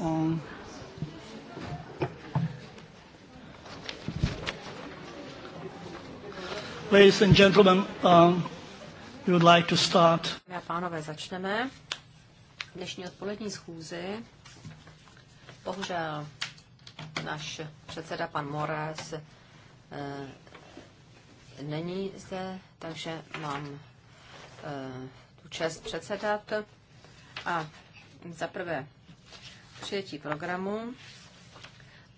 Um, Ladies and gentlemen, um, we would like to start. pánové, začneme dnešní odpolední schůzi. Bohužel náš předseda pan Moraes e, není zde, takže mám e, tu čest předsedat. A za prvé přijetí programu.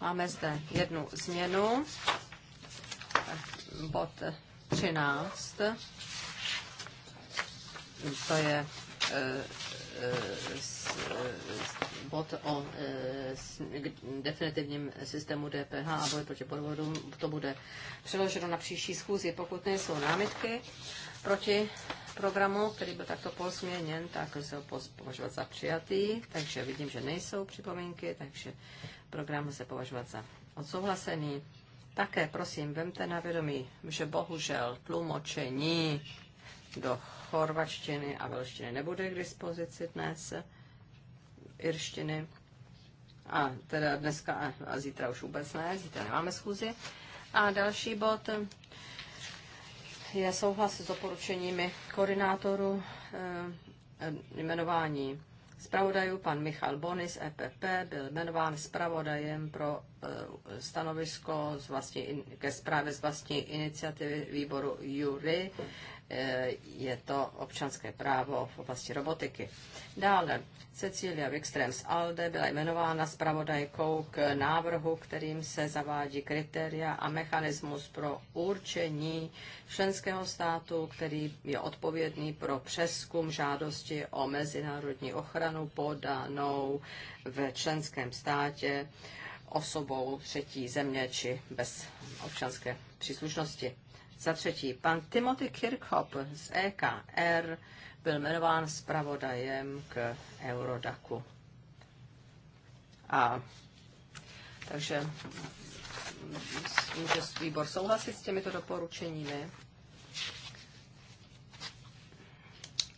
Máme zde jednu změnu, bod 13, to je eh, eh, bod o eh, definitivním systému DPH a boj proti podvodům, to bude přeloženo na příští schůzi, pokud nejsou námitky proti programu, který byl takto pozměněn, tak se ho považovat za přijatý, takže vidím, že nejsou připomínky, takže program se považovat za odsouhlasený. Také prosím, vemte na vědomí, že bohužel tlumočení do chorvačtiny a velštiny nebude k dispozici dnes, irštiny, a teda dneska a zítra už vůbec ne, zítra nemáme schůzi. A další bod, je souhlas s doporučeními koordinátorů eh, jmenování zpravodajů. Pan Michal Bonis, EPP, byl jmenován zpravodajem pro eh, stanovisko z vlastní, ke zprávě z vlastní iniciativy výboru Jury Eh, je to občanské právo v oblasti robotiky. Dále Cecilia Wikstrems ALDE byla jmenována zpravodajkou k návrhu, kterým se zavádí kritéria a mechanismus pro určení členského státu, který je odpovědný pro přeskum žádosti o mezinárodní ochranu podanou v členském státě osobou třetí země či bez občanské příslušnosti. Za třetí, pan Timothy Kirchhoff z EKR byl jmenován zpravodajem k Eurodaku. A takže může výbor souhlasit s těmito doporučeními.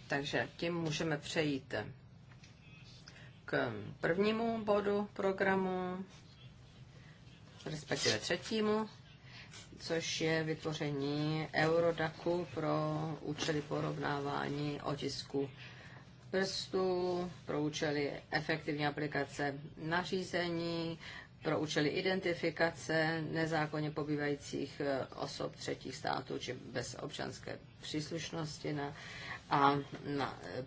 Takže tím můžeme přejít k prvnímu bodu programu, respektive třetímu což je vytvoření Eurodaku pro účely porovnávání otisku prstů, pro účely efektivní aplikace nařízení, pro účely identifikace nezákonně pobývajících osob třetích států či bez občanské příslušnosti na a na, e,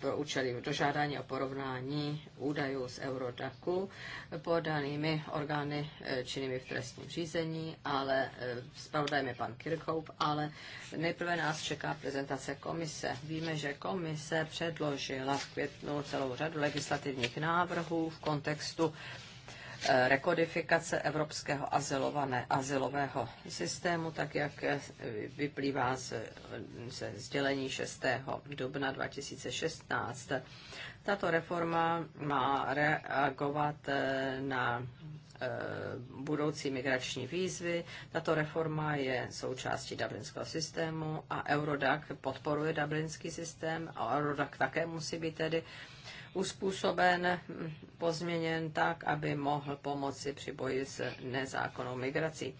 pro účely dožádání a porovnání údajů z Eurodaku podanými orgány e, činnými v trestním řízení, ale e, zpravodajem je pan Kirchhoff, ale nejprve nás čeká prezentace komise. Víme, že komise předložila v květnu celou řadu legislativních návrhů v kontextu Eh, rekodifikace evropského azylované, azylového systému, tak jak eh, vyplývá z, ze sdělení 6. dubna 2016. Tato reforma má reagovat eh, na budoucí migrační výzvy. Tato reforma je součástí dublinského systému a Eurodac podporuje dublinský systém a Eurodac také musí být tedy uspůsoben, pozměněn tak, aby mohl pomoci při boji s nezákonnou migrací.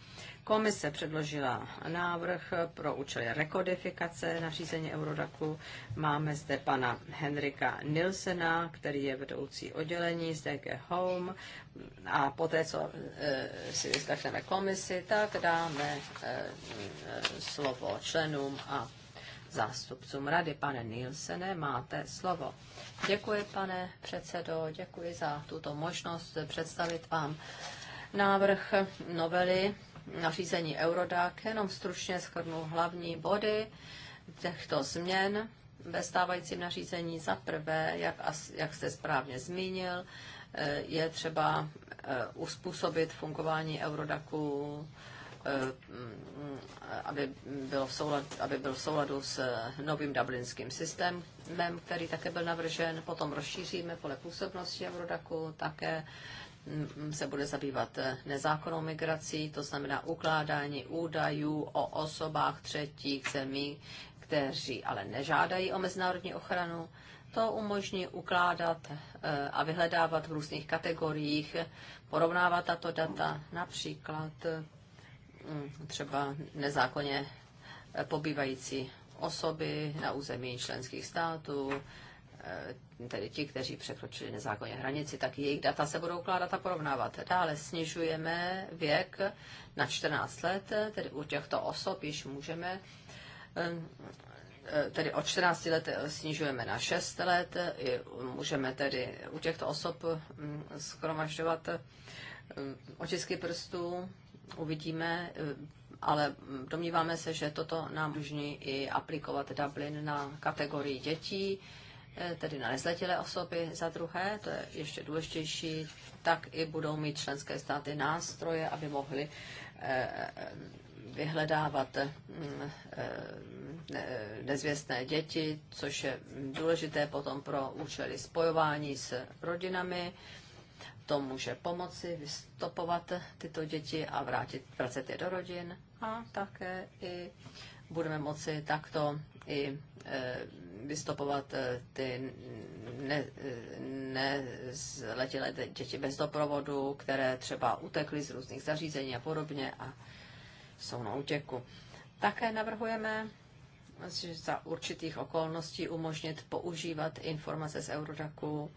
Komise předložila návrh pro účely rekodifikace nařízení Eurodaku. Máme zde pana Henrika Nilsena, který je vedoucí oddělení z DG Home. A poté, co eh, si vyslechneme komisi, tak dáme eh, eh, slovo členům a zástupcům rady. Pane Nielsene, máte slovo. Děkuji, pane předsedo, děkuji za tuto možnost představit vám návrh novely nařízení Eurodac. Jenom stručně schrnu hlavní body těchto změn ve stávajícím nařízení. Za prvé, jak, jak jste správně zmínil, eh, je třeba eh, uspůsobit fungování Eurodacu Eh, aby, bylo v souladu, aby byl v souladu s eh, novým dublinským systémem, který také byl navržen. Potom rozšíříme pole působnosti Eurodaku, také mm, mm, se bude zabývat eh, nezákonnou migrací, to znamená ukládání údajů o osobách třetích zemí, kteří ale nežádají o mezinárodní ochranu. To umožní ukládat a vyhledávat v různých kategoriích, porovnávat tato data, například Mm, třeba nezákonně pobývající osoby na území členských států, eh, tedy ti, kteří překročili nezákonně hranici, tak jejich data se budou ukládat a porovnávat. Dále snižujeme věk na 14 let, tedy u těchto osob již můžeme eh, eh, tedy od 14 let snižujeme na 6 let, můžeme tedy u těchto osob mm, schromažďovat otisky prstů uvidíme, ale domníváme se, že toto nám umožní i aplikovat Dublin na kategorii dětí, tedy na nezletilé osoby. Za druhé, to je ještě důležitější, tak i budou mít členské státy nástroje, aby mohly eh, eh, vyhledávat mm, eh, nezvěstné děti, což je důležité potom pro účely spojování s rodinami to může pomoci vystopovat tyto děti a vrátit, vracet je do rodin a také i budeme moci takto i e, vystopovat e, ty e, nezletilé ne, děti bez doprovodu, které třeba utekly z různých zařízení a podobně a jsou na útěku. Také navrhujeme za určitých okolností umožnit používat informace z Eurodaku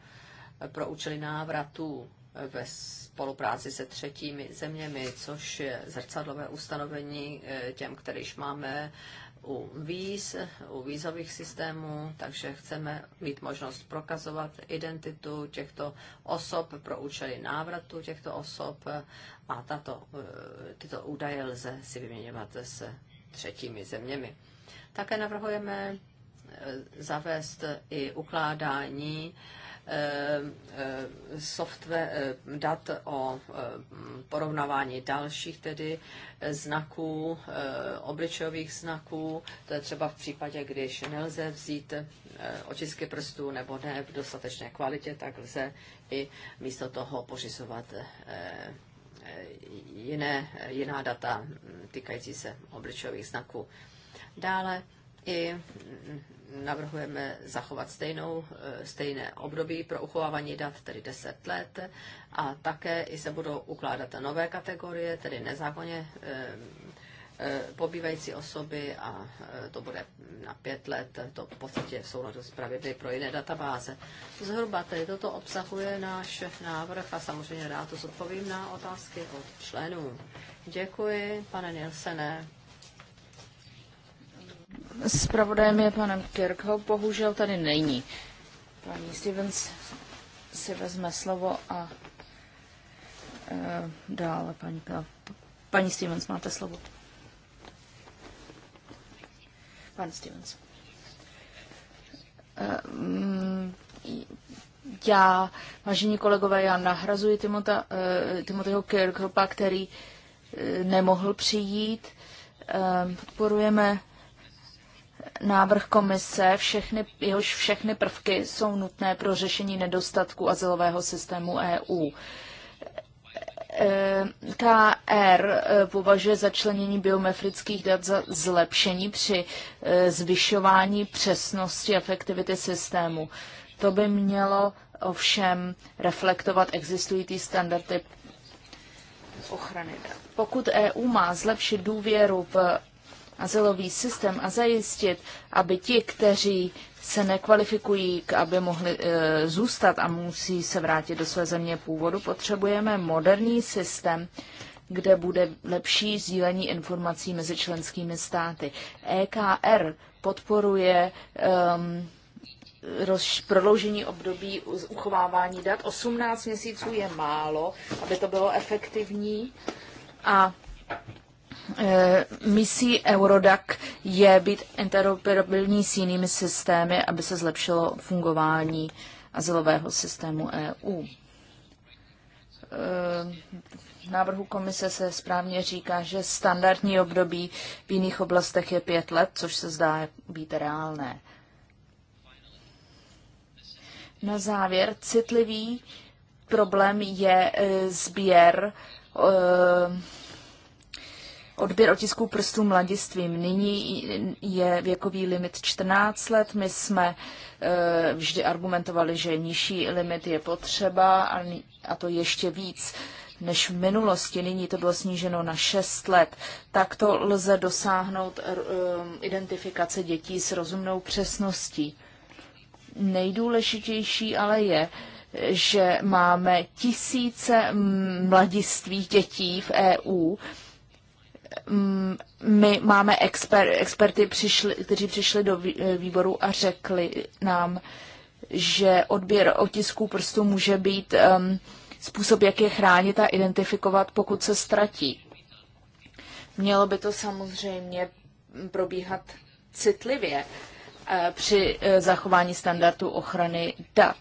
pro účely návratu ve spolupráci se třetími zeměmi, což je zrcadlové ustanovení eh, těm, kterýž máme u víz, u vízových systémů, takže chceme mít možnost prokazovat identitu těchto osob pro účely návratu těchto osob a tato, eh, tyto údaje lze si vyměňovat s třetími zeměmi. Také navrhujeme eh, zavést i ukládání Eh, eh, software, eh, dat o porovnávání dalších tedy znaků, obličejových znaků, to je třeba v případě, když nelze vzít otisky prstů nebo ne v dostatečné kvalitě, tak lze i místo toho pořizovat jiné, jiná data týkající se obličejových znaků. Dále i navrhujeme zachovat stejnou, eh, stejné období pro uchovávání dat, tedy 10 let, a také i se budou ukládat nové kategorie, tedy nezákonně eh, eh, pobývající osoby a to bude na pět let, to v podstatě v souladu s pravidly pro jiné databáze. Zhruba tedy toto obsahuje náš návrh a samozřejmě rád to zodpovím na otázky od členů. Děkuji, pane Nilsene. Spravodajem je panem Kirkhope, bohužel tady není. Paní Stevens si vezme slovo a e, dále paní Paní Stevens, máte slovo. Pan Stevens. E, mm, já, vážení kolegové, já nahrazuji Timota, e, Timoteho Kirkhopa, který e, nemohl přijít. E, podporujeme návrh komise, všechny, jehož všechny prvky jsou nutné pro řešení nedostatku azylového systému EU. E, KR e, považuje začlenění biometrických dat za zlepšení při e, zvyšování přesnosti a efektivity systému. To by mělo ovšem reflektovat existující standardy ochrany Pokud EU má zlepšit důvěru v azylový systém a zajistit, aby ti, kteří se nekvalifikují, aby mohli e, zůstat a musí se vrátit do své země původu, potřebujeme moderní systém, kde bude lepší sdílení informací mezi členskými státy. EKR podporuje um, roz, prodloužení období uchovávání dat. 18 měsíců je málo, aby to bylo efektivní. A Eh, misí Eurodac je být interoperabilní s jinými systémy, aby se zlepšilo fungování azylového systému EU. Eh, v návrhu komise se správně říká, že standardní období v jiných oblastech je pět let, což se zdá být reálné. Na závěr, citlivý problém je eh, sběr odběr otisků prstů mladistvím. Nyní je věkový limit 14 let. My jsme eh, vždy argumentovali, že nižší limit je potřeba a to ještě víc než v minulosti. Nyní to bylo sníženo na 6 let. Takto lze dosáhnout eh, identifikace dětí s rozumnou přesností. Nejdůležitější ale je, že máme tisíce mladistvých dětí v EU, my máme exper, experty, přišli, kteří přišli do eh, výboru a řekli nám, že odběr otisků prstů může být um, způsob, jak je chránit a identifikovat, pokud se ztratí. Mělo by to samozřejmě probíhat citlivě eh, při eh, zachování standardu ochrany dat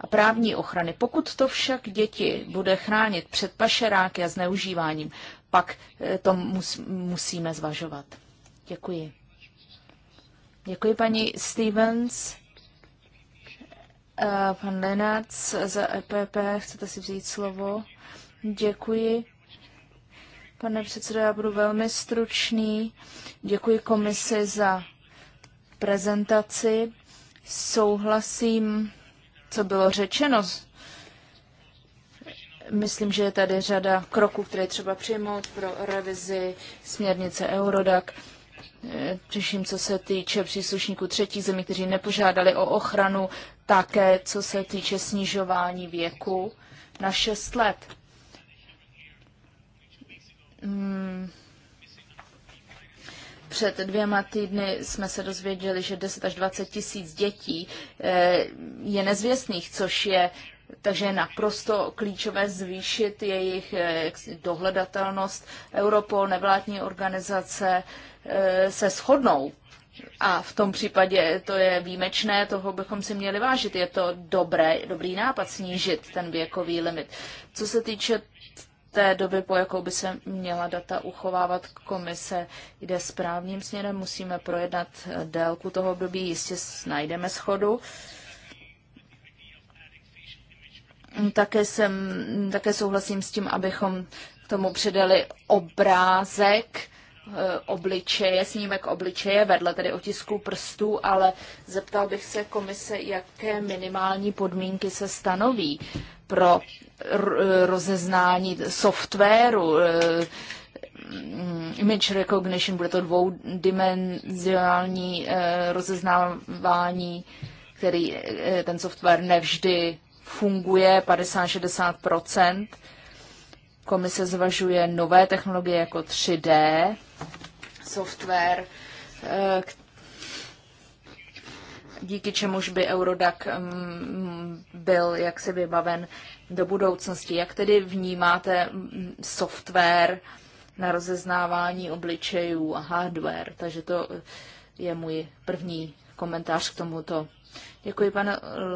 a právní ochrany. Pokud to však děti bude chránit před pašeráky a zneužíváním, pak eh, to mus, musíme zvažovat. Děkuji. Děkuji paní Stevens. Eh, pan Lenac za EPP, chcete si vzít slovo? Děkuji. Pane předsedo, já budu velmi stručný. Děkuji komisi za prezentaci. Souhlasím, co bylo řečeno Myslím, že je tady řada kroků, které třeba přijmout pro revizi směrnice Eurodac. přiším, eh, co se týče příslušníků třetí zemí, kteří nepožádali o ochranu, také co se týče snižování věku na 6 let. Hmm. Před dvěma týdny jsme se dozvěděli, že 10 až 20 tisíc dětí eh, je nezvěstných, což je takže je naprosto klíčové zvýšit jejich eh, dohledatelnost. Europol, nevládní organizace eh, se shodnou. A v tom případě to je výjimečné, toho bychom si měli vážit. Je to dobré, dobrý nápad snížit ten věkový limit. Co se týče té doby, po jakou by se měla data uchovávat komise, jde správným směrem. Musíme projednat eh, délku toho období, jistě najdeme schodu. Uh, také, jsem, také souhlasím s tím, abychom k tomu přidali obrázek eh, obličeje, snímek obličeje vedle tedy otisků prstů, ale zeptal bych se komise, jaké minimální podmínky se stanoví pro rozeznání softwaru, eh, image recognition, bude to dvoudimenzionální eh, rozeznávání, který ten software nevždy funguje 50-60 Komise zvažuje nové technologie jako 3D, software, eh, díky čemuž by Eurodac mm, byl jaksi vybaven do budoucnosti. Jak tedy vnímáte mm, software na rozeznávání obličejů a hardware? Takže to je můj první komentář k tomuto Děkuji panu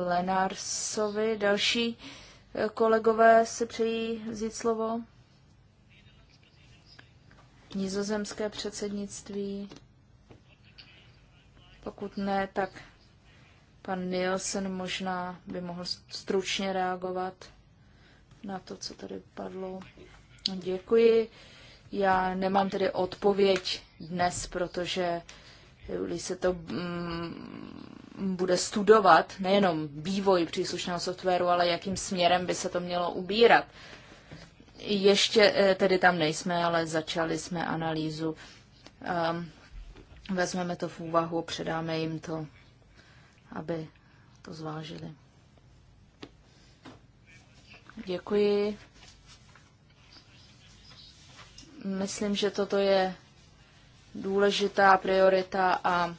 Lenarsovi, Další eh, kolegové si přejí vzít slovo. Nizozemské předsednictví. Pokud ne, tak pan Nielsen možná by mohl stručně reagovat na to, co tady padlo. Děkuji. Já nemám tedy odpověď dnes, protože se to mm, bude studovat nejenom vývoj příslušného softwaru, ale jakým směrem by se to mělo ubírat. Ještě eh, tedy tam nejsme, ale začali jsme analýzu. Ehm, vezmeme to v úvahu, předáme jim to, aby to zvážili. Děkuji. Myslím, že toto je důležitá priorita a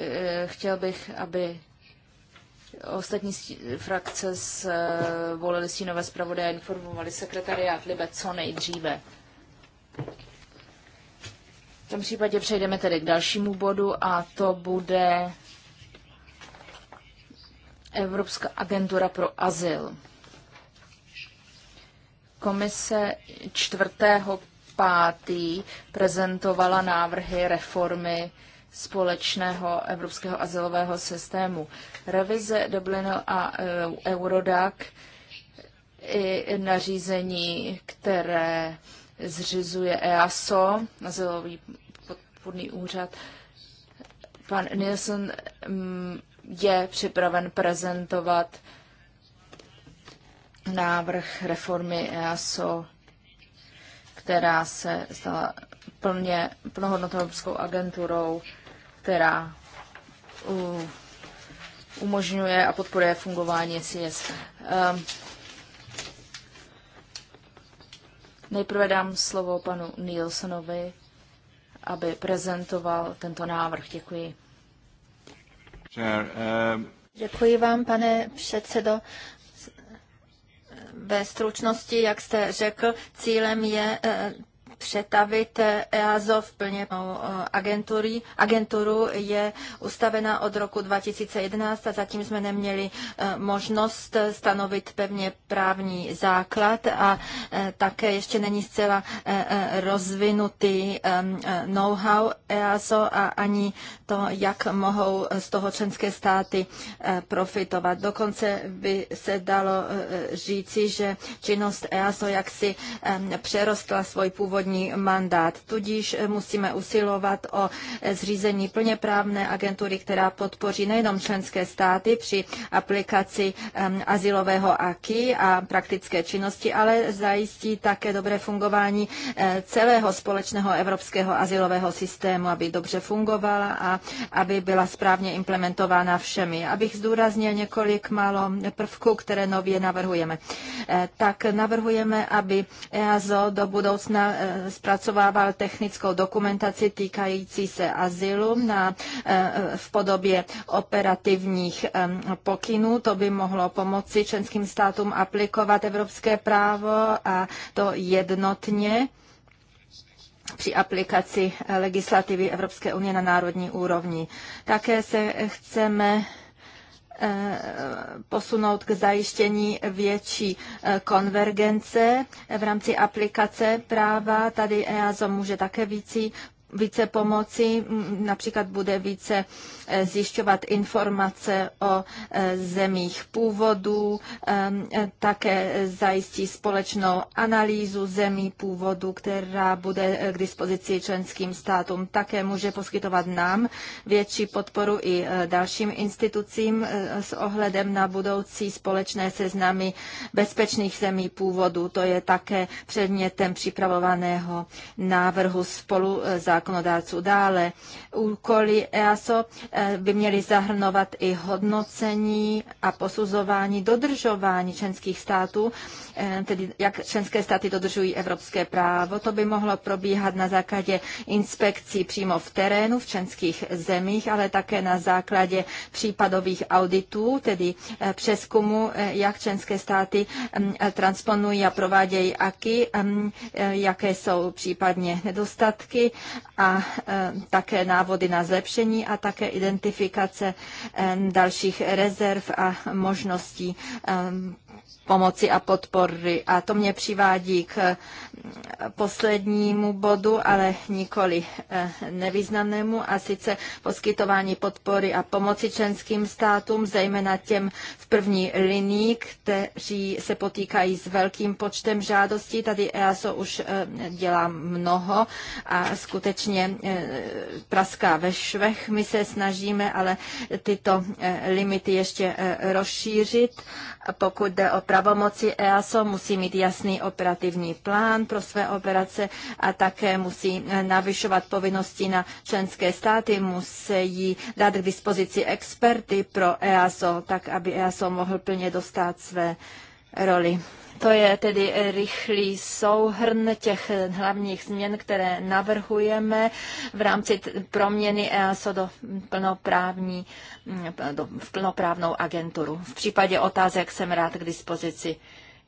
Eh, chtěl bych, aby ostatní frakce eh, volili stínové zpravodaje a informovali sekretariát Libe co nejdříve. V tom případě přejdeme tedy k dalšímu bodu a to bude Evropská agentura pro azyl. Komise 4. 5. prezentovala návrhy reformy společného evropského azylového systému. Revize Dublinu a eh, Eurodac i nařízení, které zřizuje EASO, azylový podpůrný úřad. Pan Nielsen mm, je připraven prezentovat návrh reformy EASO, která se stala plně plnohodnotnou evropskou agenturou která umožňuje a podporuje fungování SIS. Ehm, nejprve dám slovo panu Nielsonovi, aby prezentoval tento návrh. Děkuji. Ehm, Děkuji vám, pane předsedo. Ve stručnosti, jak jste řekl, cílem je eh, přetavit eh, EASO v plněnou eh, agentury. Agenturu je ustavena od roku 2011 a zatím jsme neměli eh, možnost stanovit pevně právní základ a také ještě není zcela rozvinutý ehm, know-how EASO a ani to, jak mohou z toho členské státy profitovat. Dokonce by se dalo říci, že činnost EASO jaksi ehm, přerostla svůj původní volební mandát. Tudíž eh, musíme usilovat o eh, zřízení plně právné agentury, která podpoří nejenom členské státy při aplikaci ehm, asilového AKI a praktické činnosti, ale zajistí také dobré fungování eh, celého společného evropského asilového systému, aby dobře fungovala a aby byla správně implementována všemi. Abych zdůraznil několik málo prvků, které nově navrhujeme. Tak navrhujeme, aby EASO do budoucna zpracovával technickou dokumentaci týkající se azylu na, e, v podobě operativních e, pokynů. To by mohlo pomoci členským státům aplikovat evropské právo a to jednotně při aplikaci legislativy Evropské unie na národní úrovni. Také se chceme Eh, posunout k zajištění větší eh, konvergence v rámci aplikace práva. Tady EASO může také vící více pomoci, například bude více e, zjišťovat informace o e, zemích původu, e, také zajistí společnou analýzu zemí původu, která bude k dispozici členským státům. Také může poskytovat nám větší podporu i dalším institucím s ohledem na budoucí společné seznamy bezpečných zemí původu. To je také předmětem připravovaného návrhu spolu za zákonodárců. Dále úkoly EASO eh, by měly zahrnovat i hodnocení a posuzování dodržování členských států, eh, tedy jak členské státy dodržují evropské právo. To by mohlo probíhat na základě inspekcí přímo v terénu v členských zemích, ale také na základě případových auditů, tedy eh, přeskumu, jak členské státy mm, transponují a provádějí aky, mm, jaké jsou případně nedostatky a e, také návody na zlepšení a také identifikace e, dalších rezerv a možností e, pomoci a podpory. A to mě přivádí k eh, poslednímu bodu, ale nikoli eh, nevýznamnému, a sice poskytování podpory a pomoci členským státům, zejména těm v první linii, kteří se potýkají s velkým počtem žádostí. Tady EASO už eh, dělá mnoho a skutečně praská ve švech. My se snažíme ale tyto limity ještě rozšířit, pokud jde o E o pravomoci EASO, musí mít jasný operativní plán pro své operace a také musí navyšovat povinnosti na členské státy, musí dát k dispozici experty pro EASO, tak aby EASO mohl plně dostat své roli. To je tedy rychlý souhrn těch hlavních změn, které navrhujeme v rámci proměny EASO do plnoprávní v plnoprávnou agenturu. V případě otázek jsem rád k dispozici.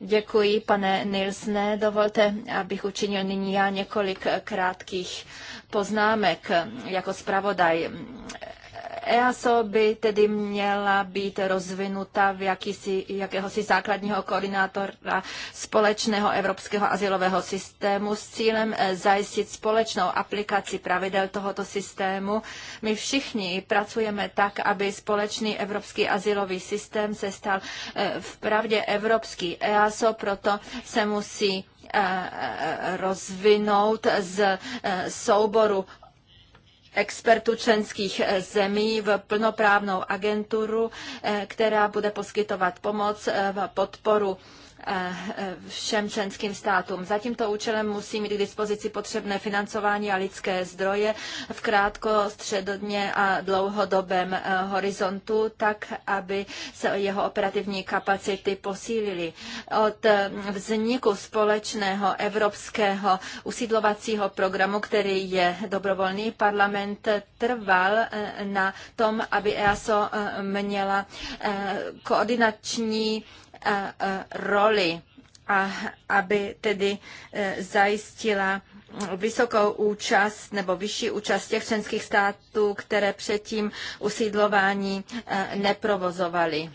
Děkuji, pane Nilsne. Dovolte, abych učinil nyní já několik krátkých poznámek jako zpravodaj EASO by tedy měla být rozvinuta v jakýsi, jakéhosi základního koordinátora společného evropského asilového systému s cílem eh, zajistit společnou aplikaci pravidel tohoto systému. My všichni pracujeme tak, aby společný evropský asilový systém se stal eh, v pravdě evropský. EASO proto se musí eh, rozvinout z souboru expertů členských eh, zemí v plnoprávnou agenturu, eh, která bude poskytovat pomoc eh, v podporu Eh, všem členským státům. Za tímto účelem musí mít k dispozici potřebné financování a lidské zdroje v krátko, středodně a dlouhodobém eh, horizontu, tak, aby se jeho operativní kapacity posílily. Od eh, vzniku společného evropského usídlovacího programu, který je dobrovolný, parlament trval na tom, aby EASO měla koordinační roli a aby tedy e, zajistila vysokou účast nebo vyšší účast těch členských států, které předtím usídlování e, neprovozovaly.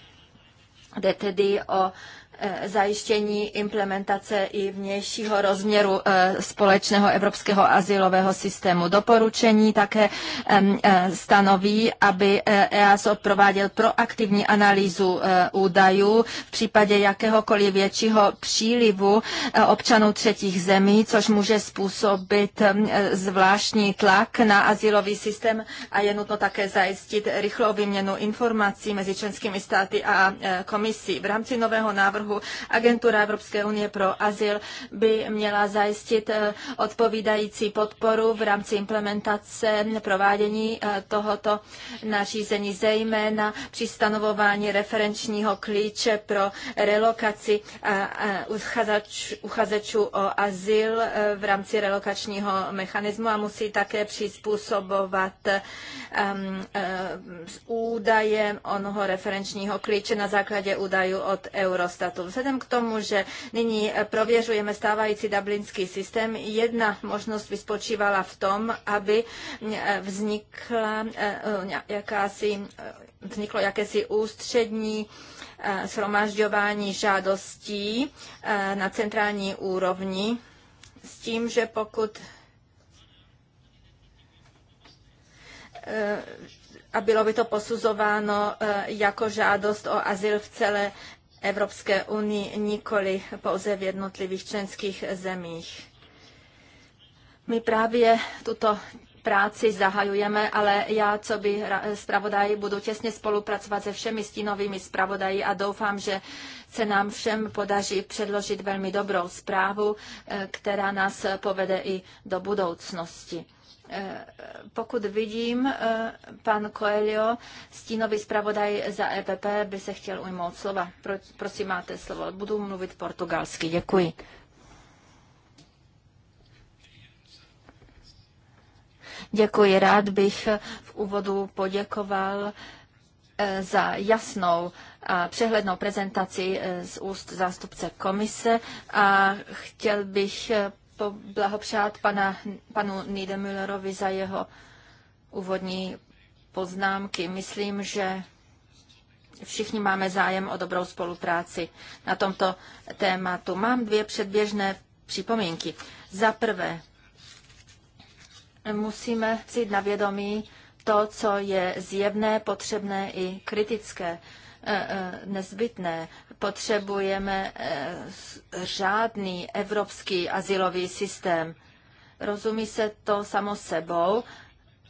Jde tedy o Eh, zajištění implementace i vnějšího rozměru eh, společného evropského azylového systému. Doporučení také eh, stanoví, aby EASO prováděl proaktivní analýzu údajů v případě jakéhokoliv většího přílivu občanů třetích zemí, což může způsobit zvláštní tlak na azylový systém a je nutno také zajistit rychlou výměnu informací mezi členskými státy a komisí. V rámci nového návrhu návrhu. Agentura Evropské unie pro azyl by měla zajistit eh, odpovídající podporu v rámci implementace provádění eh, tohoto nařízení, zejména při stanovování referenčního klíče pro relokaci eh, uchazečů o azyl v rámci relokačního mechanismu a musí také přizpůsobovat Um, uh, údajem onoho referenčního klíče na základě údajů od Eurostatu. Vzhledem k tomu, že nyní prověřujeme stávající dublinský systém, jedna možnost vyspočívala v tom, aby uh, vznikla uh, jakási, uh, vzniklo jakési ústřední shromažďování žádostí na centrální úrovni s tím, že pokud Eh, a bylo by to posuzováno eh, jako žádost o azyl v celé Evropské unii, nikoli pouze v jednotlivých členských zemích. My právě tuto práci zahajujeme, ale já, co by zpravodaj, budu těsně spolupracovat se všemi stínovými zpravodaji a doufám, že se nám všem podaří předložit velmi dobrou zprávu, eh, která nás povede i do budoucnosti. Pokud vidím, eh, pan Coelho, stínový zpravodaj za EPP, by se chtěl ujmout slova. Prosím, máte slovo. Budu mluvit portugalsky. Děkuji. Děkuji. Rád bych v úvodu poděkoval eh, za jasnou a přehlednou prezentaci eh, z úst zástupce komise a chtěl bych poblahopřát pana, panu Niedemüllerovi za jeho úvodní poznámky. Myslím, že všichni máme zájem o dobrou spolupráci na tomto tématu. Mám dvě předběžné připomínky. Za prvé, musíme vzít na vědomí to, co je zjevné, potřebné i kritické, e, e, nezbytné potřebujeme eh, řádný evropský asilový systém. Rozumí se to samo sebou,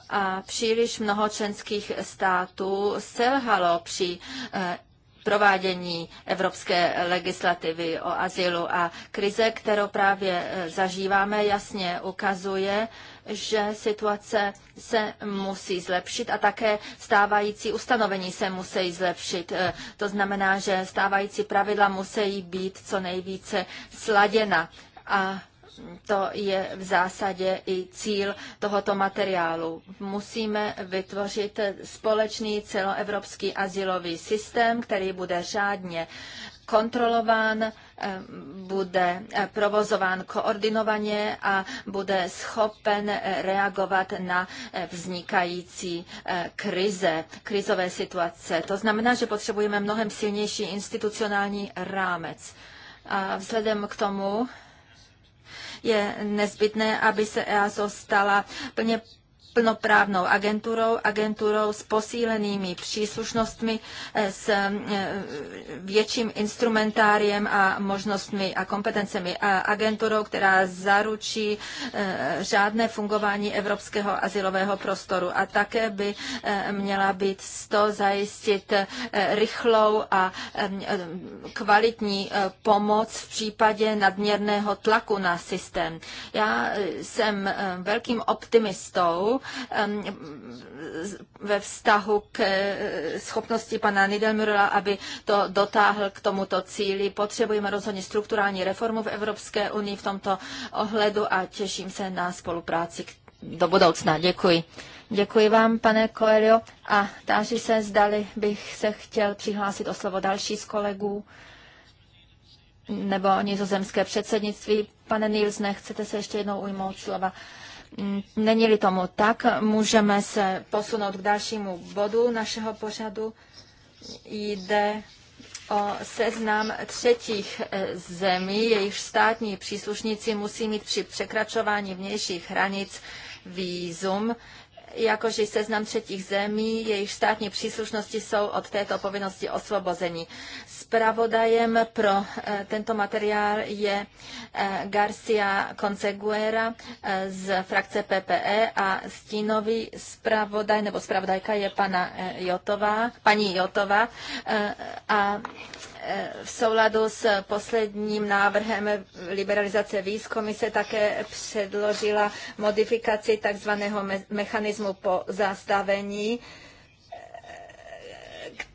a příliš mnoho členských států selhalo při eh, provádění evropské legislativy o azylu. A krize, kterou právě e, zažíváme, jasně ukazuje, že situace se musí zlepšit a také stávající ustanovení se musí zlepšit. E, to znamená, že stávající pravidla musí být co nejvíce sladěna. A to je v zásadě i cíl tohoto materiálu. Musíme vytvořit společný celoevropský asilový systém, který bude řádně kontrolován, eh, bude provozován koordinovaně a bude schopen reagovat na eh, vznikající eh, krize, krizové situace. To znamená, že potřebujeme mnohem silnější institucionální rámec. A vzhledem k tomu, je nezbytné, aby se EASO stala plně plnoprávnou agenturou, agenturou s posílenými příslušnostmi, eh, s eh, větším instrumentáriem a možnostmi a kompetencemi. A agenturou, která zaručí eh, řádné fungování evropského asilového prostoru. A také by měla být z to zajistit rychlou a kvalitní pomoc v případě nadměrného tlaku na systém. Já jsem velkým optimistou, Um, ve vztahu k eh, schopnosti pana Nidelmurla, aby to dotáhl k tomuto cíli. Potřebujeme rozhodně strukturální reformu v Evropské unii v tomto ohledu a těším se na spolupráci do budoucna. Děkuji. Děkuji vám, pane Coelho, a táži se, zdali bych se chtěl přihlásit o slovo další z kolegů nebo nizozemské předsednictví. Pane Nils, nechcete se ještě jednou ujmout slova? Není-li tomu tak, můžeme se posunout k dalšímu bodu našeho pořadu. Jde o seznam třetích e, zemí, jejich státní příslušníci musí mít při překračování vnějších hranic výzum jakož i seznam třetích zemí, jejich státní příslušnosti jsou od této povinnosti osvobození. Spravodajem pro eh, tento materiál je eh, Garcia Conseguera eh, z frakce PPE a stínový spravodaj nebo spravodajka je pana Jotová, paní Jotová a v souladu s posledním návrhem liberalizace víz komise také předložila modifikaci takzvaného mechanismu po zastavení,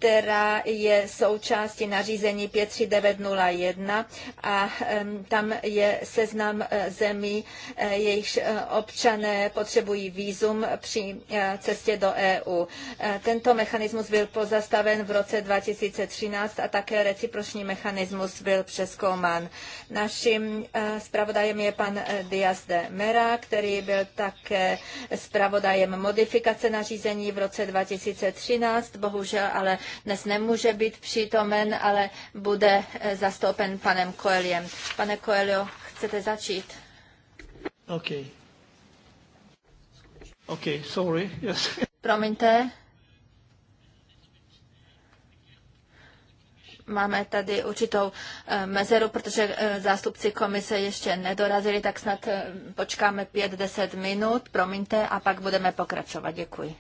která je součástí nařízení 53901 a tam je seznam eh, zemí, eh, jejichž eh, občané potřebují výzum při cestě do EU. Tento mechanismus byl pozastaven v roce 2013 a také reciproční mechanismus byl přeskoumán. Naším zpravodajem je pan Diaz de Mera, který byl také zpravodajem modifikace nařízení v roce 2013. Bohužel ale dnes nemůže být přítomen, ale bude eh, zastoupen panem Koeliem. Pane Koelio, chcete začít? OK. OK, sorry, yes. Promiňte. máme tady určitou eh, mezeru, protože eh, zástupci komise ještě nedorazili, tak snad počkáme 5-10 minut, promiňte, a pak budeme pokračovat. Děkuji.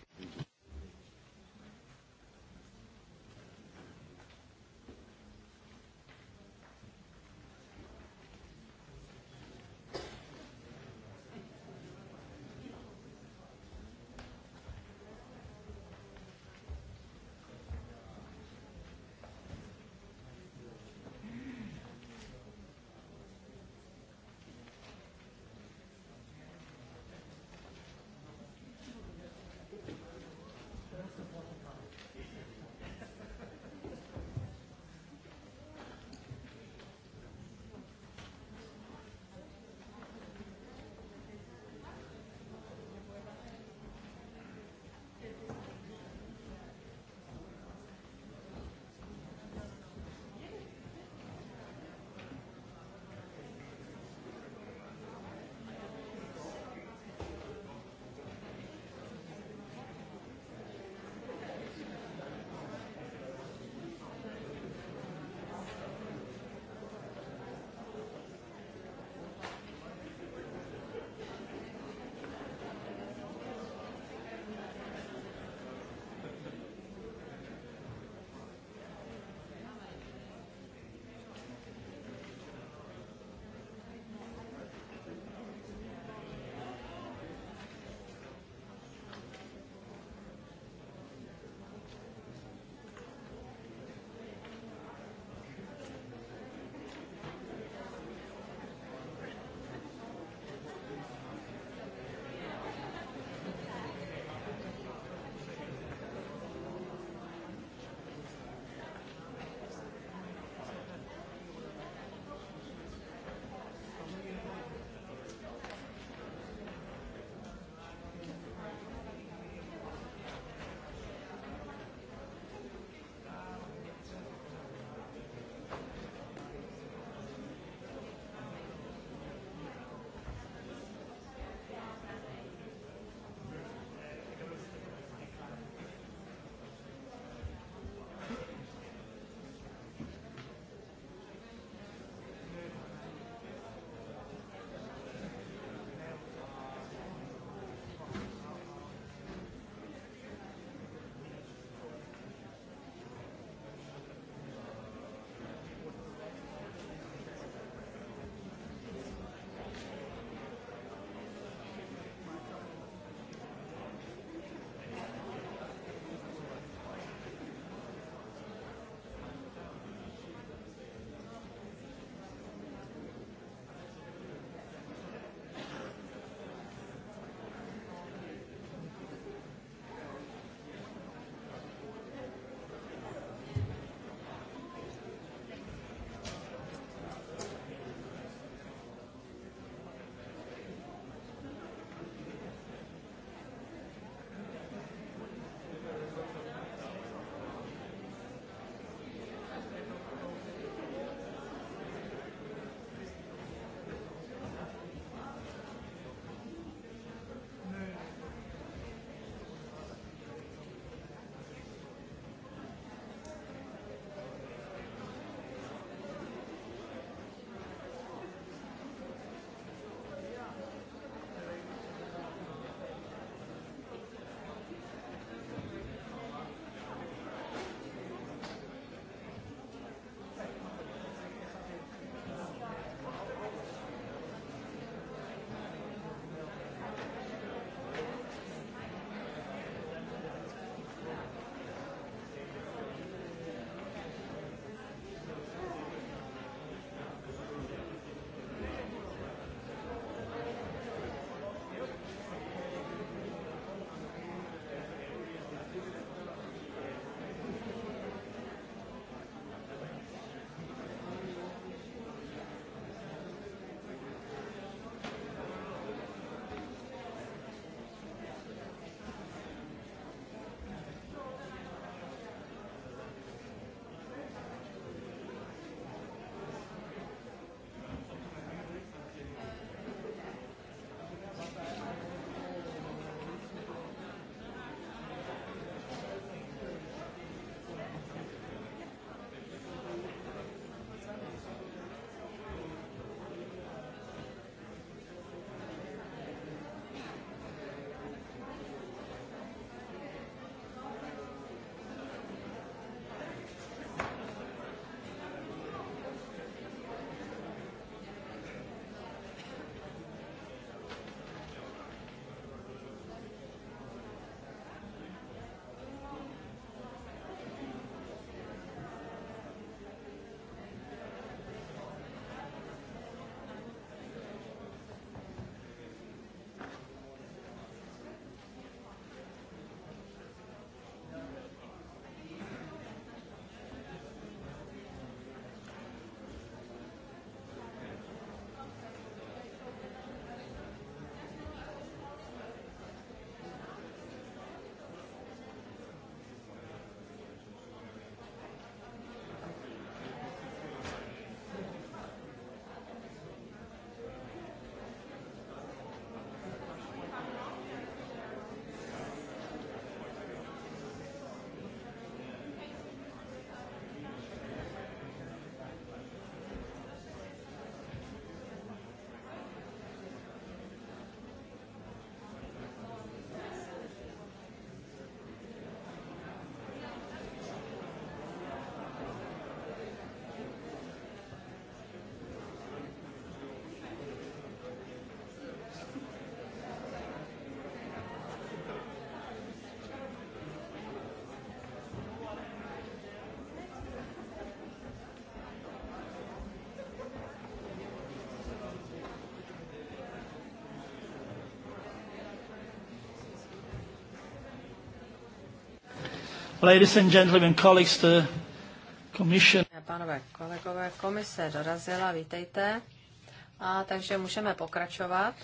Ladies and gentlemen, colleagues, the commission. Pánové, kolegové, komise dorazila, vítejte. A takže můžeme pokračovat.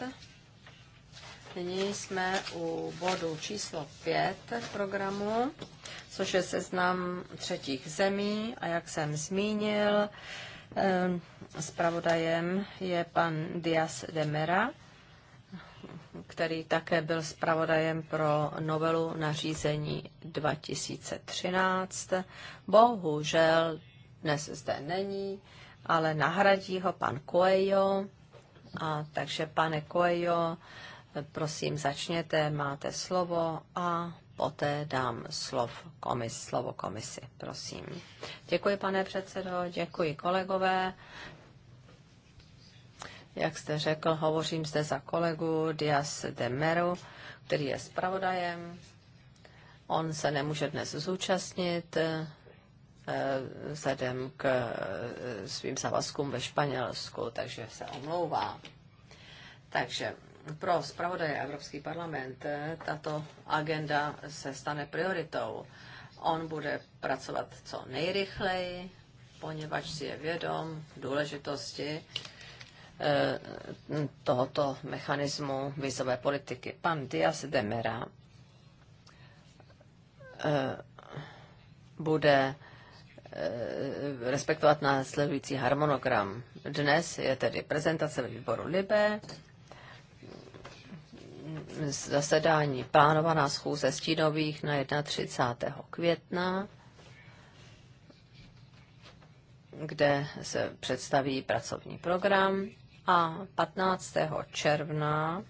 Nyní jsme u bodu číslo 5 programu, což je seznam třetích zemí. A jak jsem zmínil, zpravodajem je pan Dias de Mera který také byl zpravodajem pro novelu nařízení 2013. Bohužel dnes zde není, ale nahradí ho pan Coelho. A takže, pane Coelho, prosím, začněte, máte slovo a poté dám slov komis, slovo komisi, prosím. Děkuji, pane předsedo, děkuji, kolegové. Jak jste řekl, hovořím zde za kolegu Dias de Meru, který je zpravodajem On se nemůže dnes zúčastnit eh, vzhledem k eh, svým závazkům ve Španělsku, takže se omlouvá. Takže pro zpravodaje Evropský parlament eh, tato agenda se stane prioritou. On bude pracovat co nejrychleji, poněvadž si je vědom důležitosti tohoto mechanismu vizové politiky. Pan Dias de Mera Eh, bude eh, respektovat následující harmonogram. Dnes je tedy prezentace ve výboru Libe, zasedání plánovaná schůze stínových na 31. května, kde se představí pracovní program a 15. června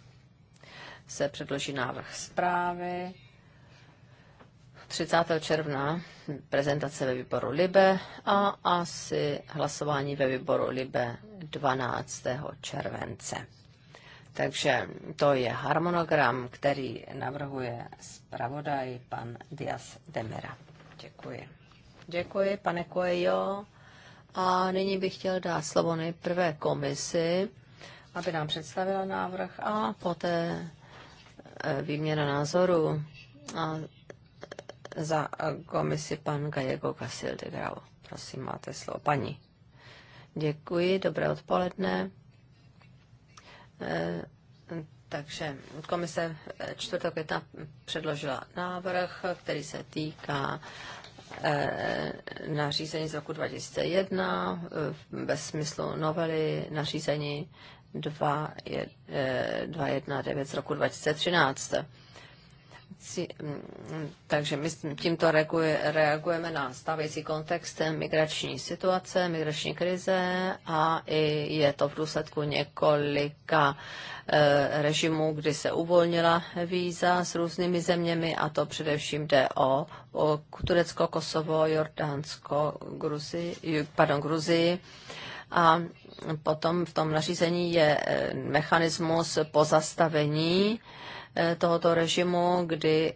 se předloží návrh zprávy 30. června prezentace ve výboru Libe a asi hlasování ve výboru Libe 12. července. Takže to je harmonogram, který navrhuje zpravodaj pan Dias Demera. Děkuji. Děkuji, pane Coelho. A nyní bych chtěl dát slovo nejprve komisi, aby nám představila návrh a poté eh, výměna názoru. A za komisi pan Gallego Casil de Grau. Prosím, máte slovo. Paní. Děkuji, dobré odpoledne. Eh, takže komise 4. května předložila návrh, který se týká eh, nařízení z roku 2001 eh, ve smyslu novely nařízení 219 z roku 2013. Mm, takže my tímto reagujeme na stávající kontext migrační situace, migrační krize a i je to v důsledku několika e, režimů, kdy se uvolnila víza s různými zeměmi a to především jde o, o Turecko, Kosovo, Jordánsko, Gruzii, pardon, Gruzii a potom v tom nařízení je e, mechanismus pozastavení Eh, tohoto režimu, kdy eh,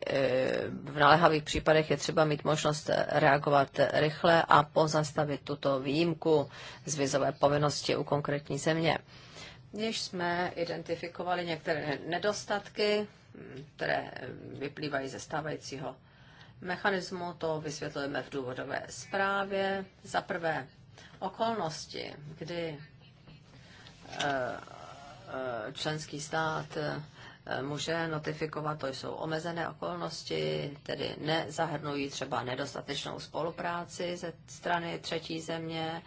v naléhavých případech je třeba mít možnost reagovat rychle a pozastavit tuto výjimku z vizové povinnosti u konkrétní země. Když jsme identifikovali některé nedostatky, které vyplývají ze stávajícího mechanismu, to vysvětlujeme v důvodové zprávě. Za prvé, okolnosti, kdy eh, členský stát může notifikovat, to jsou omezené okolnosti, tedy nezahrnují třeba nedostatečnou spolupráci ze strany třetí země,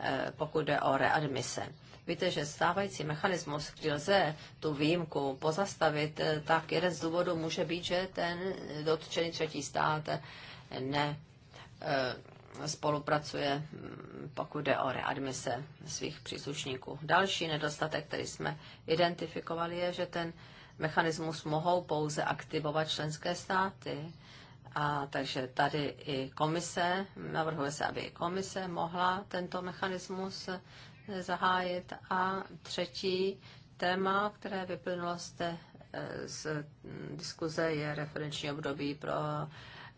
eh, pokud jde o readmise. Víte, že stávající mechanismus, kdy lze tu výjimku pozastavit, eh, tak jeden z důvodů může být, že ten dotčený třetí stát ne eh, spolupracuje, hm, pokud jde o readmise svých příslušníků. Další nedostatek, který jsme identifikovali, je, že ten mechanismus mohou pouze aktivovat členské státy. A takže tady i komise, navrhuje se, aby i komise mohla tento mechanismus zahájit. A třetí téma, které vyplynulo z, té, z diskuze, je referenční období pro,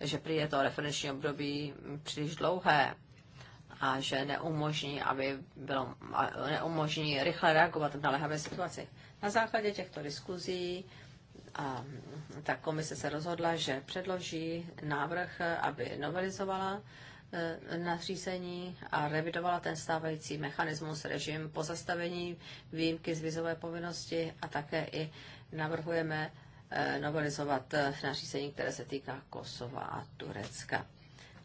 že prý je to referenční období příliš dlouhé a že neumožní, aby bylo, neumožní rychle reagovat v naléhavé situaci. Na základě těchto diskuzí a ta komise se rozhodla, že předloží návrh, aby novelizovala eh, nařízení a revidovala ten stávající mechanismus, režim pozastavení výjimky z vizové povinnosti a také i navrhujeme eh, novelizovat eh, nařízení, které se týká Kosova a Turecka.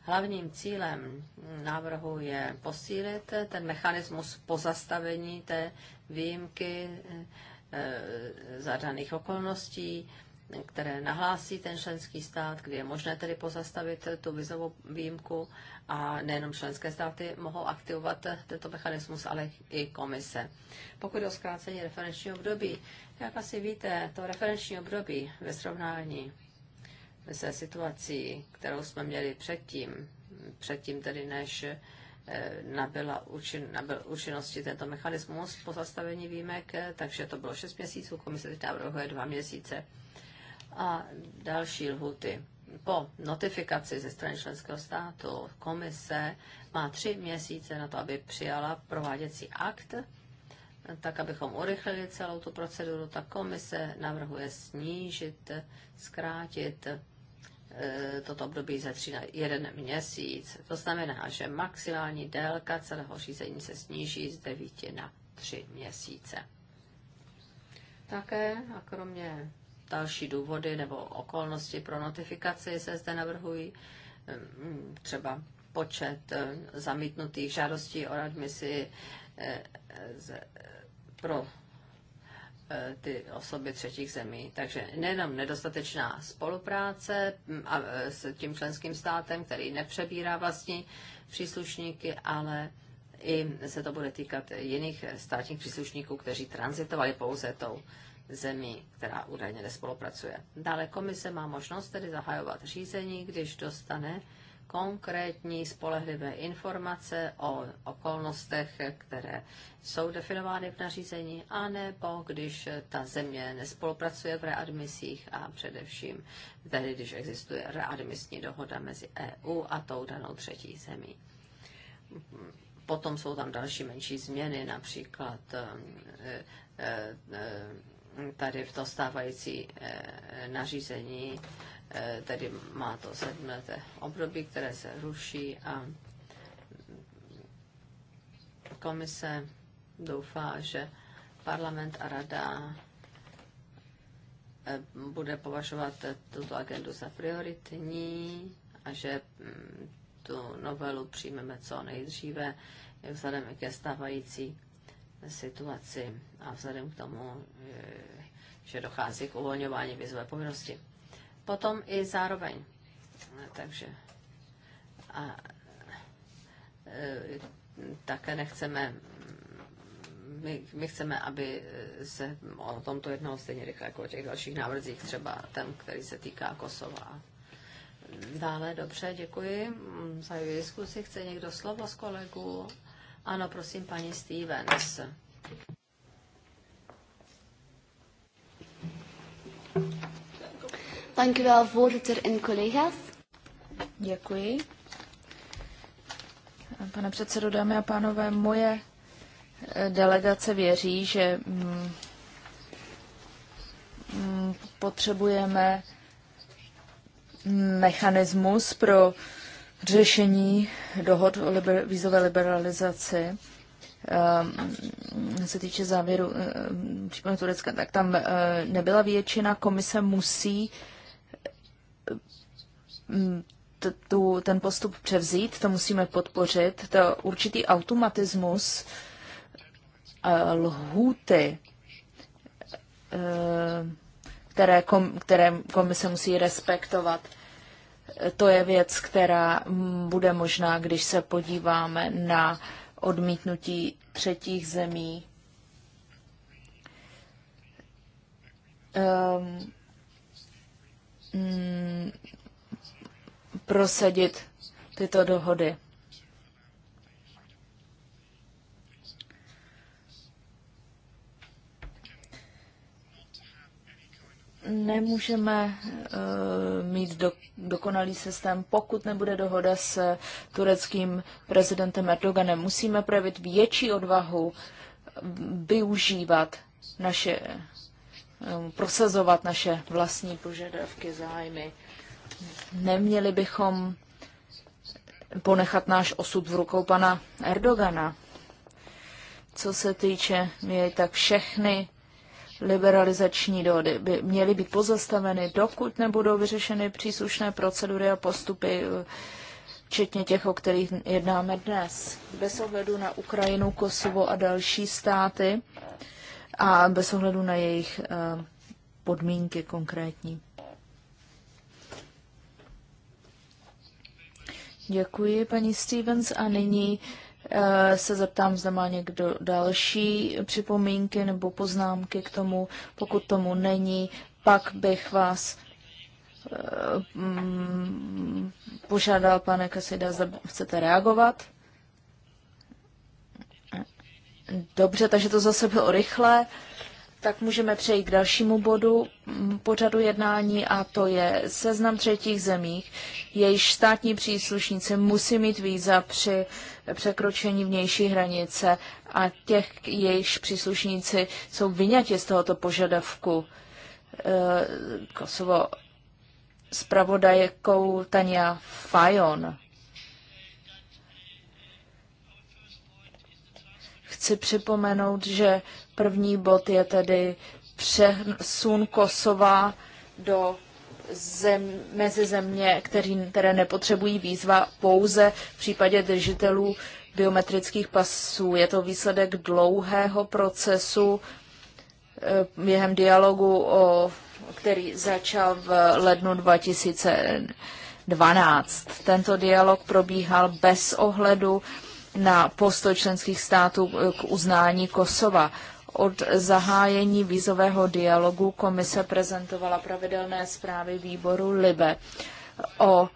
Hlavním cílem návrhu je posílit ten mechanismus pozastavení té výjimky Eh, za daných okolností, které nahlásí ten členský stát, kdy je možné tedy pozastavit tu vizovou výjimku a nejenom členské státy mohou aktivovat tento mechanismus, ale i komise. Pokud o zkrácení referenčního období, jak asi víte, to referenční období ve srovnání se situací, kterou jsme měli předtím, předtím tedy než Eh, nabyla účin, nabyl účinnosti tento mechanismus po zastavení výjimek, eh, takže to bylo 6 měsíců, komise teď navrhuje 2 měsíce. A další lhuty. Po notifikaci ze strany členského státu komise má tři měsíce na to, aby přijala prováděcí akt, tak abychom urychlili celou tu proceduru, tak komise navrhuje snížit, zkrátit Eh, toto období ze 3 na jeden měsíc. To znamená, že maximální délka celého řízení se sníží z 9 na 3 měsíce. Také a kromě další důvody nebo okolnosti pro notifikaci se zde navrhují mm, třeba počet eh, zamítnutých žádostí o admisi eh, pro Eh, ty osoby třetích zemí. Takže nejenom nedostatečná spolupráce mm, a eh, s tím členským státem, který nepřebírá vlastní příslušníky, ale i se to bude týkat jiných státních příslušníků, kteří transitovali pouze tou zemí, která údajně nespolupracuje. Dále komise má možnost tedy zahajovat řízení, když dostane konkrétní spolehlivé informace o okolnostech, které jsou definovány v nařízení, anebo když ta země nespolupracuje v readmisích a především tedy, když existuje readmisní dohoda mezi EU a tou danou třetí zemí. Potom jsou tam další menší změny, například eh, eh, eh, tady v to stávající nařízení Eh, tedy má to sedmleté období, které se ruší a komise doufá, že parlament a rada eh, bude považovat tuto agendu za prioritní a že mm, tu novelu přijmeme co nejdříve vzhledem ke stávající situaci a vzhledem k tomu, eh, že dochází k uvolňování vizové povinnosti potom i zároveň. Takže a e, také nechceme, my, my chceme, aby se o tomto jednalo stejně rychle jako o těch dalších návrzích, třeba ten, který se týká Kosova. Dále, dobře, děkuji. Za diskusi. Chce někdo slovo z kolegů? Ano, prosím, paní Stevens. Dank u wel, voorzitter en collega's. Děkuji. Pane předsedo, dámy a pánové, moje eh, delegace věří, že mm, mm, potřebujeme mechanismus pro řešení dohod o liber- vízové liberalizaci. Um, se týče závěru um, případu Turecka, tak tam uh, nebyla většina. Komise musí Mm, tu, ten postup převzít, to musíme podpořit. To určitý automatismus eh, lhůty, eh, které, kom, které komise musí respektovat, to je věc, která bude možná, když se podíváme na odmítnutí třetích zemí. Um, prosadit tyto dohody. nemůžeme uh, mít do, dokonalý systém, pokud nebude dohoda s tureckým prezidentem Erdoganem. Musíme projevit větší odvahu využívat naše, um, prosazovat naše vlastní požadavky, zájmy. Neměli bychom ponechat náš osud v rukou pana Erdogana. Co se týče mě, tak všechny liberalizační dohody by měly být pozastaveny, dokud nebudou vyřešeny příslušné procedury a postupy, včetně těch, o kterých jednáme dnes. Bez ohledu na Ukrajinu, Kosovo a další státy a bez ohledu na jejich eh, podmínky konkrétní. Děkuji, paní Stevens. A nyní eh, se zeptám, zda má někdo další připomínky nebo poznámky k tomu. Pokud tomu není, pak bych vás eh, mm, požádal, pane Kasida, zda chcete reagovat. Dobře, takže to zase bylo rychlé. Uh, tak můžeme přejít k dalšímu bodu mm, pořadu jednání a to je seznam třetích zemích, Jejich státní příslušníci musí mít víza při překročení vnější hranice a těch, jejich příslušníci jsou vyňati z tohoto požadavku. E, Kosovo zpravodajekou Tania Fajon. Chci připomenout, že První bod je tedy přesun Kosova do zem, mezi země, který, které nepotřebují výzva pouze v případě držitelů biometrických pasů. Je to výsledek dlouhého procesu eh, během dialogu, o, který začal v lednu 2012. Tento dialog probíhal bez ohledu na postoj členských států k uznání Kosova. Od zahájení vízového dialogu komise prezentovala pravidelné zprávy výboru LIBE o um,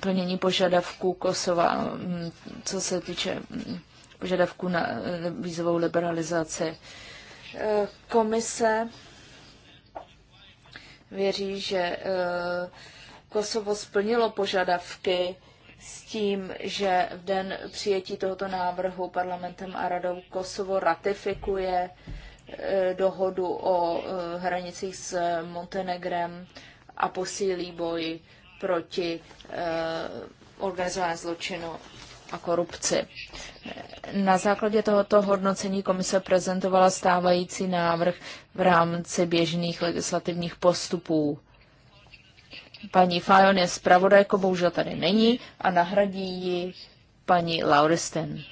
plnění požadavků Kosova, um, co se týče um, požadavků na uh, vízovou liberalizaci. Uh, komise věří, že uh, Kosovo splnilo požadavky s tím, že v den přijetí tohoto návrhu parlamentem a radou Kosovo ratifikuje e, dohodu o e, hranicích s Montenegrem a posílí boj proti e, organizované zločinu a korupci. Na základě tohoto hodnocení komise prezentovala stávající návrh v rámci běžných legislativních postupů. Paní Fajon je zpravodajko, bohužel tady není, a nahradí ji paní Lauristen.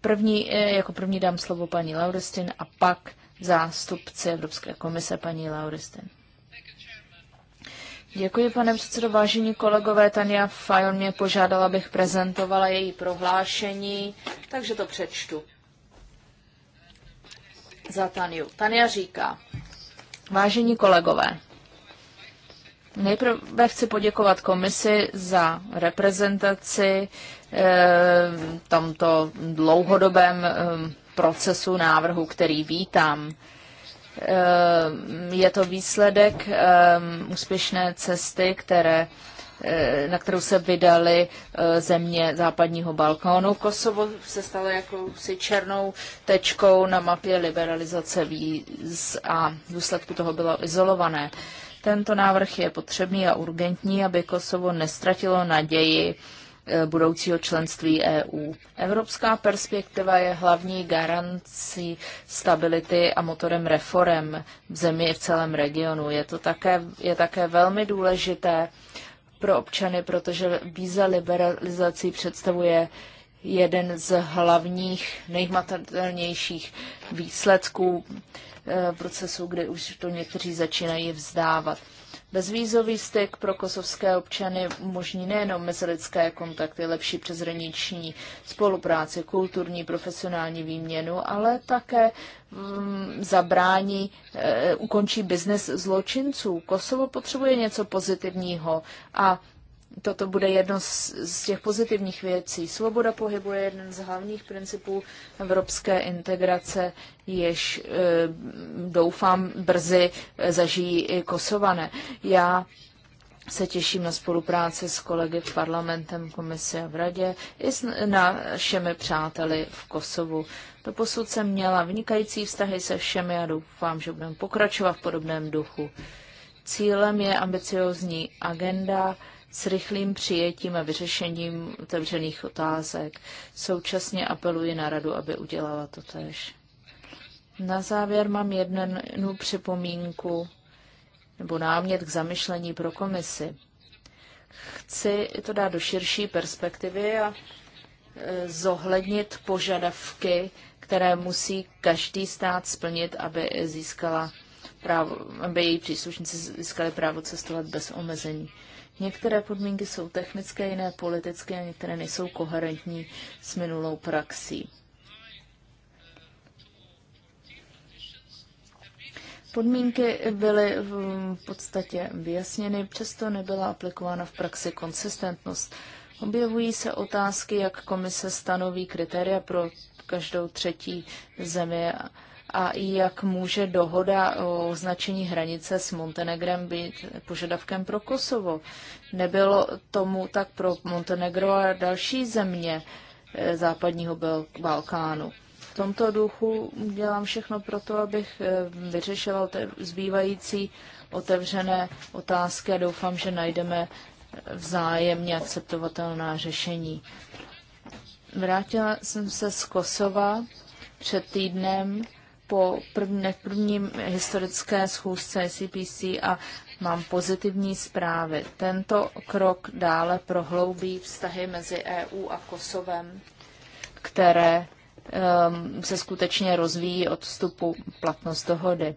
První, eh, jako první dám slovo paní Lauristin a pak zástupci Evropské komise paní Lauristin. Děkuji, pane předsedo. Vážení kolegové, Tania Fajon mě požádala, abych prezentovala její prohlášení, takže to přečtu. Za Taniu. Tania říká, Vážení kolegové, nejprve chci poděkovat komisi za reprezentaci eh, v tomto dlouhodobém eh, procesu návrhu, který vítám. Eh, je to výsledek úspěšné cesty, které Eh, na kterou se vydali eh, země západního Balkánu. Kosovo se stalo jakousi černou tečkou na mapě liberalizace víz a v důsledku toho bylo izolované. Tento návrh je potřebný a urgentní, aby Kosovo nestratilo naději eh, budoucího členství EU. Evropská perspektiva je hlavní garancí stability a motorem reform v zemi i v celém regionu. Je to také, je také velmi důležité pro občany, protože víza liberalizací představuje jeden z hlavních, nejhmatatelnějších výsledků eh, procesu, kde už to někteří začínají vzdávat. Bezvízový styk pro kosovské občany umožní nejenom mezilidské kontakty, lepší přeshraniční spolupráci, kulturní, profesionální výměnu, ale také mm, zabrání, eh, ukončí biznes zločinců. Kosovo potřebuje něco pozitivního a toto bude jedno z, z těch pozitivních věcí. Svoboda pohybu je jeden z hlavních principů evropské integrace, jež eh, doufám brzy zažijí i Kosované. Já se těším na spolupráci s kolegy v parlamentem, komisi a v radě i s našimi přáteli v Kosovu. posud jsem měla vynikající vztahy se všemi a doufám, že budeme pokračovat v podobném duchu. Cílem je ambiciozní agenda, s rychlým přijetím a vyřešením otevřených otázek. Současně apeluji na radu, aby udělala to tež. Na závěr mám jednu připomínku nebo námět k zamyšlení pro komisi. Chci to dát do širší perspektivy a e, zohlednit požadavky, které musí každý stát splnit, aby získala právo, aby její příslušníci získali právo cestovat bez omezení. Některé podmínky jsou technické, jiné politické a některé nejsou koherentní s minulou praxí. Podmínky byly v podstatě vyjasněny, přesto nebyla aplikována v praxi konsistentnost. Objevují se otázky, jak komise stanoví kritéria pro každou třetí zemi a jak může dohoda o označení hranice s Montenegrem být požadavkem pro Kosovo. Nebylo tomu tak pro Montenegro a další země eh, západního Balkánu. V tomto duchu dělám všechno pro to, abych eh, vyřešila zbývající otevřené otázky a doufám, že najdeme eh, vzájemně akceptovatelná řešení. Vrátila jsem se z Kosova před týdnem po první, prvním historické schůzce CPC e a mám pozitivní zprávy. Tento krok dále prohloubí vztahy mezi EU a Kosovem, které um, se skutečně rozvíjí od vstupu platnost dohody.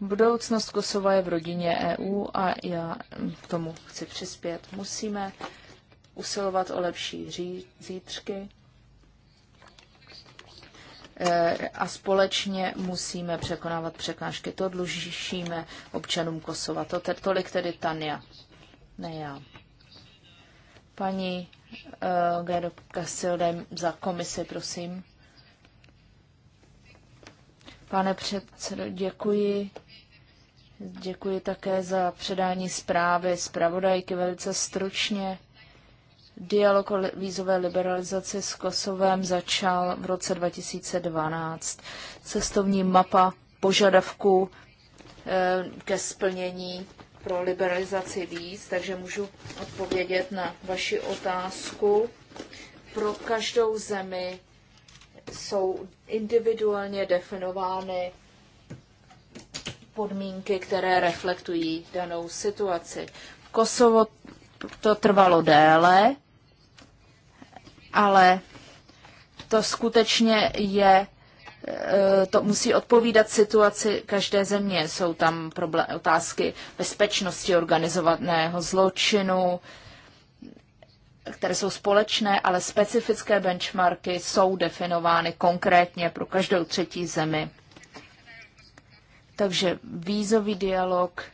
Budoucnost Kosova je v rodině EU a já k tomu chci přispět. Musíme usilovat o lepší zítřky Eh, a společně musíme překonávat překážky. To dlužíme občanům Kosova. To te, tolik tedy Tania, ne já. Paní uh, eh, Gero Castilde za komisi, prosím. Pane předsedo, děkuji. Děkuji také za předání zprávy zpravodajky velice stručně. Dialog o vízové liberalizaci s Kosovem začal v roce 2012. Cestovní mapa požadavků eh, ke splnění pro liberalizaci víc, takže můžu odpovědět na vaši otázku. Pro každou zemi jsou individuálně definovány podmínky, které reflektují danou situaci. V Kosovo to trvalo déle, ale to skutečně je, eh, to musí odpovídat situaci každé země. Jsou tam problém, otázky bezpečnosti organizovaného zločinu, které jsou společné, ale specifické benchmarky jsou definovány konkrétně pro každou třetí zemi. Takže vízový dialog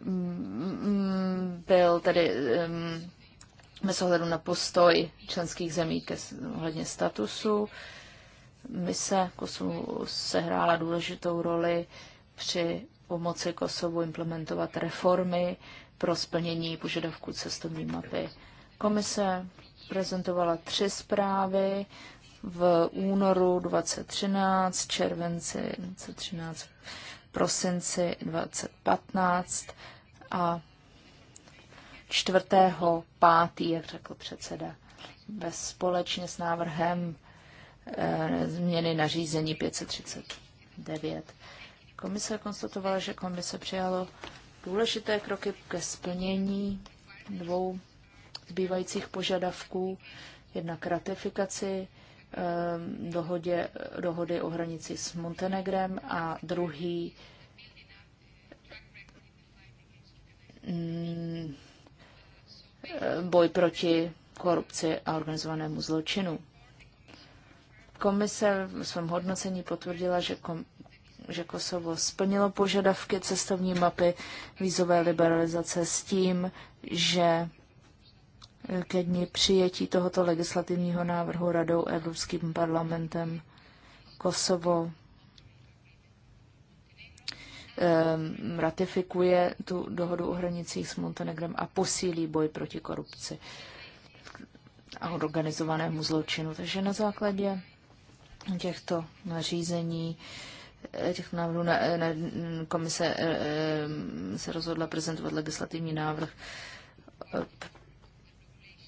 mm, mm, byl tedy mm, bez ohledu na postoj členských zemí ke ohledně statusu. Mise Kosovu sehrála důležitou roli při pomoci Kosovu implementovat reformy pro splnění požadavků cestovní mapy. Komise prezentovala tři zprávy v únoru 2013, červenci 2013, prosinci 2015 a čtvrtého pátý, jak řekl předseda, bez společně s návrhem e, změny nařízení 539. Komise konstatovala, že komise přijalo důležité kroky ke splnění dvou zbývajících požadavků, jednak ratifikaci eh, dohodě, dohody o hranici s Montenegrem a druhý mm, boj proti korupci a organizovanému zločinu. Komise v svém hodnocení potvrdila, že, kom, že Kosovo splnilo požadavky cestovní mapy vízové liberalizace s tím, že ke dní přijetí tohoto legislativního návrhu Radou Evropským parlamentem Kosovo Ehm, ratifikuje tu dohodu o hranicích s Montenegrem a posílí boj proti korupci a organizovanému zločinu. Takže na základě těchto nařízení eh, těch návrhů na, eh, na, komise eh, se rozhodla prezentovat legislativní návrh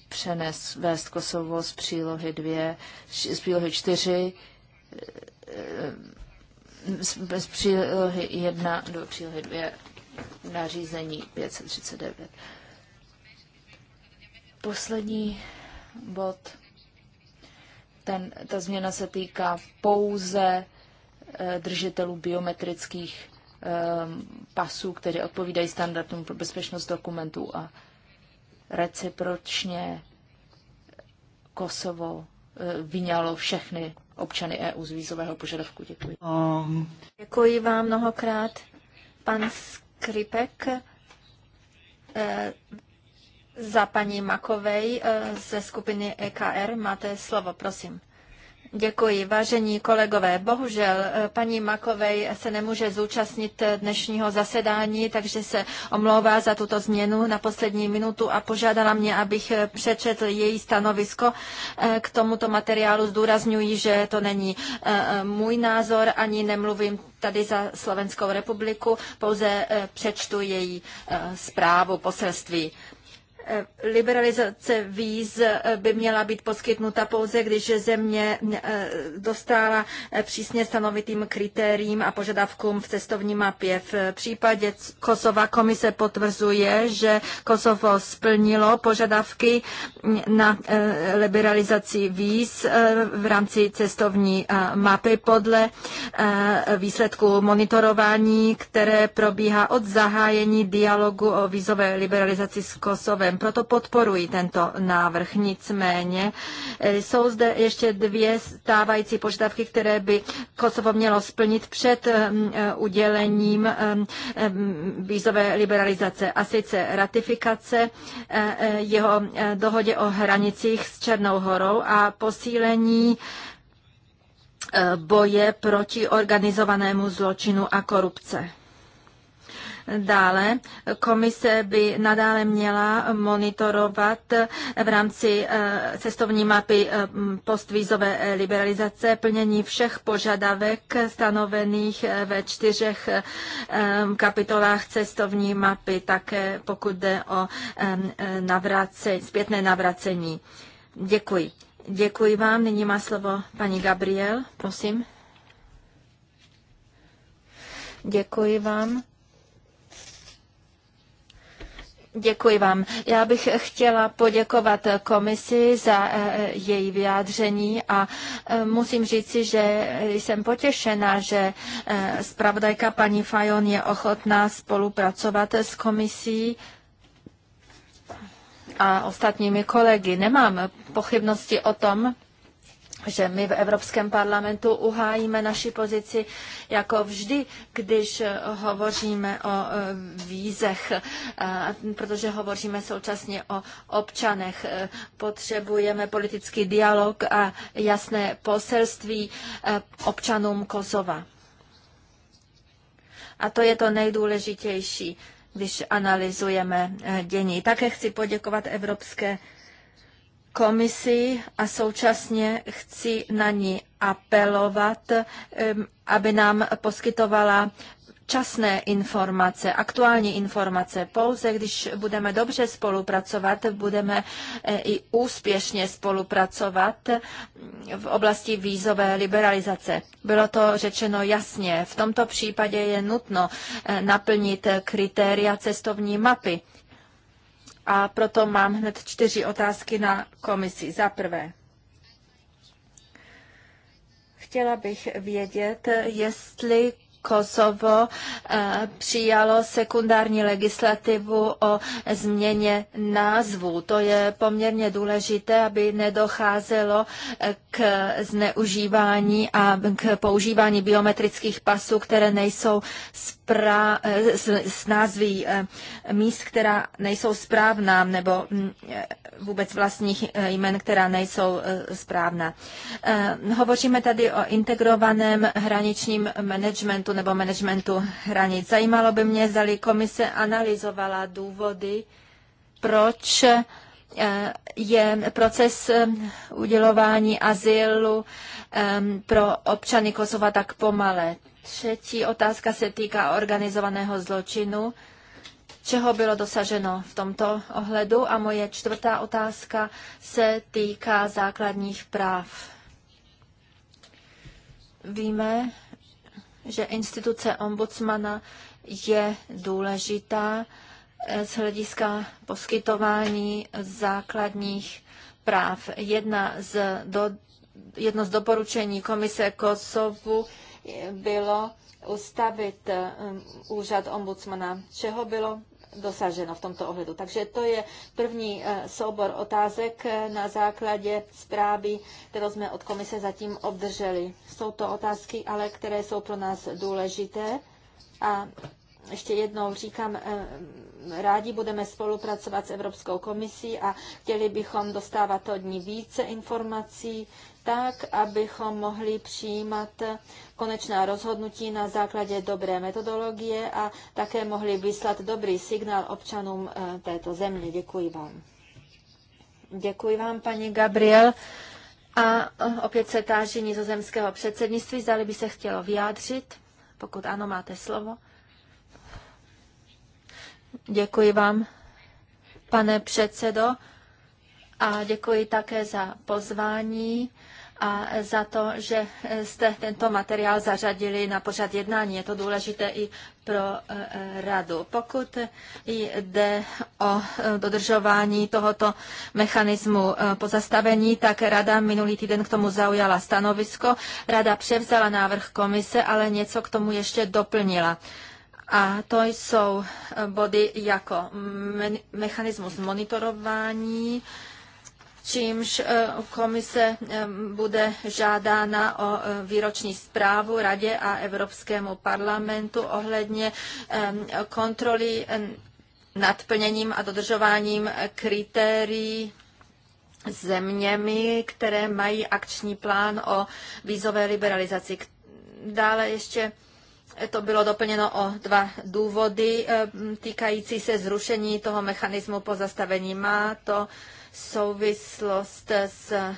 přenes vést Kosovo z přílohy 2, z přílohy 4 bez přílohy 1 do přílohy 2 nařízení 539. Poslední bod. Ten, ta změna se týká pouze eh, držitelů biometrických ehm, pasů, které odpovídají standardům pro bezpečnost dokumentů a recipročně Kosovo eh, vyňalo všechny občany EU z vízového požadavku. Děkuji. Um. Děkuji vám mnohokrát. Pan Skripek eh, za paní Makovej eh, ze skupiny EKR máte slovo, prosím. Děkuji. Vážení kolegové, bohužel eh, paní Makovej se nemůže zúčastnit dnešního zasedání, takže se omlouvá za tuto změnu na poslední minutu a požádala mě, abych eh, přečetl její stanovisko eh, k tomuto materiálu. Zdůrazňuji, že to není můj názor, ani nemluvím tady za Slovenskou republiku, pouze přečtu její zprávu, poselství. Liberalizace víz eh, by měla být poskytnuta pouze, když země eh, dostala eh, přísně stanovitým kritériím a požadavkům v cestovní mapě. V případě Kosova komise potvrzuje, že Kosovo splnilo požadavky na liberalizaci víz v rámci cestovní mapy podle výsledku monitorování, které probíhá od zahájení dialogu o vízové liberalizaci s Kosovem proto podporuji tento návrh. Nicméně eh, jsou zde ještě dvě stávající požadavky, které by Kosovo mělo splnit před eh, eh, udělením vízové liberalizace a sice ratifikace jeho dohodě o hranicích s Černou horou a posílení boje proti organizovanému zločinu a korupce. Dále komise by nadále měla monitorovat eh, v rámci eh, cestovní mapy eh, postvízové liberalizace plnění všech požadavek stanovených ve čtyřech kapitolách cestovní mapy, také pokud jde o navrace, zpětné navracení. Děkuji. Děkuji vám. Nyní má slovo paní Gabriel. Prosím. Děkuji vám. Děkuji vám. Já bych chtěla poděkovat komisi za eh, její vyjádření a eh, musím říci, že jsem potěšena, že eh, zpravodajka paní Fajon je ochotná spolupracovat s komisí a ostatními kolegy. Nemám pochybnosti o tom, že my v Evropském parlamentu uhájíme naši pozici jako vždy, když hovoříme o e, vízech, protože hovoříme současně o občanech. E, potřebujeme politický dialog a jasné poselství e, občanům Kosova. A to je to nejdůležitější, když analyzujeme dění. Také chci poděkovat Evropské komisi a současně chci na ní apelovat, aby nám poskytovala časné informace, aktuální informace. Pouze když budeme dobře spolupracovat, budeme e, i úspěšně spolupracovat mm, v oblasti vízové liberalizace. Bylo to řečeno jasně. V tomto případě je nutno e, naplnit kritéria cestovní mapy. A proto mám hned čtyři otázky na komisi. Za prvé, chtěla bych vědět, jestli Kosovo eh, přijalo sekundární legislativu o změně názvu. To je poměrně důležité, aby nedocházelo eh, k zneužívání a k používání biometrických pasů, které nejsou pra, eh, s, s názví eh, míst, která nejsou správná, nebo mm, eh, vůbec vlastních jmen, která nejsou správná. Hovoříme tady o integrovaném hraničním managementu nebo managementu hranic. Zajímalo by mě, zda komise analyzovala důvody, proč je proces udělování azylu pro občany Kosova tak pomalé. Třetí otázka se týká organizovaného zločinu. Čeho bylo dosaženo v tomto ohledu? A moje čtvrtá otázka se týká základních práv. Víme, že instituce ombudsmana je důležitá eh, z hlediska poskytování základních práv. Jedna z do, jedno z doporučení komise Kosovu bylo ustavit um, úřad ombudsmana, čeho bylo dosaženo v tomto ohledu. Takže to je první uh, soubor otázek uh, na základě zprávy, kterou jsme od komise zatím obdrželi. Jsou to otázky, ale které jsou pro nás důležité a ještě jednou říkám, uh, rádi budeme spolupracovat s Evropskou komisí a chtěli bychom dostávat od ní více informací, tak, abychom mohli přijímat konečná rozhodnutí na základě dobré metodologie a také mohli vyslat dobrý signál občanům eh, této země. Děkuji vám. Děkuji vám, paní Gabriel. A eh, opět se táží nizozemského předsednictví, zdali by se chtělo vyjádřit. Pokud ano, máte slovo. Děkuji vám, pane předsedo, a děkuji také za pozvání a za to, že jste tento materiál zařadili na pořad jednání. Je to důležité i pro e, e, radu. Pokud jde o e, dodržování tohoto mechanismu pozastavení, tak rada minulý týden k tomu zaujala stanovisko. Rada převzala návrh komise, ale něco k tomu ještě doplnila. A to jsou body jako mechanismus monitorování, čímž e, komise e, bude žádána o e, výroční zprávu Radě a Evropskému parlamentu ohledně kontroly nad plněním a dodržováním kritérií zeměmi, které mají akční plán o vízové liberalizaci. Dále ještě to bylo doplněno o dva důvody týkající se zrušení toho mechanismu pozastavení. Má to souvislost s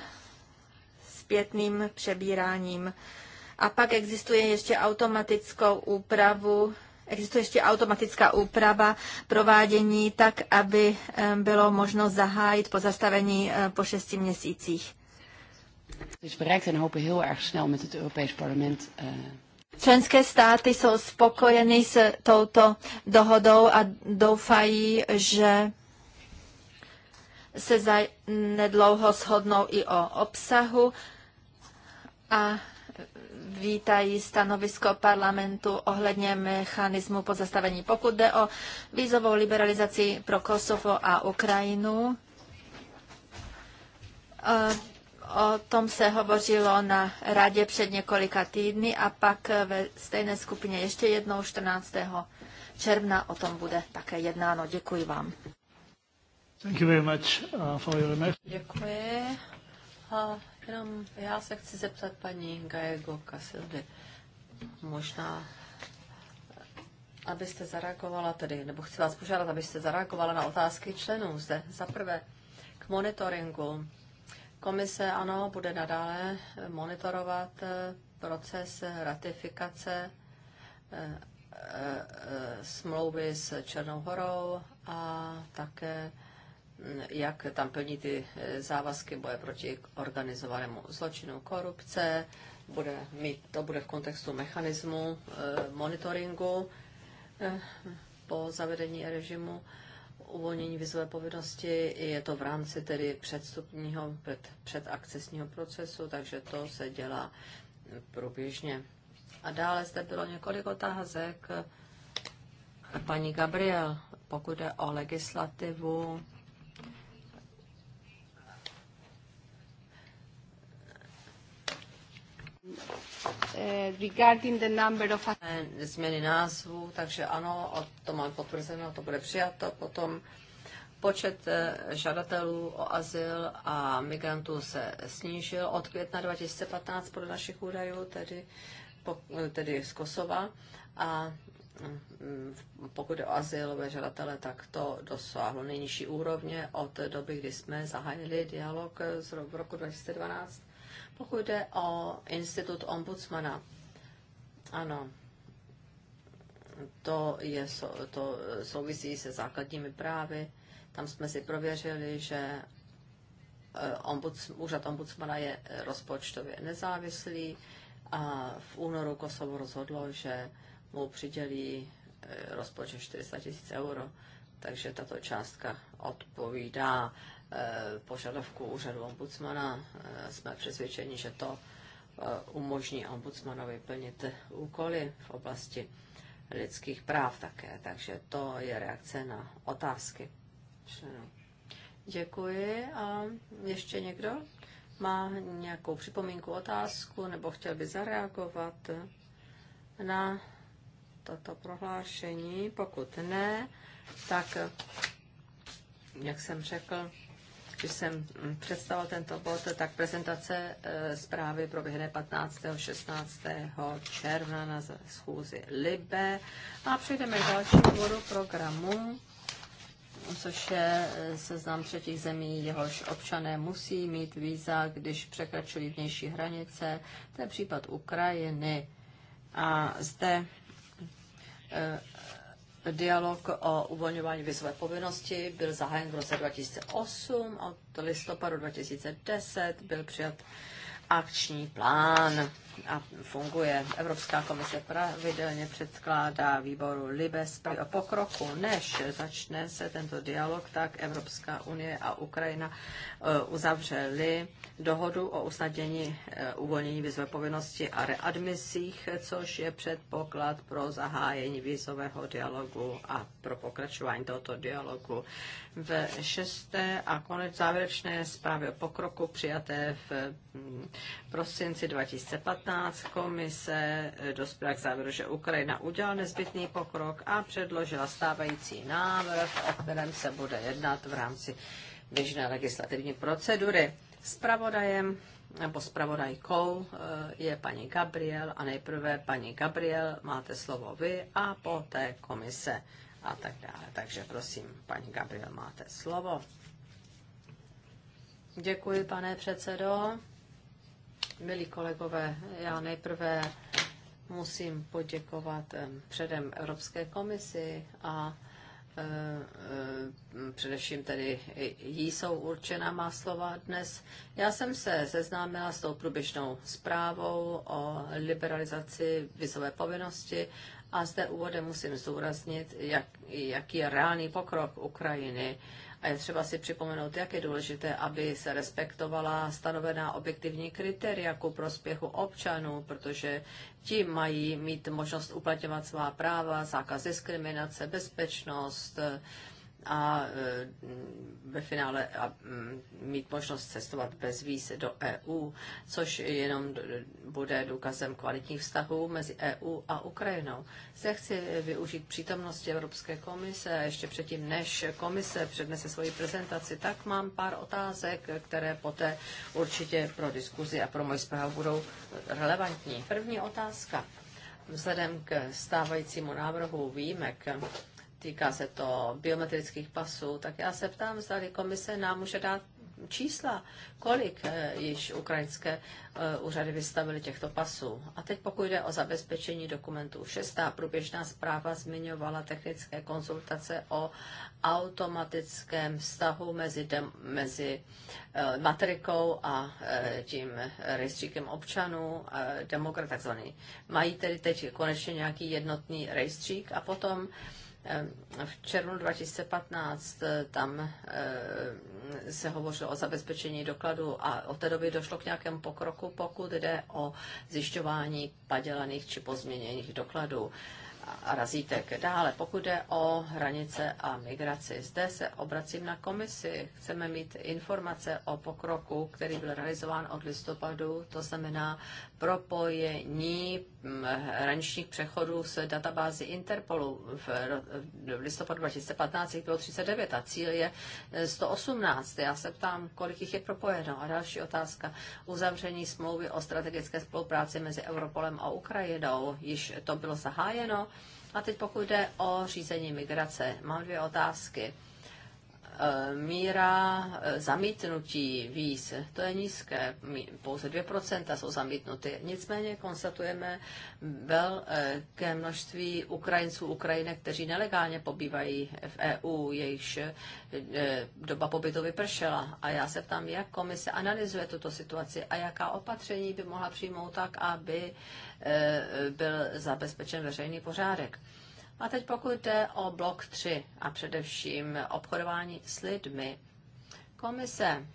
zpětným přebíráním. A pak existuje ještě automatickou úpravu Existuje ještě automatická úprava provádění tak, aby eh, bylo možno zahájit pozastavení eh, po šesti měsících. Eh. Členské státy jsou spokojeny s touto dohodou a doufají, že se za nedlouho shodnou i o obsahu a vítají stanovisko parlamentu ohledně mechanismu pozastavení. Pokud jde o vízovou liberalizaci pro Kosovo a Ukrajinu, eh, o tom se hovořilo na radě před několika týdny a pak ve stejné skupině ještě jednou 14. června o tom bude také jednáno. Děkuji vám. Thank you very much uh, for your Děkuji. A jenom já se chci zeptat paní Gajego Kasildy. Možná abyste zareagovala tedy, nebo chci vás požádat, abyste zareagovala na otázky členů zde. Za prvé, k monitoringu. Komise, ano, bude nadále monitorovat eh, proces ratifikace eh, eh, smlouvy s Černou horou a také jak tam plní ty eh, závazky boje proti organizovanému zločinu, korupce, bude mít, to bude v kontextu mechanismu eh, monitoringu eh, po zavedení režimu uvolnění vizové povinnosti, je to v rámci tedy předstupního, před, předakcesního procesu, takže to se dělá průběžně. A dále zde bylo několik otázek. Paní Gabriel, pokud jde o legislativu Eh, regarding the number of... Eh, změny názvu, takže ano, to mám potvrzeno, to bude přijato. Potom počet eh, žadatelů o azyl a migrantů se snížil od května 2015 podle našich údajů, tedy, tedy z Kosova. A mm, pokud je o azylové žadatele, tak to dosáhlo nejnižší úrovně od doby, kdy jsme zahájili dialog z roku 2012 pokud jde o institut ombudsmana, ano, to, je, to souvisí se základními právy. Tam jsme si prověřili, že eh, ombuds, úřad ombudsmana je rozpočtově nezávislý a v únoru Kosovo rozhodlo, že mu přidělí eh, rozpočet 400 tisíc euro, takže tato částka odpovídá Eh, požadavku úřadu ombudsmana. Eh, jsme přesvědčeni, že to eh, umožní ombudsmanovi plnit úkoly v oblasti lidských práv také. Takže to je reakce na otázky členů. Děkuji. A ještě někdo má nějakou připomínku, otázku nebo chtěl by zareagovat na toto prohlášení? Pokud ne, tak, jak jsem řekl, když jsem mm, představil tento bod, tak prezentace e, zprávy proběhne 15. 16. června na schůzi Libe. A přejdeme k dalšímu bodu programu, což je e, seznam třetích zemí, jehož občané musí mít víza, když překračují vnější hranice. To je případ Ukrajiny. A zde e, Dialog o uvolňování vizové povinnosti byl zahájen v roce 2008 a od listopadu 2010 byl přijat akční plán a funguje. Evropská komise pravidelně předkládá výboru Libes o pokroku. Než začne se tento dialog, tak Evropská unie a Ukrajina eh, uzavřely dohodu o usnadnění eh, uvolnění vizové povinnosti a readmisích, což je předpoklad pro zahájení vízového dialogu a pro pokračování tohoto dialogu. V šesté a konec závěrečné zprávy o pokroku přijaté v hm, prosinci 2015 15 komise eh, dospěla k závěru, že Ukrajina udělala nezbytný pokrok a předložila stávající návrh, o kterém se bude jednat v rámci běžné legislativní procedury. Spravodajem nebo spravodajkou eh, je paní Gabriel a nejprve paní Gabriel, máte slovo vy a poté komise a tak dále. Takže prosím, paní Gabriel, máte slovo. Děkuji, pane předsedo. Milí kolegové, já nejprve musím poděkovat eh, předem Evropské komisi a eh, eh, především tedy jí jsou určena má slova dnes. Já jsem se seznámila s tou průběžnou zprávou o liberalizaci vizové povinnosti a zde úvodem musím zdůraznit, jak, jaký je reálný pokrok Ukrajiny a je třeba si připomenout, jak je důležité, aby se respektovala stanovená objektivní kritéria ku prospěchu občanů, protože ti mají mít možnost uplatňovat svá práva, zákaz diskriminace, bezpečnost, a e, ve finále a mm, mít možnost cestovat bez víz do EU, což jenom bude důkazem kvalitních vztahů mezi EU a Ukrajinou. Zde chci využít přítomnosti Evropské komise, ještě předtím, než komise přednese svoji prezentaci, tak mám pár otázek, které poté určitě pro diskuzi a pro moji zprávu budou relevantní. První otázka. Vzhledem k stávajícímu návrhu výjimek, týká se to biometrických pasů, tak já se ptám, zda komise nám může dát čísla, kolik eh, již ukrajinské eh, úřady vystavily těchto pasů. A teď pokud jde o zabezpečení dokumentů. Šestá průběžná zpráva zmiňovala technické konzultace o automatickém vztahu mezi, dem, mezi eh, matrikou a tím rejstříkem občanů, demokrat takzvaný. Mají tedy teď konečně nějaký jednotný rejstřík a potom Ehm, v červnu 2015 eh, tam eh, se hovořilo o zabezpečení dokladu a od té doby došlo k nějakému pokroku, pokud jde o zjišťování padělaných či pozměněných dokladů razítek. Dále, pokud jde o hranice a migraci, zde se obracím na komisi. Chceme mít informace o pokroku, který byl realizován od listopadu, to znamená propojení mm, hraničních přechodů s databázy Interpolu. V, v listopadu 2015 jich bylo 39 a cíl je 118. Já se ptám, kolik jich je propojeno. A další otázka. Uzavření smlouvy o strategické spolupráci mezi Europolem a Ukrajinou. Již to bylo zahájeno a teď pokud jde o řízení migrace, mám dvě otázky. E, míra e, zamítnutí víz, to je nízké, pouze 2% jsou zamítnuty. Nicméně konstatujeme velké množství Ukrajinců, Ukrajinek, kteří nelegálně pobývají v EU, jejichž e, doba pobytu vypršela. A já se ptám, jak komise analyzuje tuto situaci a jaká opatření by mohla přijmout tak, aby byl zabezpečen veřejný pořádek. A teď pokud jde o blok 3 a především obchodování s lidmi, komise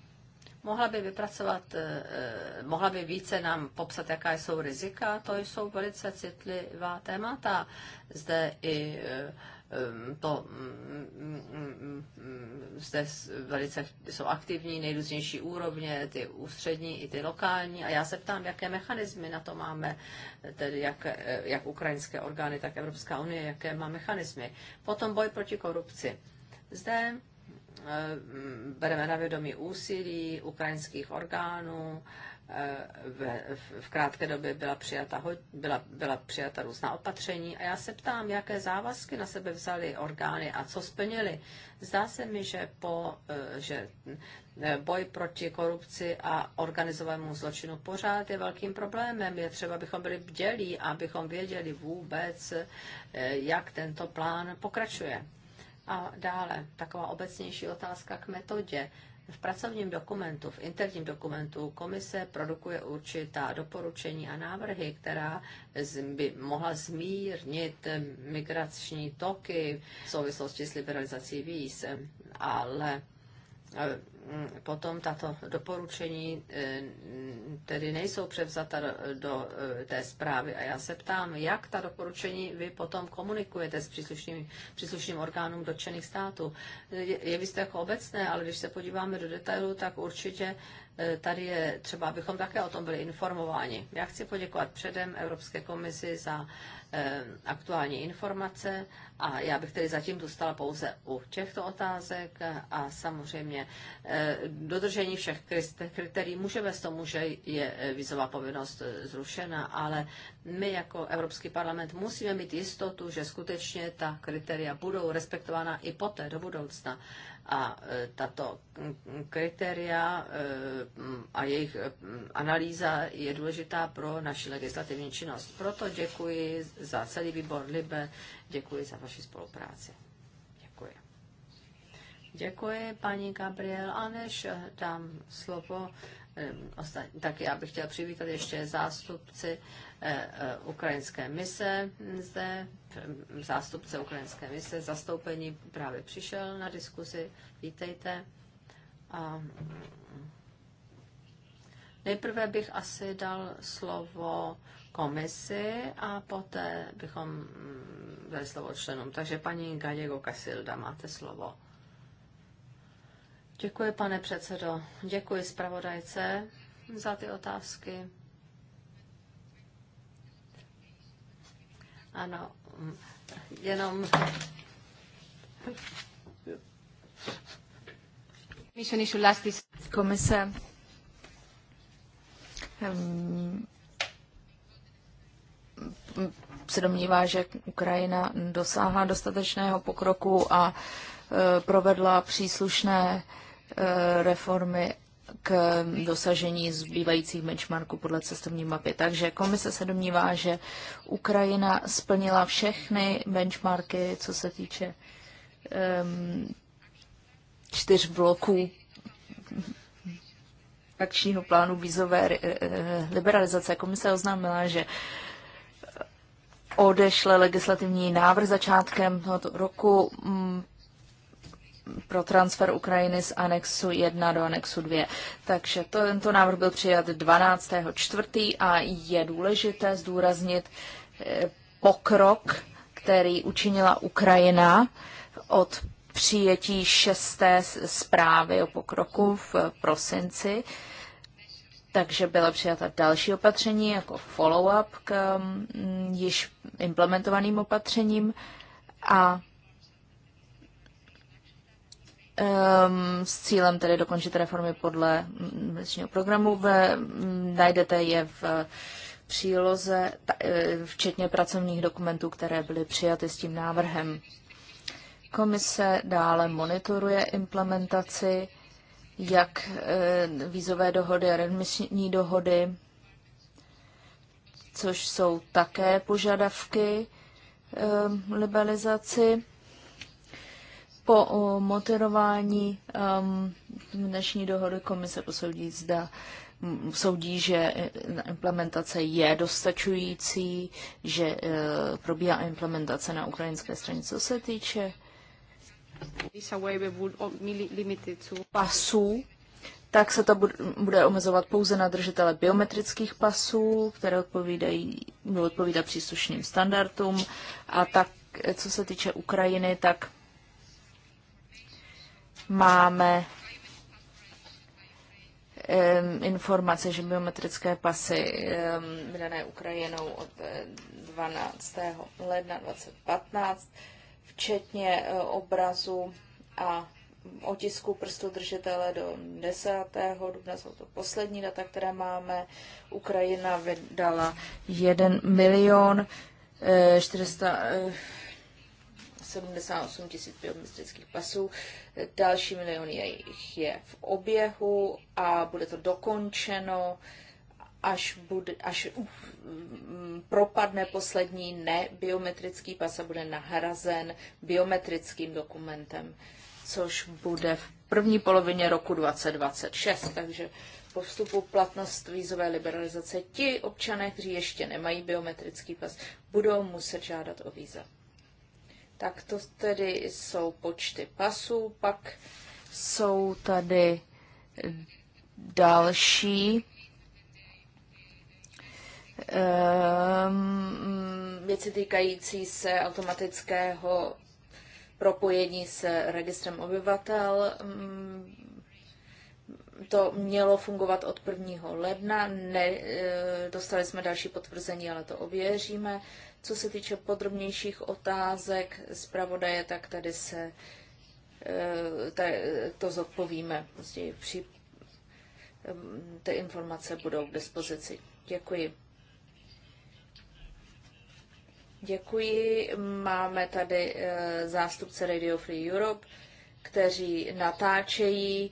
mohla by vypracovat, eh, eh, mohla by více nám popsat, jaká jsou rizika, to jsou velice citlivá témata. Zde i eh, Ehm, to mm, mm, mm, zde velice jsou aktivní nejrůznější úrovně, ty ústřední i ty lokální. A já se ptám, jaké mechanismy na to máme, tedy jak, eh, jak ukrajinské orgány, tak Evropská unie, jaké má mechanismy. Potom boj proti korupci. Zde eh, bereme na vědomí úsilí ukrajinských orgánů, Eh, v, v, krátké době byla přijata, byla, byla přijata různá opatření a já se ptám, jaké závazky na sebe vzali orgány a co splnili. Zdá se mi, že, po, eh, že eh, boj proti korupci a organizovanému zločinu pořád je velkým problémem. Je třeba, abychom byli bdělí, abychom věděli vůbec, jak tento plán pokračuje. A dále, taková obecnější otázka k metodě. V pracovním dokumentu, v interním dokumentu komise produkuje určitá doporučení a návrhy, která by mohla zmírnit migrační toky v souvislosti s liberalizací víz, ale Mm, potom tato doporučení eh, tedy nejsou převzata do eh, té zprávy. A já se ptám, jak ta doporučení vy potom komunikujete s příslušným, příslušným orgánům dotčených států. Je jste jako obecné, ale když se podíváme do detailu, tak určitě eh, tady je třeba, abychom také o tom byli informováni. Já chci poděkovat předem Evropské komisi za Eh, aktuální informace a já bych tedy zatím zůstala pouze u těchto otázek a samozřejmě eh, dodržení všech kritérií může vést tomu, že je eh, vizová povinnost zrušena, ale my jako Evropský parlament musíme mít jistotu, že skutečně ta kritéria budou respektována i poté do budoucna a e, tato kritéria e, a jejich e, analýza je důležitá pro naši legislativní činnost. Proto děkuji za celý výbor Libe, děkuji za vaši spolupráci. Děkuji. Děkuji, paní Gabriel. A než dám slovo, taky já bych chtěl přivítat ještě zástupci Eh, eh, ukrajinské mise zde, zástupce ukrajinské mise, zastoupení právě přišel na diskuzi, vítejte. A mm, nejprve bych asi dal slovo komisi a poté bychom mm, dali slovo členům. Takže paní Gallego Casilda, máte slovo. Děkuji, pane předsedo. Děkuji zpravodajce za ty otázky. Ano, mm, jenom... Komise se domnívá, že Ukrajina dosáhla dostatečného pokroku a e, provedla příslušné e, reformy k dosažení zbývajících benchmarků podle cestovní mapy. Takže komise se domnívá, že Ukrajina splnila všechny benchmarky, co se týče um, čtyř bloků akčního plánu vízové e, e, liberalizace. Komise oznámila, že odešle legislativní návrh začátkem tohoto roku mm, pro transfer Ukrajiny z anexu 1 do anexu 2. Takže to, tento návrh byl přijat 12. a je důležité zdůraznit eh, pokrok, který učinila Ukrajina od přijetí šesté zprávy o pokroku v prosinci. Takže byla přijata další opatření jako follow-up k mm, již implementovaným opatřením a um, s cílem tedy dokončit reformy podle měsíčního programu. Ve, najdete je v eh, příloze, eh, včetně pracovních dokumentů, které byly přijaty s tím návrhem. Komise dále monitoruje implementaci jak eh, vízové dohody a readmisní dohody, což jsou také požadavky ehm, liberalizaci. Po moderování um, dnešní dohody komise posoudí, zda soudí, že e, implementace je dostačující, že uh, probíhá implementace na ukrajinské straně. Co se týče pasů, tak se to bude omezovat pouze na držitele biometrických pasů, které odpovídají, odpovídají odpovídat příslušným standardům. A tak, e, co se týče Ukrajiny, tak máme informace, že biometrické pasy vydané Ukrajinou od 12. Eh, ledna 2015, včetně eh, obrazu a otisku prstu držitele do 10. dubna, jsou to poslední data, které máme. Ukrajina vydala 1 milion 400 eh, 78 tisíc biometrických pasů. Další miliony jejich je v oběhu a bude to dokončeno, až, bude, až mm, propadne poslední nebiometrický pas a bude nahrazen biometrickým dokumentem, což bude v první polovině roku 2026. Takže po vstupu platnost vízové liberalizace ti občané, kteří ještě nemají biometrický pas, budou muset žádat o víza. Tak to tedy jsou počty pasů, pak jsou tady další um, věci týkající se automatického propojení s registrem obyvatel. Ehm, to mělo fungovat od 1. ledna, ne, eh, dostali jsme další potvrzení, ale to ověříme. Co se týče podrobnějších otázek zpravodaje, tak tady se eh, to zodpovíme později. Při, eh, ty informace budou k dispozici. Děkuji. Děkuji. Máme tady eh, zástupce Radio Free Europe, kteří natáčejí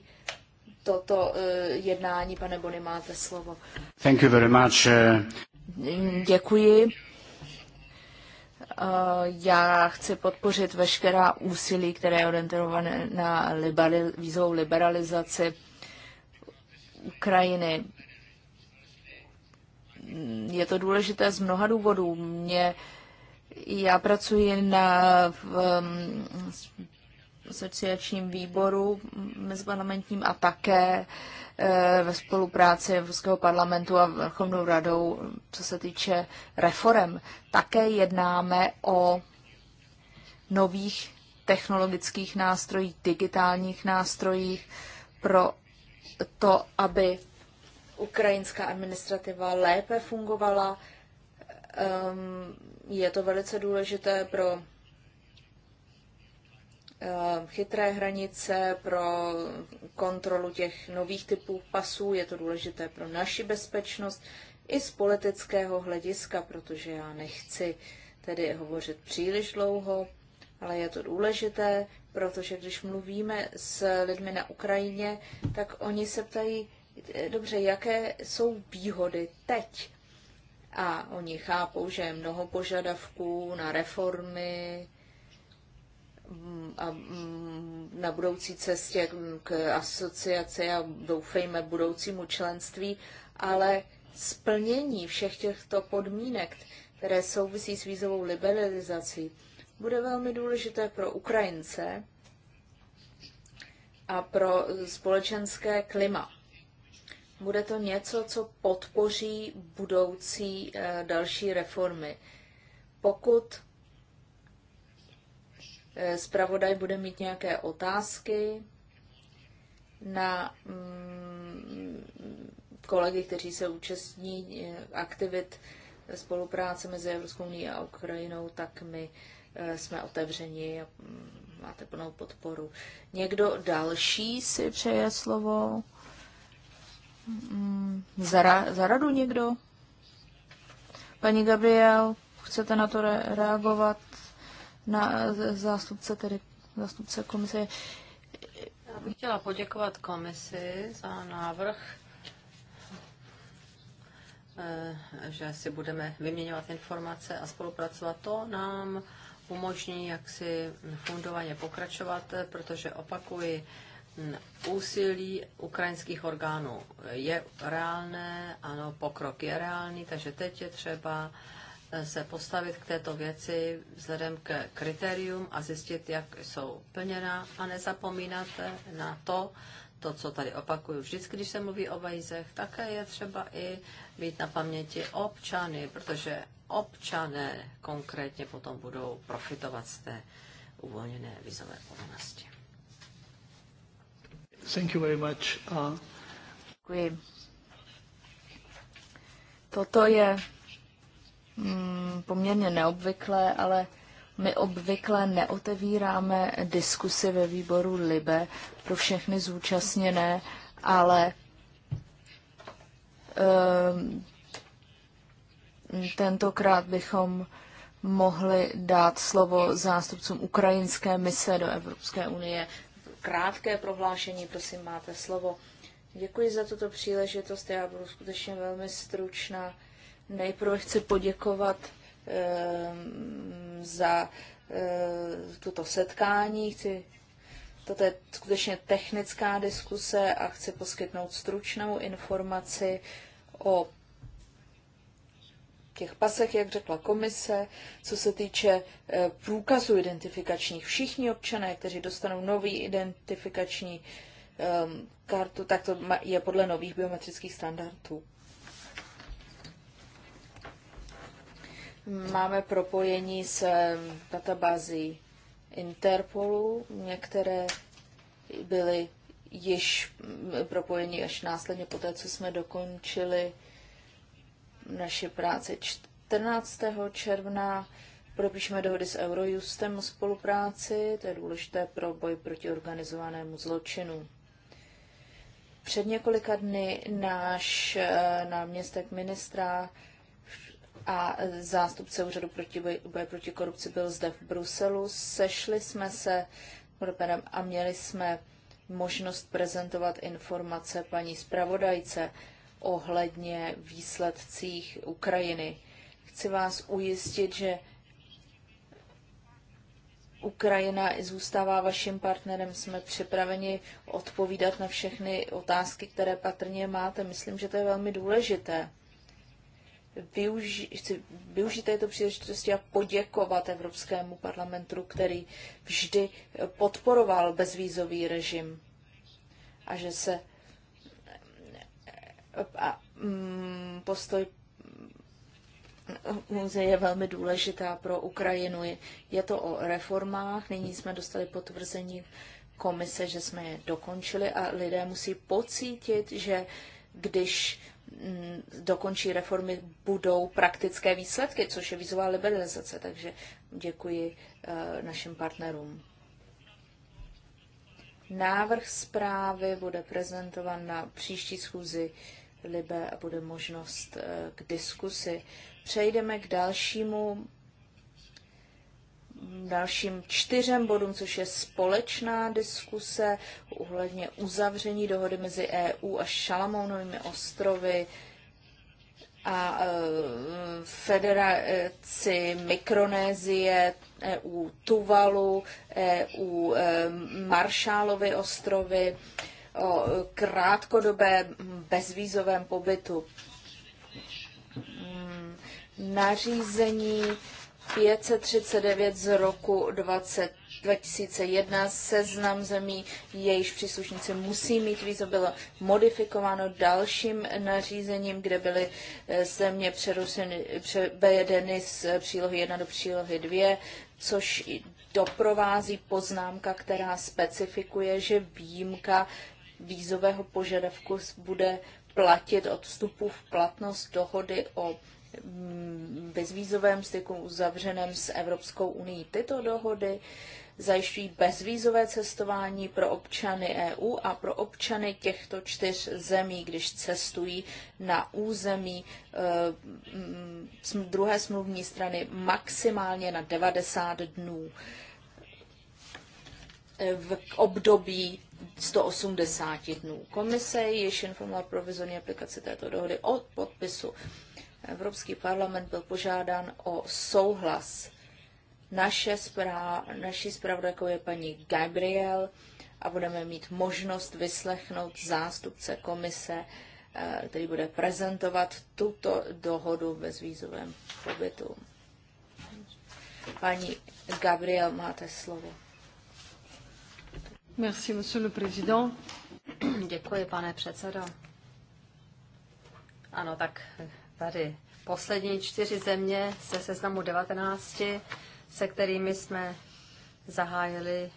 toto jednání. Pane Bony, máte slovo. Thank you very much. Děkuji. Eh, já chci podpořit veškerá úsilí, které je orientované na liberali, vízovou liberalizaci Ukrajiny. Je to důležité z mnoha důvodů. Mě, já pracuji na v, asociačním výboru mezparlamentním a také eh, ve spolupráci Evropského parlamentu a Vrchovnou radou, co se týče reform. Také jednáme o nových technologických nástrojích, digitálních nástrojích pro to, aby ukrajinská administrativa lépe fungovala. Ehm, je to velice důležité pro Eh, chytré hranice pro kontrolu těch nových typů pasů. Je to důležité pro naši bezpečnost i z politického hlediska, protože já nechci tedy hovořit příliš dlouho, ale je to důležité, protože když mluvíme s lidmi na Ukrajině, tak oni se ptají, eh, dobře, jaké jsou výhody teď? A oni chápou, že je mnoho požadavků na reformy, a mm, na budoucí cestě k asociaci a doufejme budoucímu členství, ale splnění všech těchto podmínek, které souvisí s vízovou liberalizací, bude velmi důležité pro Ukrajince a pro společenské klima. Bude to něco, co podpoří budoucí eh, další reformy. Pokud Spravodaj bude mít nějaké otázky na mm, kolegy, kteří se účastní eh, aktivit spolupráce mezi Evropskou unii a Ukrajinou, tak my eh, jsme otevřeni a mm, máte plnou podporu. Někdo další si přeje slovo? Mm, zara, zaradu někdo? Paní Gabriel, chcete na to re- reagovat? na zástupce, tedy zástupce komise. Já bych chtěla poděkovat komisi za návrh, eh, že si budeme vyměňovat informace a spolupracovat. To nám umožní jaksi fundovaně pokračovat, protože opakuji, mm, úsilí ukrajinských orgánů je reálné, ano, pokrok je reálný, takže teď je třeba se postavit k této věci vzhledem k kritérium a zjistit, jak jsou plněna a nezapomínat na to, to, co tady opakuju vždycky, když se mluví o vajzech, také je třeba i být na paměti občany, protože občané konkrétně potom budou profitovat z té uvolněné vizové povinnosti. Thank you very much. Uh... Děkuji. Toto je Mm, poměrně neobvyklé, ale my obvykle neotevíráme diskusy ve výboru LIBE pro všechny zúčastněné, ale ehm, tentokrát bychom mohli dát slovo zástupcům ukrajinské mise do Evropské unie. Krátké prohlášení, prosím, máte slovo. Děkuji za tuto příležitost, já budu skutečně velmi stručná. Nejprve chci poděkovat ehm, za eh, tuto setkání. Chci, toto je skutečně technická diskuse a chci poskytnout stručnou informaci o těch pasech, jak řekla komise, co se týče eh, průkazu identifikačních. Všichni občané, kteří dostanou nový identifikační ehm, kartu, tak to je podle nových biometrických standardů. Máme propojení s databází Interpolu. Některé byly již propojení, až následně po té, co jsme dokončili naše práce 14. června. Propíšeme dohody s Eurojustem o spolupráci, to je důležité pro boj proti organizovanému zločinu. Před několika dny náš e, náměstek ministra a zástupce úřadu proti boje, boje proti korupci byl zde v Bruselu. Sešli jsme se a měli jsme možnost prezentovat informace paní zpravodajce ohledně výsledcích Ukrajiny. Chci vás ujistit, že Ukrajina zůstává vaším partnerem. Jsme připraveni odpovídat na všechny otázky, které patrně máte. Myslím, že to je velmi důležité využi- chci využít této příležitosti a poděkovat Evropskému parlamentu, který vždy podporoval bezvízový režim a že se a, mm, postoj je velmi důležitá pro Ukrajinu. Je to o reformách. Nyní jsme dostali potvrzení komise, že jsme je dokončili a lidé musí pocítit, že když Mm, dokončí reformy, budou praktické výsledky, což je vízová liberalizace. Takže děkuji eh, našim partnerům. Návrh zprávy bude prezentovan na příští schůzi Libe a bude možnost eh, k diskusi. Přejdeme k dalšímu dalším čtyřem bodům, což je společná diskuse uhledně uzavření dohody mezi EU a Šalamounovými ostrovy a e, federaci Mikronézie, EU Tuvalu, EU e, Maršálovy ostrovy o krátkodobé bezvízovém pobytu. Nařízení 539 z roku 20, 2001 seznam zemí, jejíž příslušníci musí mít vízo, bylo modifikováno dalším nařízením, kde byly eh, země převedeny z přílohy 1 do přílohy 2, což doprovází poznámka, která specifikuje, že výjimka vízového požadavku bude platit od vstupu v platnost dohody o bezvízovém styku uzavřeném s Evropskou unii. Tyto dohody zajišťují bezvízové cestování pro občany EU a pro občany těchto čtyř zemí, když cestují na území eh, mm, druhé smluvní strany maximálně na 90 dnů eh, v období 180 dnů. Komise již informovala provizorní aplikaci této dohody od podpisu Evropský parlament byl požádán o souhlas. Naše zpráv, naší zpravodajkou je paní Gabriel a budeme mít možnost vyslechnout zástupce komise, eh, který bude prezentovat tuto dohodu ve zvízovém pobytu. Paní Gabriel, máte slovo. Merci, monsieur le président. Děkuji, pane předsedo. Ano, tak tady poslední čtyři země se seznamu 19, se kterými jsme zahájili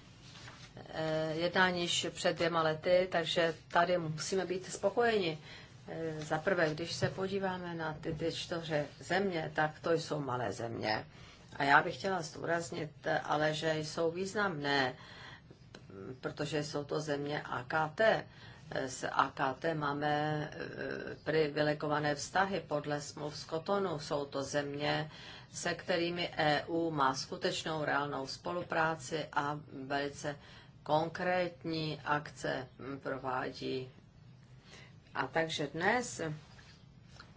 eh, jednání již před dvěma lety, takže tady musíme být spokojeni. Eh, za prvé, když se podíváme na ty, ty čtyři země, tak to jsou malé země. A já bych chtěla zdůraznit, eh, ale že jsou významné, protože jsou to země AKT s AKT máme e, privilegované vztahy podle smluv z Kotonu. Jsou to země, se kterými EU má skutečnou reálnou spolupráci a velice konkrétní akce provádí. A takže dnes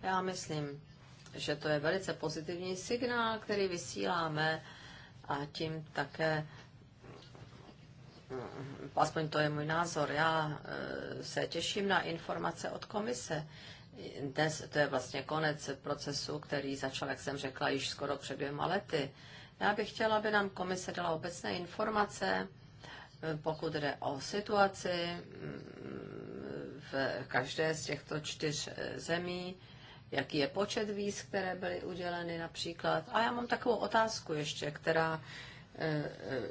já myslím, že to je velice pozitivní signál, který vysíláme a tím také aspoň to je můj názor, já e, se těším na informace od komise. Dnes to je vlastně konec procesu, který začal, jak jsem řekla, již skoro před dvěma lety. Já bych chtěla, aby nám komise dala obecné informace, e, pokud jde o situaci mm, v každé z těchto čtyř e, zemí, jaký je počet víz, které byly uděleny například. A já mám takovou otázku ještě, která E,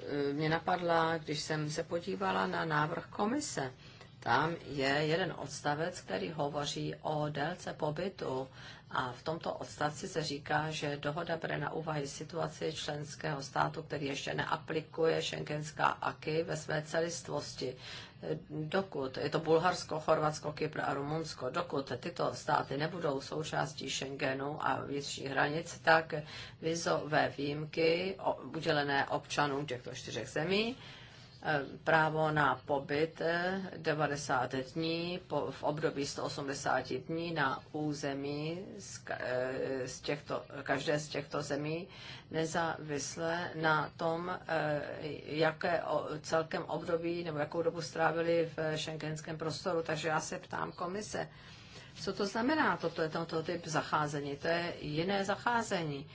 e, mě napadla, když jsem se podívala na návrh komise. Tam je jeden odstavec, který hovoří o délce pobytu a v tomto odstavci se říká, že dohoda bere na úvahy situaci členského státu, který ještě neaplikuje šengenská aky ve své celistvosti dokud je to Bulharsko, Chorvatsko, Kypr a Rumunsko, dokud tyto státy nebudou součástí Schengenu a větší hranic, tak vizové výjimky udělené občanům těchto čtyřech zemí Eh, právo na pobyt 90 eh, dní v období 180 dní na území z, eh, z těchto, každé z těchto zemí nezávisle na tom, jaké celkem období nebo jakou dobu strávili v šengenském prostoru. Takže já se ptám komise, co to znamená, toto je tento typ zacházení, to je jiné zacházení.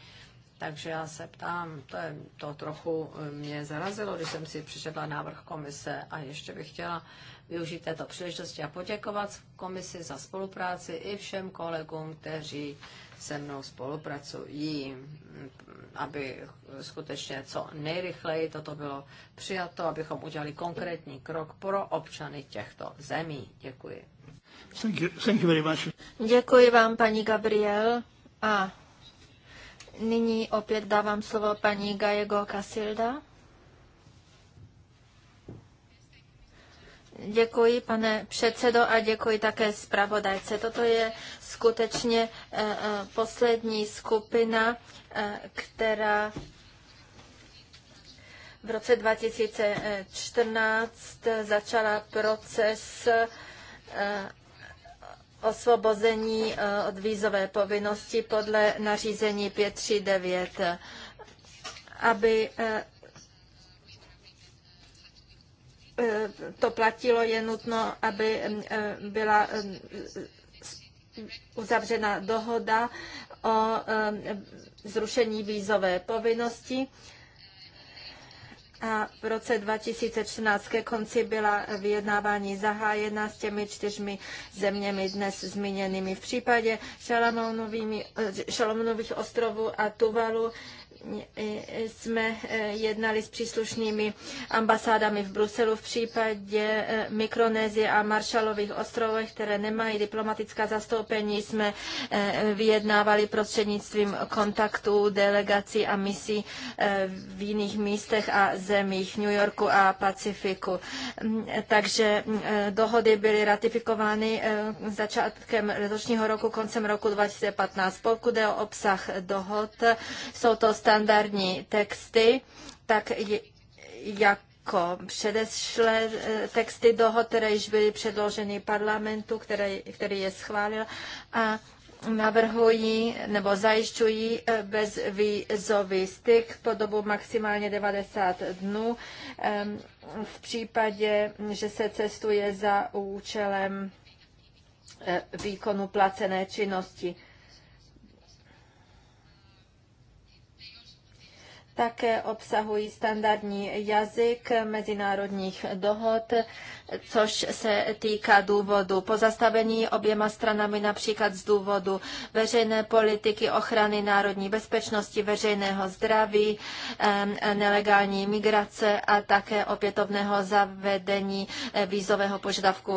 Takže já se ptám, to, je, to trochu eh, mě zarazilo, když jsem si přečetla návrh komise a ještě bych chtěla využít této příležitosti a poděkovat komisi za spolupráci i všem kolegům, kteří se mnou spolupracují, mm, aby skutečně co nejrychleji toto bylo přijato, abychom udělali konkrétní krok pro občany těchto zemí. Děkuji. Thank you, thank you very much. Děkuji vám, paní Gabriel. A Nyní opět dávám slovo paní Gajego Casilda. Děkuji, pane předsedo, a děkuji také zpravodajce. Toto je skutečně eh, eh, poslední skupina, eh, která v roce 2014 začala proces osvobození eh, od vízové povinnosti podle nařízení 539, aby eh, eh, to platilo, je nutno, aby byla uzavřena dohoda o zrušení vízové povinnosti a v roce 2014 ke konci byla vyjednávání zahájena s těmi čtyřmi zeměmi dnes zmíněnými. V případě Šalamounových ostrovů a Tuvalu jsme eh, jednali s příslušnými ambasádami v Bruselu v případě eh, Mikronézie a Maršalových ostrovech, které nemají diplomatická zastoupení, jsme eh, vyjednávali prostřednictvím kontaktů, delegací a misí v jiných místech a zemích New Yorku a Pacifiku. Mm, takže mm, dohody byly ratifikovány začátkem letošního roku, koncem roku 2015. Pokud je o obsah dohod, jsou to standardní texty, tak jak jako předešlé eh, texty dohod, které již byly předloženy parlamentu, které, který je schválil a navrhují nebo zajišťují eh, bezvízový styk po dobu maximálně 90 dnů v případě, že se cestuje za účelem eh, výkonu placené činnosti. také obsahují standardní jazyk mezinárodních dohod, což se týká důvodu pozastavení oběma stranami například z důvodu veřejné politiky, ochrany národní bezpečnosti, veřejného zdraví, nelegální migrace a také opětovného zavedení eh, vízového požadavku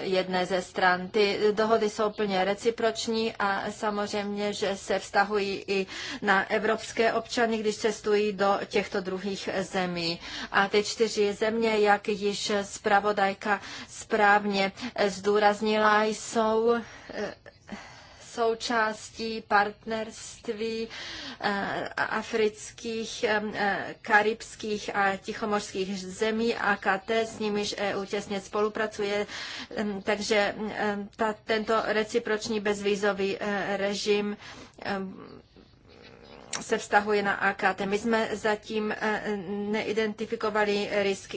jedné ze stran. Ty dohody jsou plně reciproční a samozřejmě, že se vztahují i na evropské občany, když cestují exportují do těchto druhých zemí. A ty čtyři země, jak již zpravodajka správně zdůraznila, jsou eh, součástí partnerství eh, afrických, eh, karibských a tichomorských zemí a KT, s nimiž EU těsně spolupracuje, takže ta, tento reciproční bezvýzový režim se vztahuje na AKT. My jsme zatím eh, neidentifikovali risk,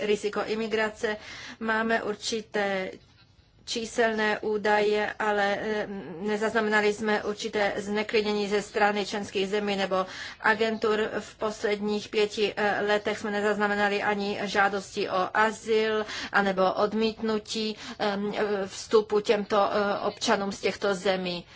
riziko imigrace. Máme určité číselné údaje, ale eh, nezaznamenali jsme určité zneklidnění ze strany členských zemí nebo agentur. V posledních pěti eh, letech jsme nezaznamenali ani žádosti o azyl anebo odmítnutí ehm, vstupu těmto občanům z těchto zemí.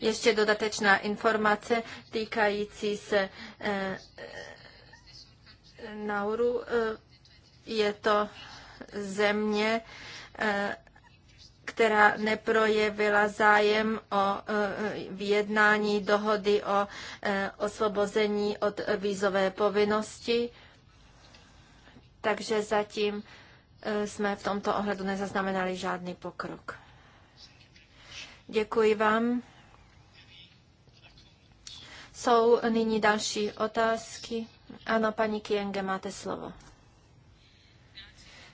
ještě dodatečná informace týkající se eh, Nauru. Eh, je to země, eh, která neprojevila zájem o vyjednání dohody o osvobození od vízové povinnosti. Takže zatím jsme v tomto ohledu nezaznamenali žádný pokrok. Děkuji vám. Jsou nyní další otázky? Ano, paní Kienge, máte slovo.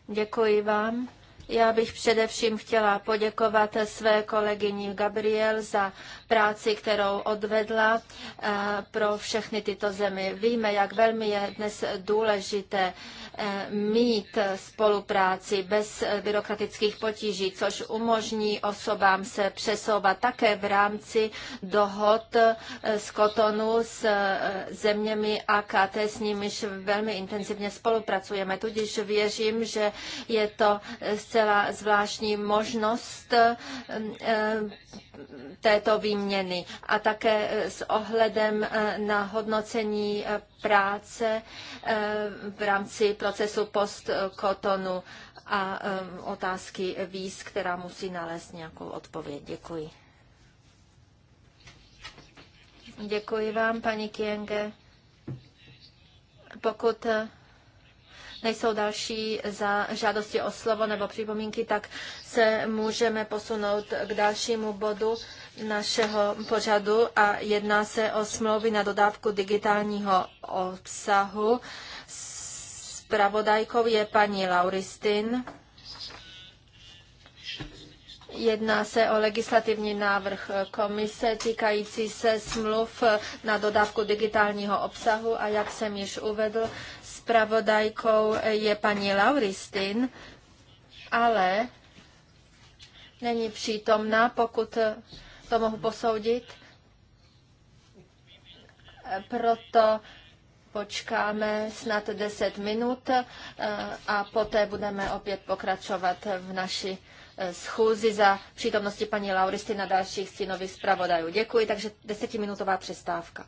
Děkuji vám. Já bych především chtěla poděkovat své kolegyni Gabriel za práci, kterou odvedla eh, pro všechny tyto zemi. Víme, jak velmi je dnes důležité eh, mít spolupráci bez byrokratických potíží, což umožní osobám se přesouvat také v rámci dohod eh, z Kotonu s zeměmi AKT, s nimiž velmi intenzivně spolupracujeme. Tudíž věřím, že je to zcela zcela zvláštní možnost eh, eh, této výměny a také eh, s ohledem na hodnocení práce v rámci procesu postkotonu a otázky víz, která musí nalézt nějakou odpověď. Děkuji. Děkuji vám, paní Kienge. Pokud nejsou další za žádosti o slovo nebo připomínky, tak se můžeme posunout k dalšímu bodu našeho pořadu a jedná se o smlouvy na dodávku digitálního obsahu. Spravodajkou je paní Lauristin. Jedná se o legislativní návrh komise týkající se smluv na dodávku digitálního obsahu a jak jsem již uvedl, Spravodajkou je paní Lauristin, ale není přítomná, pokud to mohu posoudit. Proto počkáme snad 10 minut eh, a poté budeme opět pokračovat v naší eh, schůzi za přítomnosti paní Lauristy na dalších stínových zpravodajů. Děkuji, takže desetiminutová přestávka.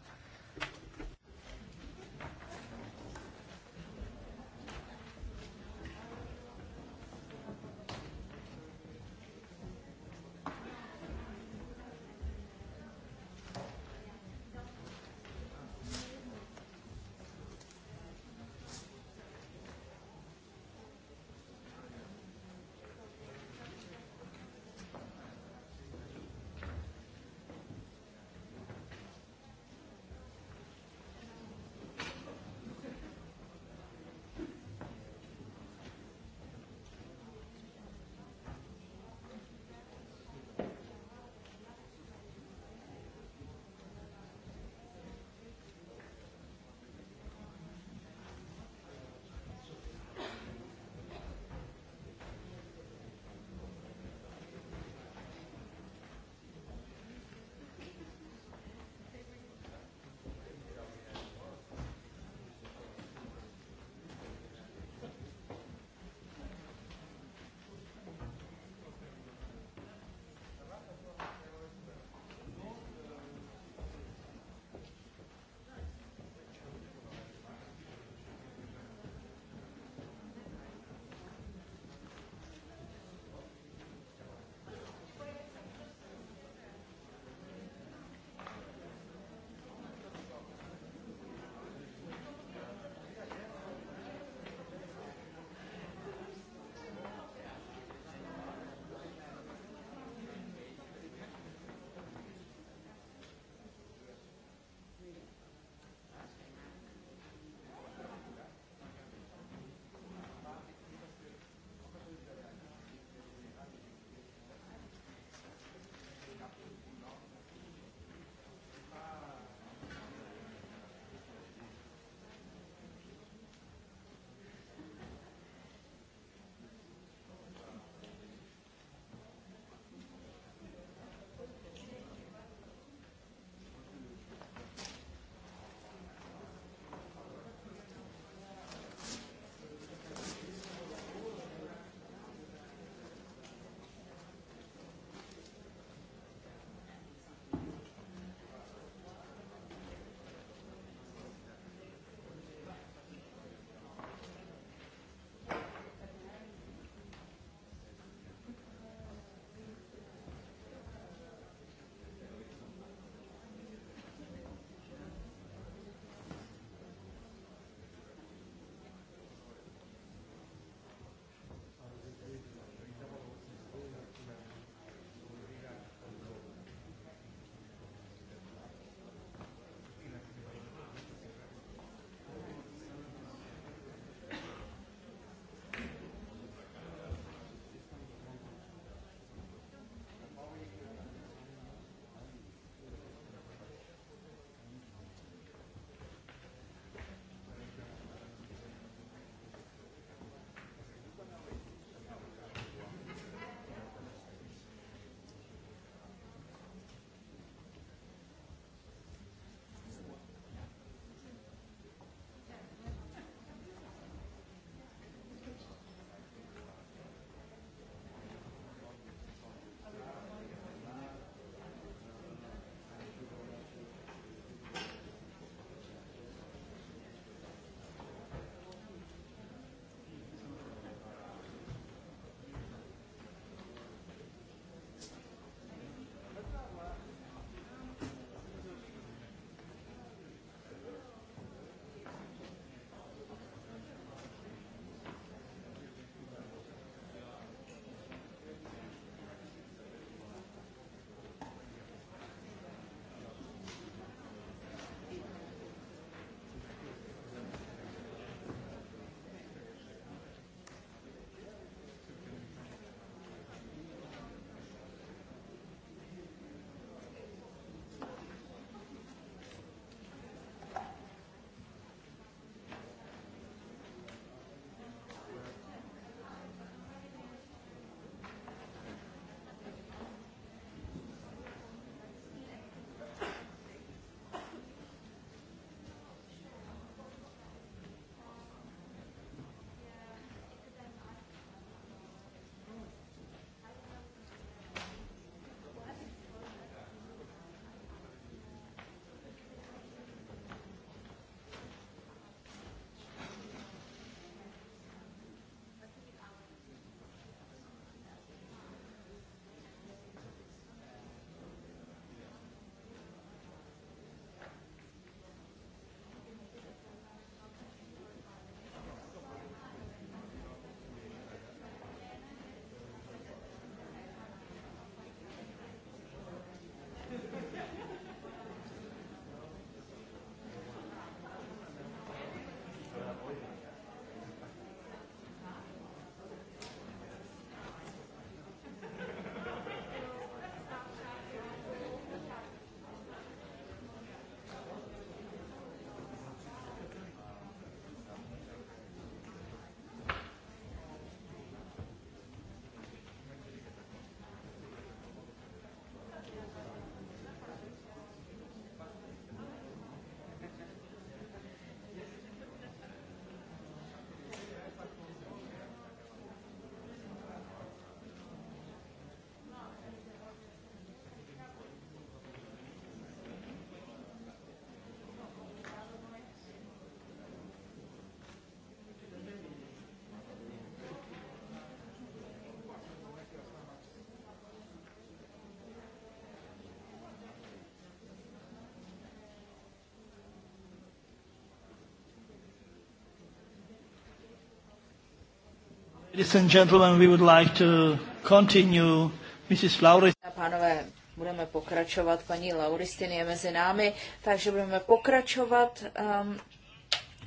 Ladies and gentlemen, we would like to continue. Mrs. Lauris. Pánové, budeme pokračovat. Paní Lauristin je mezi námi, takže budeme pokračovat um,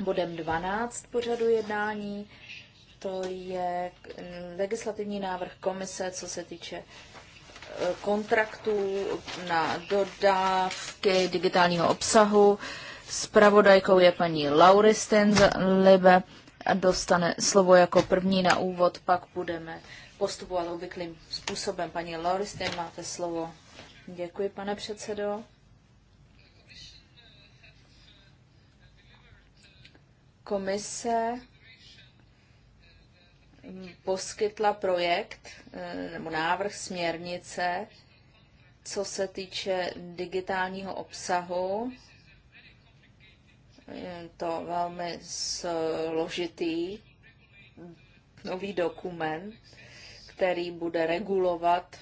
bodem 12 pořadu jednání. To je mm, legislativní návrh komise, co se týče eh, kontraktů na dodávky digitálního obsahu. Spravodajkou je paní Lauristin z Libe dostane slovo jako první na úvod, pak budeme postupovat obvyklým způsobem. Paní Lauristen, máte slovo. Děkuji, pane předsedo. Komise poskytla projekt eh, nebo návrh směrnice, co se týče digitálního obsahu je to velmi složitý nový dokument, který bude regulovat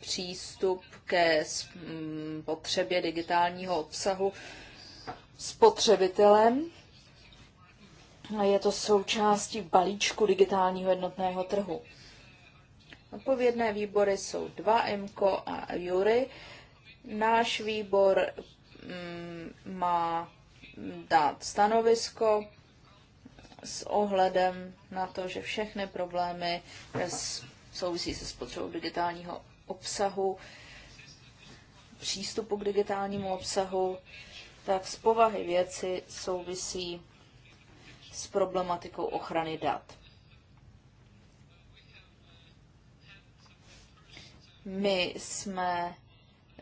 přístup ke potřebě digitálního obsahu spotřebitelem. Je to součástí balíčku digitálního jednotného trhu. Odpovědné výbory jsou dva, MKO a Jury. Náš výbor má dát stanovisko s ohledem na to, že všechny problémy souvisí se spotřebou digitálního obsahu, přístupu k digitálnímu obsahu, tak z povahy věci souvisí s problematikou ochrany dat. My jsme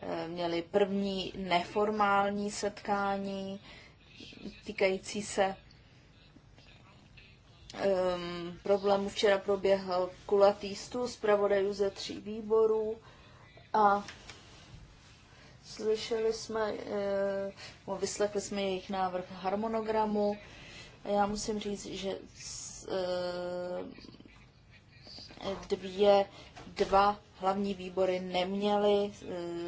eh, měli první neformální setkání týkající se um, problému. Včera proběhl kulatý stůl zpravodajů ze tří výborů a slyšeli jsme, uh, vyslechli jsme jejich návrh harmonogramu. A já musím říct, že uh, dvě, dva hlavní výbory neměly uh,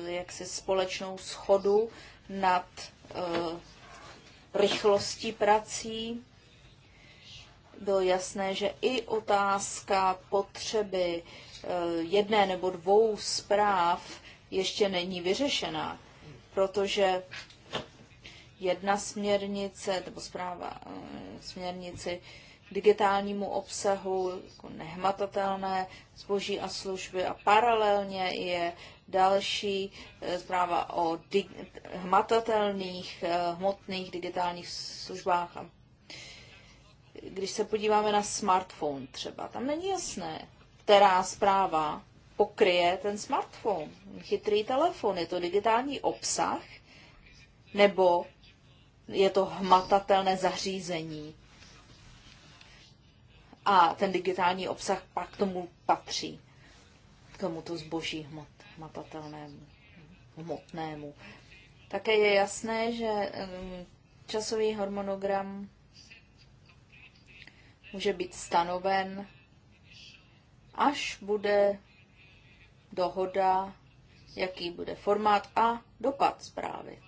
jaksi společnou schodu nad uh, rychlostí prací. Bylo jasné, že i otázka potřeby eh, jedné nebo dvou zpráv ještě není vyřešená, protože jedna směrnice nebo zpráva eh, směrnici digitálnímu obsahu, jako nehmatatelné zboží a služby a paralelně je další eh, zpráva o dig- hmatatelných, eh, hmotných digitálních službách. Když se podíváme na smartphone třeba, tam není jasné, která zpráva pokryje ten smartphone, chytrý telefon. Je to digitální obsah nebo je to hmatatelné zařízení, a ten digitální obsah pak k tomu patří, k tomuto zboží hmot, hmatatelnému, hmotnému. Také je jasné, že um, časový harmonogram může být stanoven, až bude dohoda, jaký bude formát a dopad zprávy.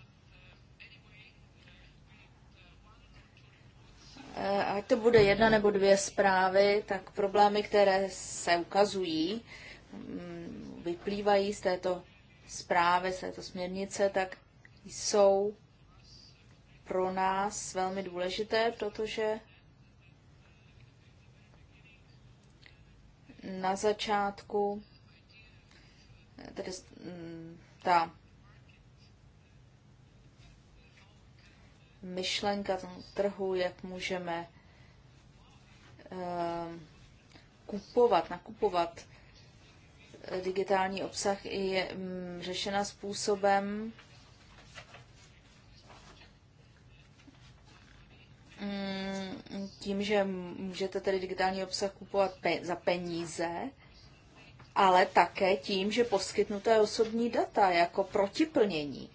Eh, ať to bude jedna nebo dvě zprávy, tak problémy, které se ukazují, mm, vyplývají z této zprávy, z této směrnice, tak jsou pro nás velmi důležité, protože na začátku eh, tedy mm, ta myšlenka tom trhu, jak můžeme ehm, kupovat, nakupovat eh, digitální obsah je mm, řešena způsobem, mm, tím, že můžete tedy digitální obsah kupovat pe- za peníze, ale také tím, že poskytnuté osobní data jako protiplnění,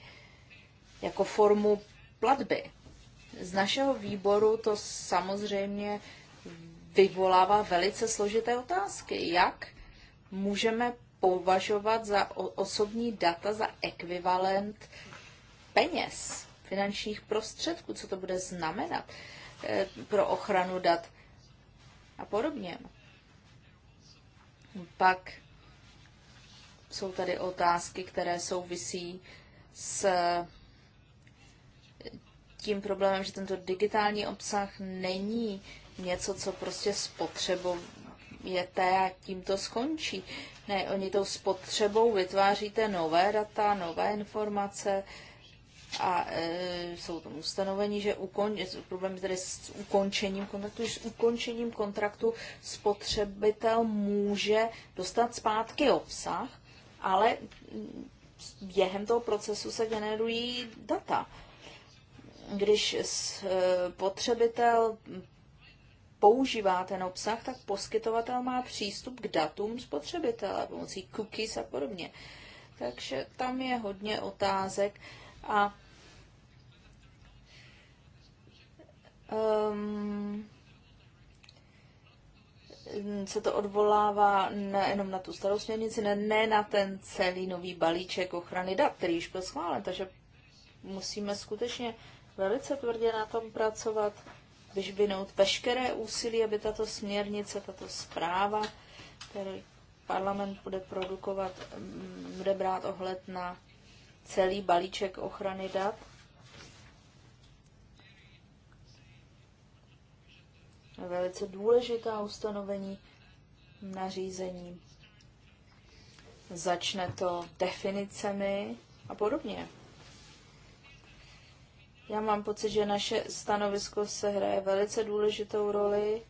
jako formu platby. Z našeho výboru to samozřejmě vyvolává velice složité otázky. Jak můžeme považovat za osobní data za ekvivalent peněz, finančních prostředků, co to bude znamenat eh, pro ochranu dat a podobně. Pak jsou tady otázky, které souvisí s tím problémem, že tento digitální obsah není něco, co prostě spotřebujete a tím to skončí. Ne, oni tou spotřebou vytváříte nové data, nové informace a e, jsou tam ustanovení, že ukon, problém tedy s ukončením kontraktu, že s ukončením kontraktu spotřebitel může dostat zpátky obsah, ale během toho procesu se generují data když spotřebitel e, používá ten obsah, tak poskytovatel má přístup k datům spotřebitele pomocí cookies a podobně. Takže tam je hodně otázek a um, se to odvolává nejenom na tu starou směrnici, ne, ne na ten celý nový balíček ochrany dat, který již byl schválen. Takže musíme skutečně velice tvrdě na tom pracovat, vyžvinout veškeré úsilí, aby tato směrnice, tato zpráva, který parlament bude produkovat, mm, bude brát ohled na celý balíček ochrany dat. Velice důležitá ustanovení nařízení. Začne to definicemi a podobně. Já mám pocit, že naše stanovisko se hraje velice důležitou roli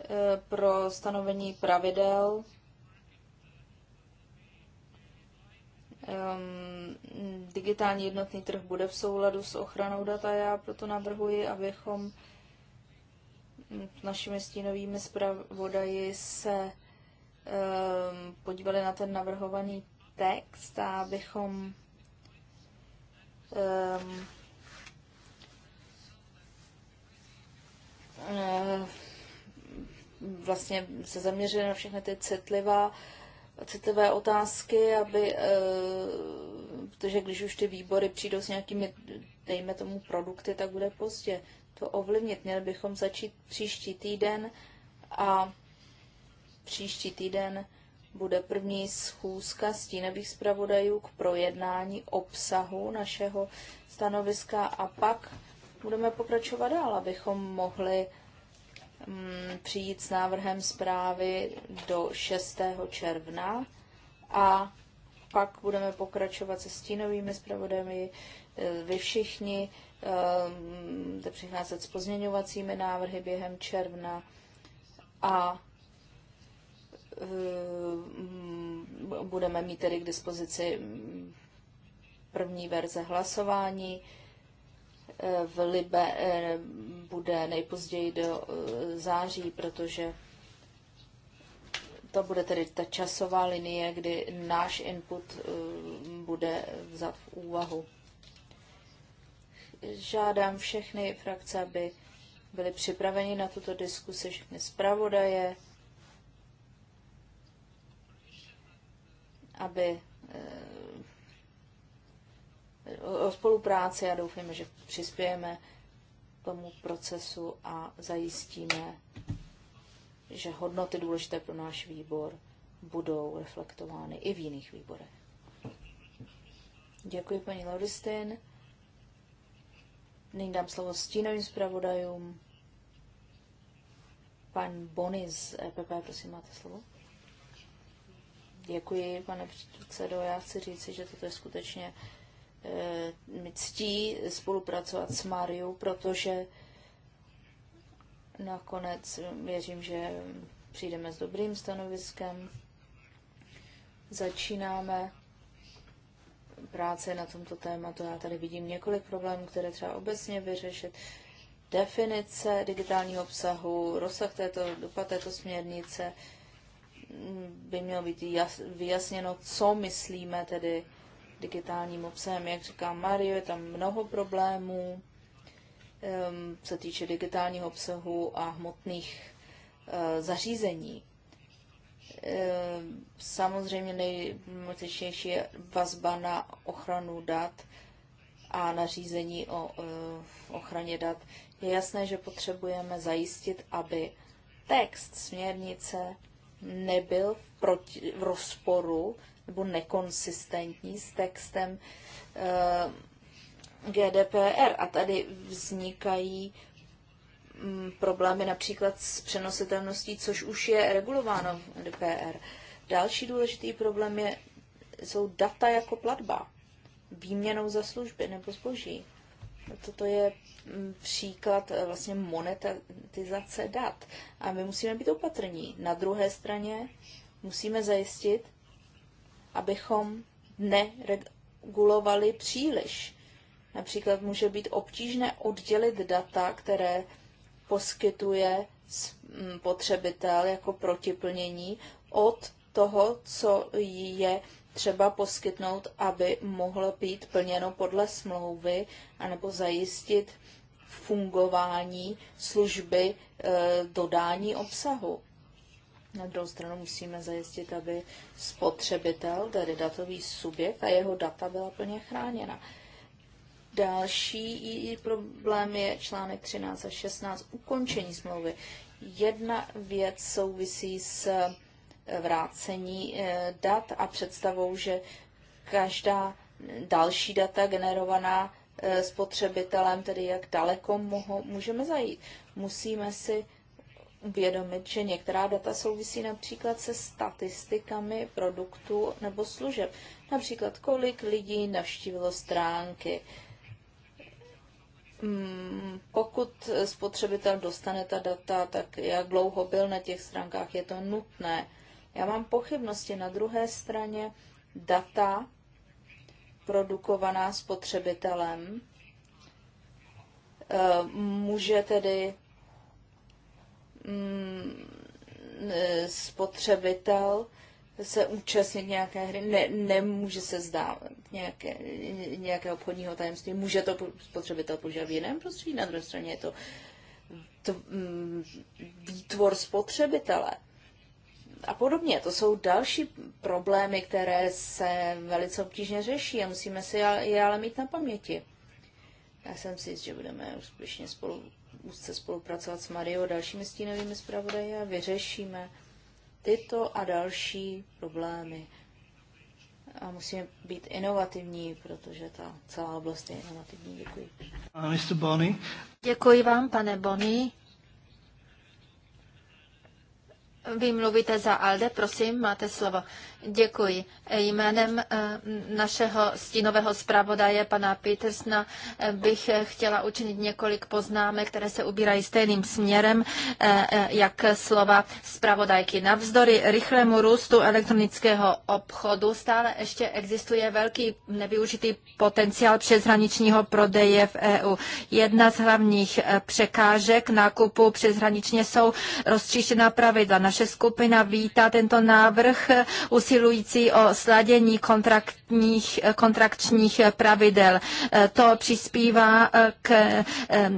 eh, pro stanovení pravidel. Ehm, digitální jednotný trh bude v souladu s ochranou data. Já proto navrhuji, abychom našimi stínovými zpravodaji se ehm, podívali na ten navrhovaný text a abychom um, Eh, vlastně se zaměřili na všechny ty citlivá, citlivé otázky, aby, eh, protože když už ty výbory přijdou s nějakými, dejme tomu, produkty, tak bude pozdě to ovlivnit. Měli bychom začít příští týden a příští týden bude první schůzka stínových zpravodajů k projednání obsahu našeho stanoviska a pak budeme pokračovat dál, abychom mohli mm, přijít s návrhem zprávy do 6. června a pak budeme pokračovat se stínovými zpravodami. E, vy všichni jde e, přicházet s pozměňovacími návrhy během června a e, budeme mít tedy k dispozici první verze hlasování v Libe eh, bude nejpozději do eh, září, protože to bude tedy ta časová linie, kdy náš input eh, bude vzat v úvahu. Žádám všechny frakce, aby byli připraveni na tuto diskusi, všechny zpravodaje, aby o spolupráci a doufejme, že přispějeme tomu procesu a zajistíme, že hodnoty důležité pro náš výbor budou reflektovány i v jiných výborech. Děkuji paní Lauristin. Nyní dám slovo stínovým zpravodajům. Pan Bony z EPP, prosím, máte slovo. Děkuji, pane předsedo. Já chci říci, že toto je skutečně Eh, mi ctí spolupracovat s Mariou, protože nakonec věřím, že přijdeme s dobrým stanoviskem. Začínáme práce na tomto tématu. Já tady vidím několik problémů, které třeba obecně vyřešit. Definice digitálního obsahu, rozsah této, dopad této směrnice mm, by mělo být vyjasněno, co myslíme tedy digitálním obsahem. Jak říká Mario, je tam mnoho problémů, co týče digitálního obsahu a hmotných eh, zařízení. Samozřejmě nejmocnější je vazba na ochranu dat a nařízení o eh, ochraně dat. Je jasné, že potřebujeme zajistit, aby text směrnice nebyl v, proti, v rozporu nebo nekonsistentní s textem eh, GDPR. A tady vznikají mm, problémy například s přenositelností, což už je regulováno v GDPR. Další důležitý problém je, jsou data jako platba, výměnou za služby nebo zboží. Toto je mm, příklad eh, vlastně monetizace dat. A my musíme být opatrní. Na druhé straně musíme zajistit, abychom neregulovali příliš. Například může být obtížné oddělit data, které poskytuje potřebitel jako protiplnění od toho, co je třeba poskytnout, aby mohlo být plněno podle smlouvy, anebo zajistit fungování služby e, dodání obsahu. Na druhou stranu musíme zajistit, aby spotřebitel, tedy datový subjekt a jeho data byla plně chráněna. Další problém je článek 13 a 16, ukončení smlouvy. Jedna věc souvisí s eh, vrácení eh, dat a představou, že každá další data generovaná eh, spotřebitelem, tedy jak daleko mohou, můžeme zajít. Musíme si uvědomit, že některá data souvisí například se statistikami produktů nebo služeb. Například, kolik lidí navštívilo stránky. Hmm, pokud spotřebitel dostane ta data, tak jak dlouho byl na těch stránkách, je to nutné. Já mám pochybnosti na druhé straně data produkovaná spotřebitelem eh, může tedy Mm, e, spotřebitel se účastnit nějaké hry, ne, nemůže se zdávat nějaké, nějakého obchodního tajemství. Může to spotřebitel požívat v jiném prostředí, na druhé straně je to, to mm, výtvor spotřebitele. A podobně, to jsou další problémy, které se velice obtížně řeší a musíme si je ale mít na paměti. Já jsem si jist, že budeme úspěšně spolu úzce spolupracovat s Mario a dalšími stínovými zpravodaji a vyřešíme tyto a další problémy. A musíme být inovativní, protože ta celá oblast je inovativní. Děkuji. Mr. Bonny. Děkuji vám, pane Bonny. Vy mluvíte za ALDE, prosím, máte slovo. Děkuji. Jménem eh, našeho stínového zpravodaje pana Petersna eh, bych eh, chtěla učinit několik poznámek, které se ubírají stejným směrem, jak slova zpravodajky. Navzdory rychlému růstu elektronického obchodu stále ještě existuje velký nevyužitý potenciál přeshraničního prodeje v EU. Jedna z hlavních překážek nákupu přeshraničně jsou rozčištěná pravidla. Naše skupina vítá tento návrh usilující o sladění kontraktních, eh, kontrakčních eh, pravidel. Eh, to přispívá k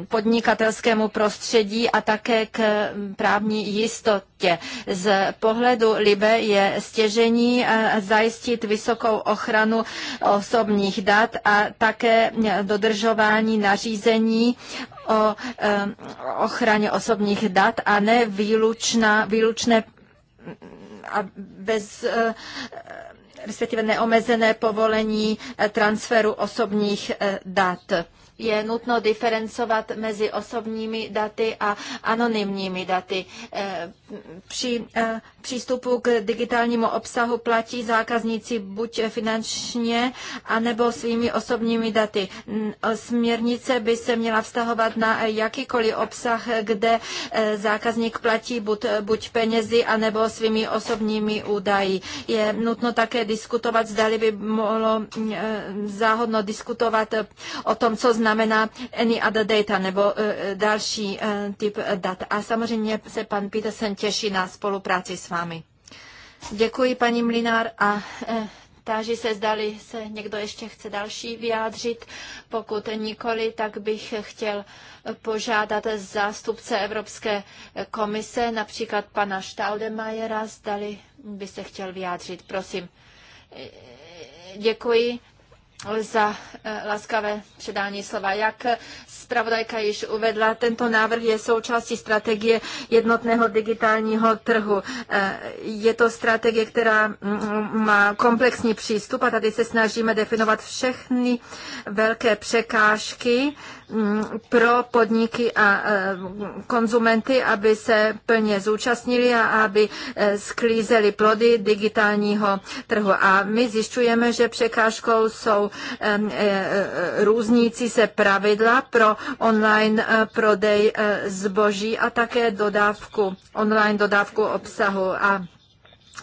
podnikatelskému prostředí a také k mm, právní jistotě. Z pohledu Libe je stěžení zajistit vysokou ochranu osobních dat a také dodržování nařízení o ochraně osobních dat a ne výlučná, výlučné a bez eh, respektive neomezené povolení eh, transferu osobních eh, dat. Je nutno diferencovat mezi osobními daty a anonymními daty při eh, přístupu k digitálnímu obsahu platí zákazníci buď finančně, anebo svými osobními daty. Eh, směrnice by se měla vztahovat na jakýkoliv obsah, kde eh, zákazník platí buď, buď penězi, anebo svými osobními údaji. Je nutno také diskutovat, zdali by mohlo záhodno diskutovat o tom, co znamená any other data nebo další typ dat. A samozřejmě se pan Petersen těší na spolupráci s vámi. Děkuji, paní Mlinár, a e, táži se, zdali se někdo ještě chce další vyjádřit. Pokud nikoli, tak bych chtěl požádat zástupce Evropské komise, například pana Staudemajera, zdali by se chtěl vyjádřit. Prosím. E, e, děkuji, za eh, laskavé předání slova. Jak zpravodajka již uvedla, tento návrh je součástí strategie jednotného digitálního trhu. Eh, je to strategie, která mm, má komplexní přístup a tady se snažíme definovat všechny velké překážky, Mm, pro podniky a e, konzumenty, aby se plně zúčastnili a aby e, sklízeli plody digitálního trhu. A my zjišťujeme, že překážkou jsou e, různící se pravidla pro online prodej zboží a také dodávku, online dodávku obsahu. A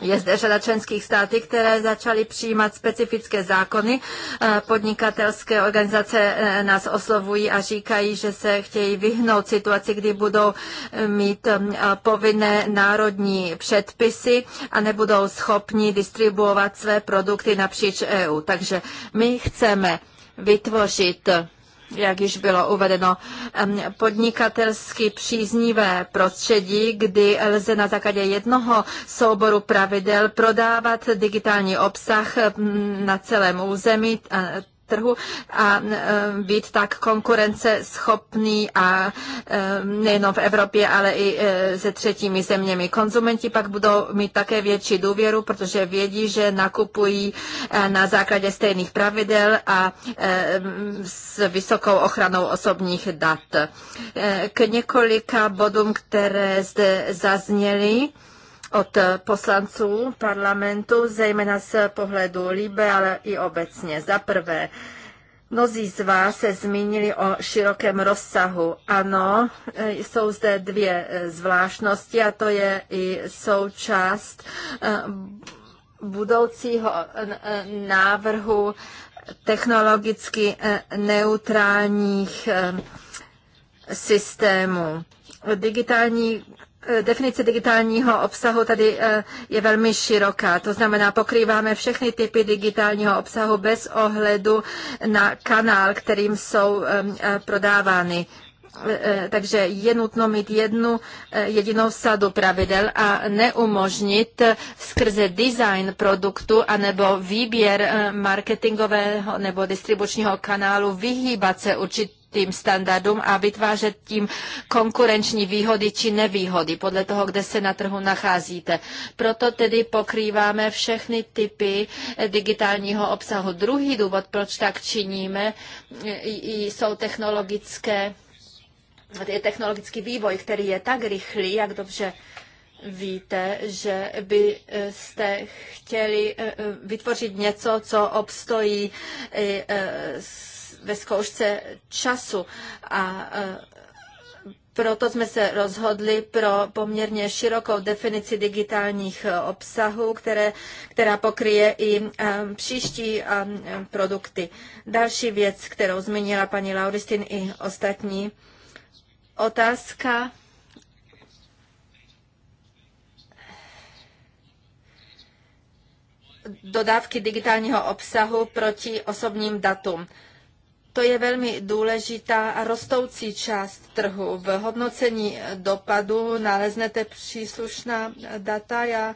je zde řada členských států, které začaly přijímat specifické zákony. Eh, podnikatelské organizace eh, nás oslovují a říkají, že se chtějí vyhnout situaci, kdy budou eh, mít povinné národní předpisy a nebudou schopni distribuovat své produkty napříč EU. Takže my chceme vytvořit jak již bylo uvedeno, podnikatelsky příznivé prostředí, kdy lze na základě jednoho souboru pravidel prodávat digitální obsah na celém území trhu a e, být tak konkurenceschopný a e, nejenom v Evropě, ale i e, se třetími zeměmi. Konzumenti pak budou mít také větší důvěru, protože vědí, že nakupují na základě stejných pravidel a s vysokou ochranou osobních dat. K několika bodům, které zde zazněly, od poslanců parlamentu, zejména z pohledu Libe, ale i obecně. Za prvé, Mnozí z vás se zmínili o širokém rozsahu. Ano, jsou zde dvě eh, zvláštnosti a to je i součást eh, budoucího eh, návrhu technologicky neutrálních systémů. Digitální Eh, definice digitálního obsahu tady eh, je velmi široká. To znamená, pokrýváme všechny typy digitálního obsahu bez ohledu na kanál, kterým jsou eh, prodávány takže je nutno mít jednu jedinou sadu pravidel a neumožnit skrze design produktu anebo výběr marketingového nebo distribučního kanálu vyhýbat se určitě tím standardům a vytvářet tím konkurenční výhody či nevýhody podle toho, kde se na trhu nacházíte. Proto tedy pokrýváme všechny typy eh, digitálního obsahu. Druhý důvod, proč tak činíme, eh, jsou technologické je technologický vývoj, který je tak rychlý, jak dobře víte, že byste chtěli eh, vytvořit něco, co obstojí s ve zkoušce času a e, proto jsme se rozhodli pro poměrně širokou definici digitálních e, obsahů, které, která pokryje i e, příští produkty. Další věc, kterou zmínila paní Lauristin i ostatní, otázka dodávky digitálního obsahu proti osobním datům. To je velmi důležitá a rostoucí část trhu. V hodnocení dopadu naleznete příslušná data. Já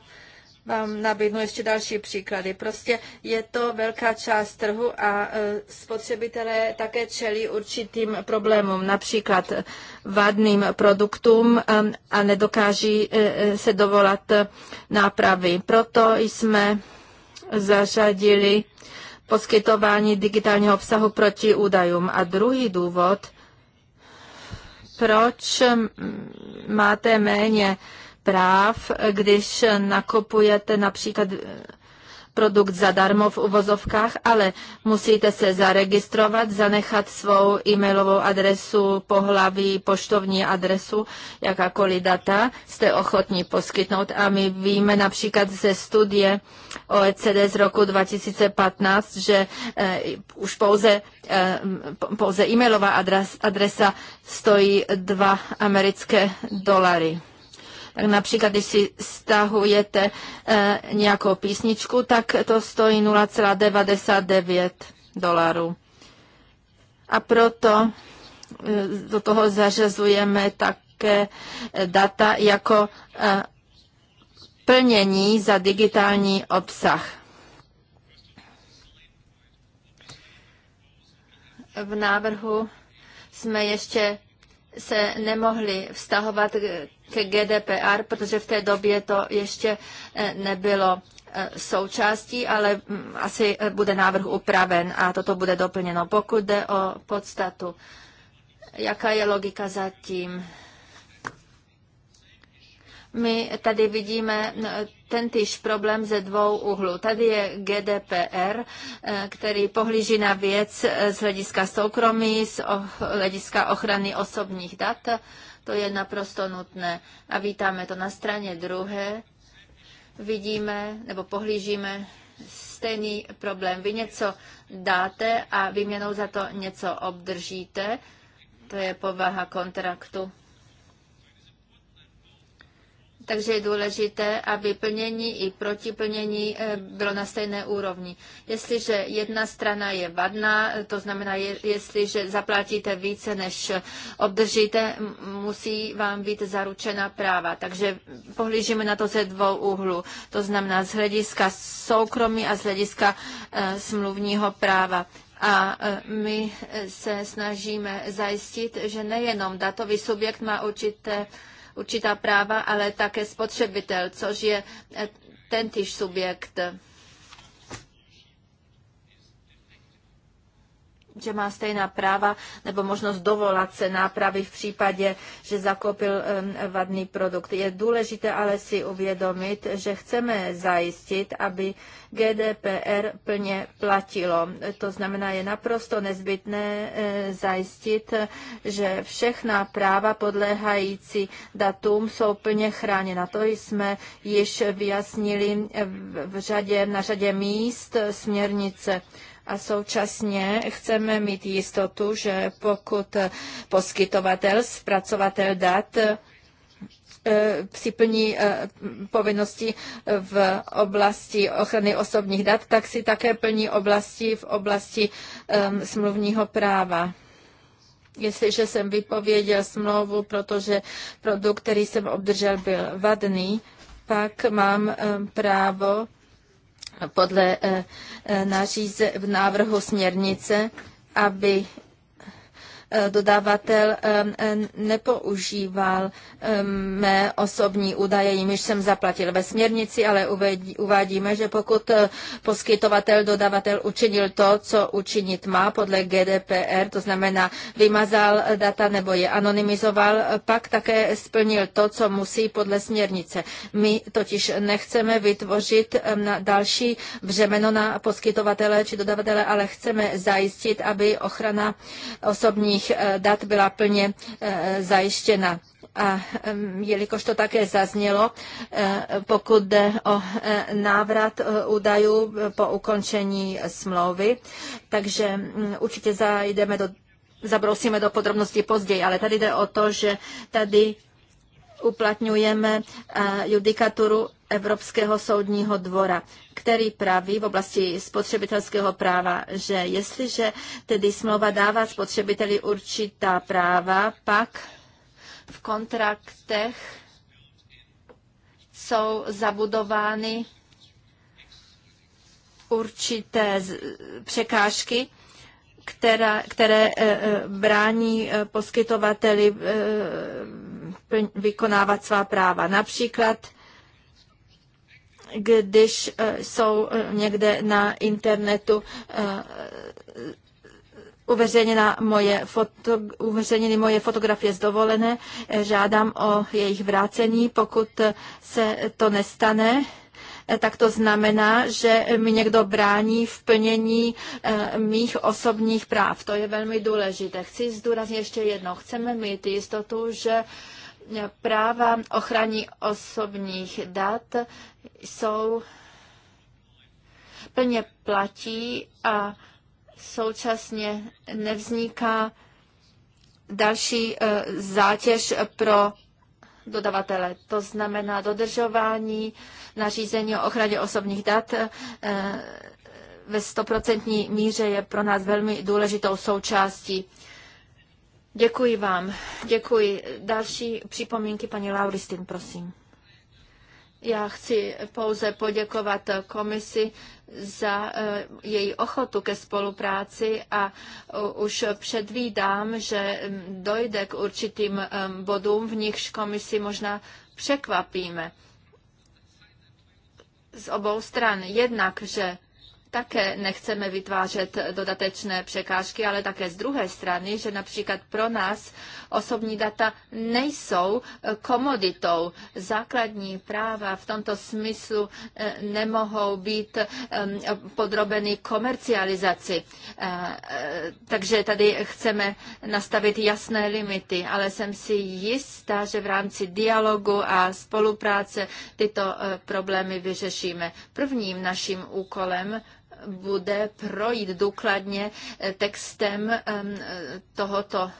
vám nabídnu ještě další příklady. Prostě je to velká část trhu a e, spotřebitelé také čelí určitým problémům, například vadným produktům e, a nedokáží e, se dovolat nápravy. Proto jsme zařadili poskytování digitálního obsahu proti údajům. A druhý důvod, proč máte méně práv, když nakupujete například produkt zadarmo v uvozovkách, ale musíte se zaregistrovat, zanechat svou e-mailovou adresu, pohlaví, poštovní adresu, jakákoliv data jste ochotní poskytnout. A my víme například ze studie OECD z roku 2015, že eh, už pouze, eh, pouze e-mailová adres, adresa stojí 2 americké dolary. Tak například, když si stahujete eh, nějakou písničku, tak to stojí 0,99 dolarů. A proto eh, do toho zařazujeme také eh, data jako plnění za digitální obsah. V návrhu jsme ještě se nemohli vztahovat k GDPR, protože v té době to ještě eh, nebylo eh, součástí, ale mm, asi eh, bude návrh upraven a toto bude doplněno. Pokud jde o podstatu, jaká je logika zatím? My tady vidíme tentýž problém ze dvou uhlů. Tady je GDPR, který pohlíží na věc z hlediska soukromí, z hlediska ochrany osobních dat to je naprosto nutné a vítáme to na straně druhé. Vidíme nebo pohlížíme stejný problém. Vy něco dáte a vyměnou za to něco obdržíte. To je povaha kontraktu takže je důležité, aby plnění i protiplnění eh, bylo na stejné úrovni. Jestliže jedna strana je vadná, to znamená, jestliže zaplatíte více, než obdržíte, musí vám být zaručena práva. Takže pohlížíme na to ze dvou úhlů. To znamená z hlediska soukromí a z hlediska eh, smluvního práva. A eh, my se snažíme zajistit, že nejenom datový subjekt má určité určitá práva, ale také spotřebitel, což je eh, tentýž subjekt. že má stejná práva nebo možnost dovolat se nápravy v případě, že zakoupil vadný produkt. Je důležité ale si uvědomit, že chceme zajistit, aby GDPR plně platilo. To znamená, je naprosto nezbytné eh, zajistit, že všechna práva podléhající datům jsou plně chráněna. To jsme již vyjasnili v řadě, na řadě míst směrnice a současně chceme mít jistotu, že pokud poskytovatel, zpracovatel dat připlní eh, eh, povinnosti v oblasti ochrany osobních dat, tak si také plní oblasti v oblasti ehm, smluvního práva jestliže jsem vypověděl smlouvu, protože produkt, který jsem obdržel, byl vadný, pak mám ehm, právo podle eh, eh, naříze, v návrhu směrnice, aby Eh, dodavatel eh, nepoužíval eh, mé osobní údaje, jimiž jsem zaplatil ve směrnici, ale uvádíme, že pokud poskytovatel, dodavatel učinil to, co učinit má podle GDPR, to znamená vymazal data nebo je anonymizoval, pak také splnil to, co musí podle směrnice. My totiž nechceme vytvořit na další břemeno na poskytovatele či dodavatele, ale chceme zajistit, aby ochrana osobních osobních eh, dat byla plně eh, zajištěna. A jelikož to také zaznělo, eh, pokud jde o návrat údajů po ukončení smlouvy, takže mm, určitě zajdeme do zabrousíme do podrobností později, ale tady jde o to, že tady uplatňujeme eh, judikaturu Evropského soudního dvora, který praví v oblasti spotřebitelského práva, že jestliže tedy smlouva dává spotřebiteli určitá práva, pak v kontraktech jsou zabudovány určité překážky, která, které eh, eh, brání poskytovateli vykonávat svá práva. Například když e, jsou e, někde na internetu e, uveřejněna moje foto, uveřejněny moje fotografie zdovolené, žádám o jejich vrácení. Pokud se to nestane, tak to znamená, že mi někdo brání v plnění mých osobních práv. To je velmi důležité. Chci zdůraznit ještě jedno. Chceme mít jistotu, že práva ochrany osobních dat jsou plně platí a současně nevzniká další e, zátěž pro dodavatele. To znamená dodržování nařízení o ochraně osobních dat e, ve stoprocentní míře je pro nás velmi důležitou součástí Děkuji vám. Děkuji. Další připomínky, paní Lauristin, prosím. Já chci pouze poděkovat komisi za eh, její ochotu ke spolupráci a eh, už předvídám, že mm, dojde k určitým eh, bodům, v nichž komisi možná překvapíme. Z obou stran. Jednak, že také nechceme vytvářet dodatečné překážky, ale také z druhé strany, že například pro nás osobní data nejsou eh, komoditou. Základní práva v tomto smyslu eh, nemohou být eh, podrobeny komercializaci. Takže tady chceme nastavit jasné limity, ale jsem si jistá, že v rámci dialogu a spolupráce tyto problémy vyřešíme. Prvním naším úkolem bude projít důkladně textem tohoto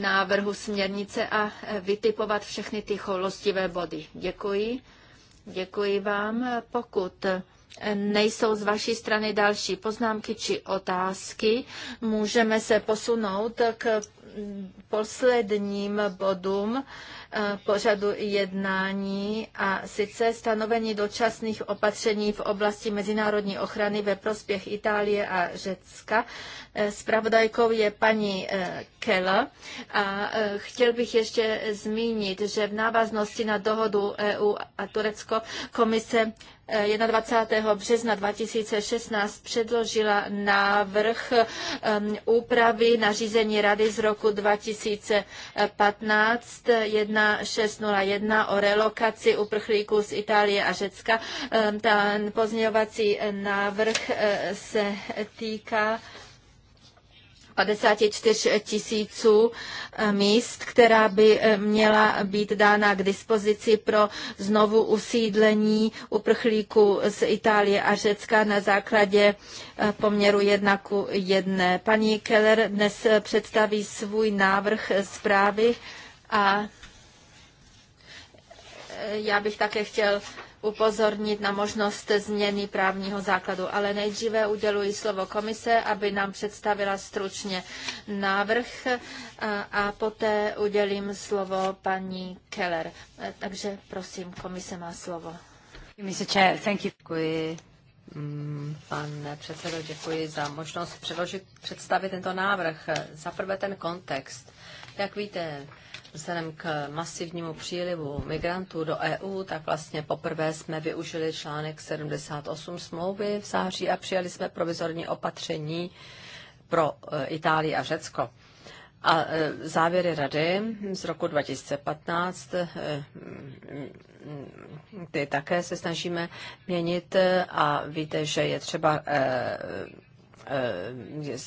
návrhu směrnice a vytipovat všechny ty choulostivé body. Děkuji. Děkuji vám. Pokud nejsou z vaší strany další poznámky či otázky, můžeme se posunout k posledním bodům Eh, pořadu jednání a sice stanovení dočasných opatření v oblasti mezinárodní ochrany ve prospěch Itálie a Řecka. Eh, spravodajkou je paní eh, Keller a chtěl bych ještě zmínit, že v návaznosti na dohodu EU a Turecko komise 21. března 2016 předložila návrh ehm, úpravy nařízení Rady z roku 2015 Jedná 1601 o relokaci uprchlíků z Itálie a Řecka. Ten pozměňovací eh, návrh eh, se týká 54 tisíců eh, míst, která by měla být dána k dispozici pro znovu usídlení uprchlíků z Itálie a Řecka na základě poměru 1 ku 1. Paní Keller dnes představí svůj návrh zprávy a já bych také chtěl upozornit na možnost změny právního základu, ale nejdříve uděluji slovo komise, aby nám představila stručně návrh a poté udělím slovo paní Keller. Takže prosím, komise má slovo. Děkuji, mm, pan předsedo, děkuji za možnost předložit, představit tento návrh. Za prvé ten kontext. Jak víte, vzhledem k masivnímu přílivu migrantů do EU, tak vlastně poprvé jsme využili článek 78 smlouvy v září a přijali jsme provizorní opatření pro e, Itálii a Řecko. A e, závěry rady z roku 2015, e, ty také se snažíme měnit a víte, že je třeba Eh,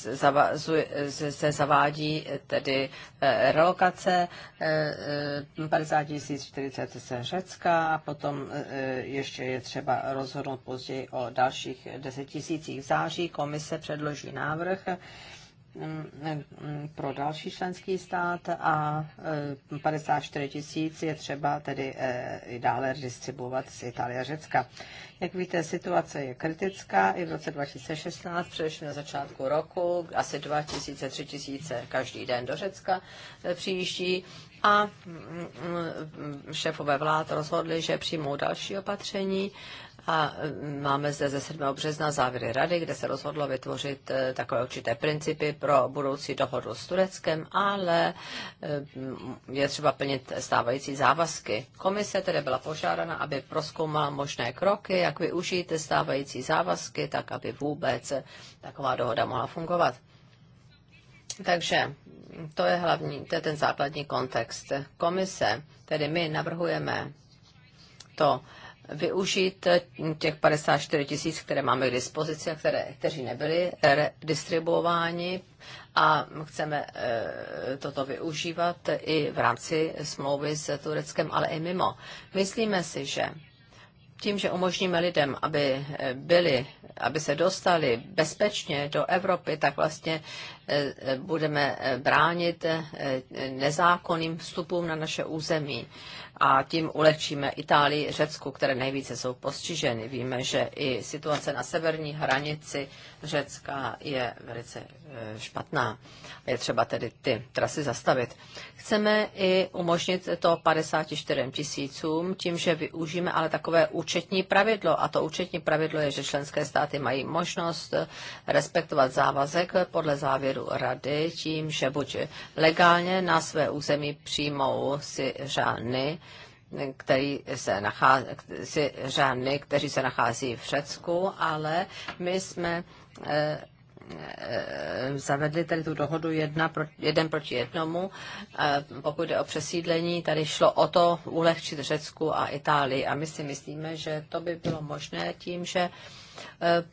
se zavádí tedy eh, relokace 50 040 z Řecka a potom eh, ještě je třeba rozhodnout později o dalších 10 tisících v září. Komise předloží návrh pro další členský stát a 54 tisíc je třeba tedy dále distribuovat z Itálie a Řecka. Jak víte, situace je kritická i v roce 2016, především na začátku roku, asi 2000-3000 každý den do Řecka eh, přijíždí. A mm, mm, mm, šéfové vlád rozhodli, že přijmou další opatření a mm, máme zde ze 7. března závěry rady, kde se rozhodlo vytvořit e, takové určité principy pro budoucí dohodu s Tureckem, ale e, je třeba plnit stávající závazky. Komise tedy byla požádána, aby proskoumala možné kroky, jak využít stávající závazky, tak aby vůbec taková dohoda mohla fungovat. Takže to je hlavní, to je ten základní kontext. Komise, tedy my navrhujeme to, využít těch 54 tisíc, které máme k dispozici a které, kteří nebyli redistribuováni a chceme e, toto využívat i v rámci smlouvy s Tureckem, ale i mimo. Myslíme si, že tím, že umožníme lidem, aby e, byli, aby se dostali bezpečně do Evropy, tak vlastně e, budeme bránit nezákonným vstupům na naše území a tím ulehčíme Itálii, Řecku, které nejvíce jsou postiženy. Víme, že i situace na severní hranici Řecka je velice e, špatná. Je třeba tedy ty trasy zastavit. Chceme i umožnit to 54 tisícům tím, že využijeme ale takové účetní pravidlo. A to účetní pravidlo je, že členské státy mají možnost respektovat závazek podle závěru rady tím, že buď legálně na své území přijmou si řány, který se nachází, Syřany, kteří se nachází v Řecku, ale my jsme eh, eh, zavedli tady tu dohodu jedna pro, jeden proti jednomu. Eh, pokud jde o přesídlení, tady šlo o to ulehčit Řecku a Itálii a my si myslíme, že to by bylo možné tím, že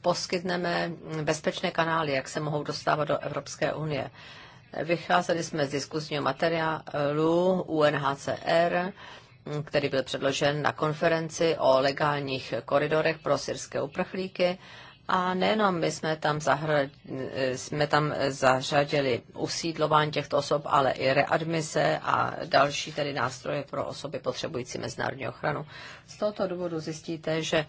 poskytneme bezpečné kanály, jak se mohou dostávat do Evropské unie. Vycházeli jsme z diskuzního materiálu UNHCR, který byl předložen na konferenci o legálních koridorech pro syrské uprchlíky. A nejenom my jsme tam, zahra, jsme tam zařadili usídlování těchto osob, ale i readmise a další tedy nástroje pro osoby potřebující mezinárodní ochranu. Z tohoto důvodu zjistíte, že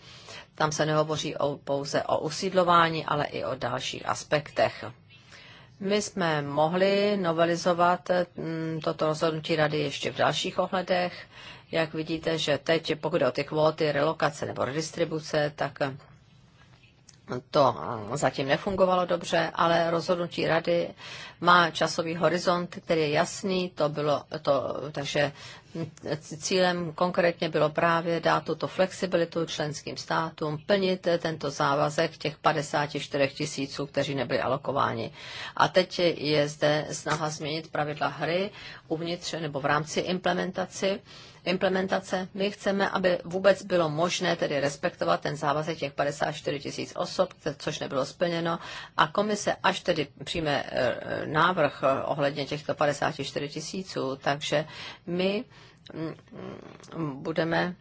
tam se nehovoří o, pouze o usídlování, ale i o dalších aspektech. My jsme mohli novelizovat mm, toto rozhodnutí rady ještě v dalších ohledech jak vidíte, že teď, pokud jde o ty kvóty, relokace nebo redistribuce, tak eh, to eh, zatím nefungovalo dobře, ale rozhodnutí rady má časový horizont, který je jasný, to bylo to, takže Cílem konkrétně bylo právě dát tuto flexibilitu členským státům, plnit tento závazek těch 54 tisíců, kteří nebyli alokováni. A teď je zde snaha změnit pravidla hry uvnitř nebo v rámci implementaci implementace. My chceme, aby vůbec bylo možné tedy respektovat ten závazek těch 54 tisíc osob, což nebylo splněno. A komise až tedy přijme e, e, návrh e, ohledně těchto 54 tisíců, takže my budeme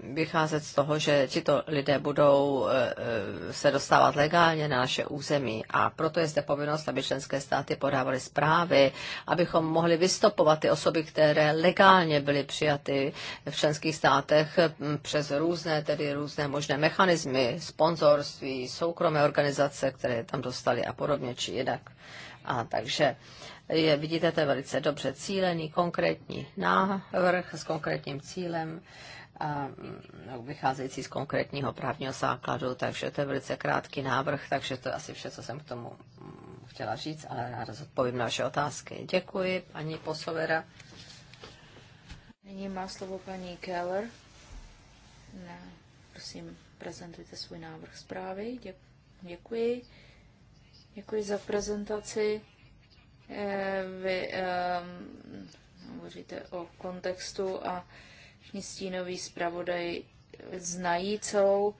vycházet z toho, že tito lidé budou eh, eh, se dostávat legálně na naše území a proto je zde povinnost, aby členské státy podávaly zprávy, abychom mohli vystopovat ty osoby, které legálně byly přijaty v členských státech hm, přes různé, tedy různé možné mechanismy, sponzorství, soukromé organizace, které tam dostali a podobně, či jinak. A takže je, vidíte, to je velice dobře cílený, konkrétní návrh s konkrétním cílem, a mm, vycházející z konkrétního právního základu, takže to je velice krátký návrh, takže to je asi vše, co jsem k tomu mm, chtěla říct, ale ráda zodpovím na vaše otázky. Děkuji, paní Posovera. Nyní má slovo paní Keller. Ne, prosím, prezentujte svůj návrh zprávy. Děkuji. Děkuji za prezentaci. Eh, vy um, hovoříte o kontextu a všichni stínoví zpravodaj znají celou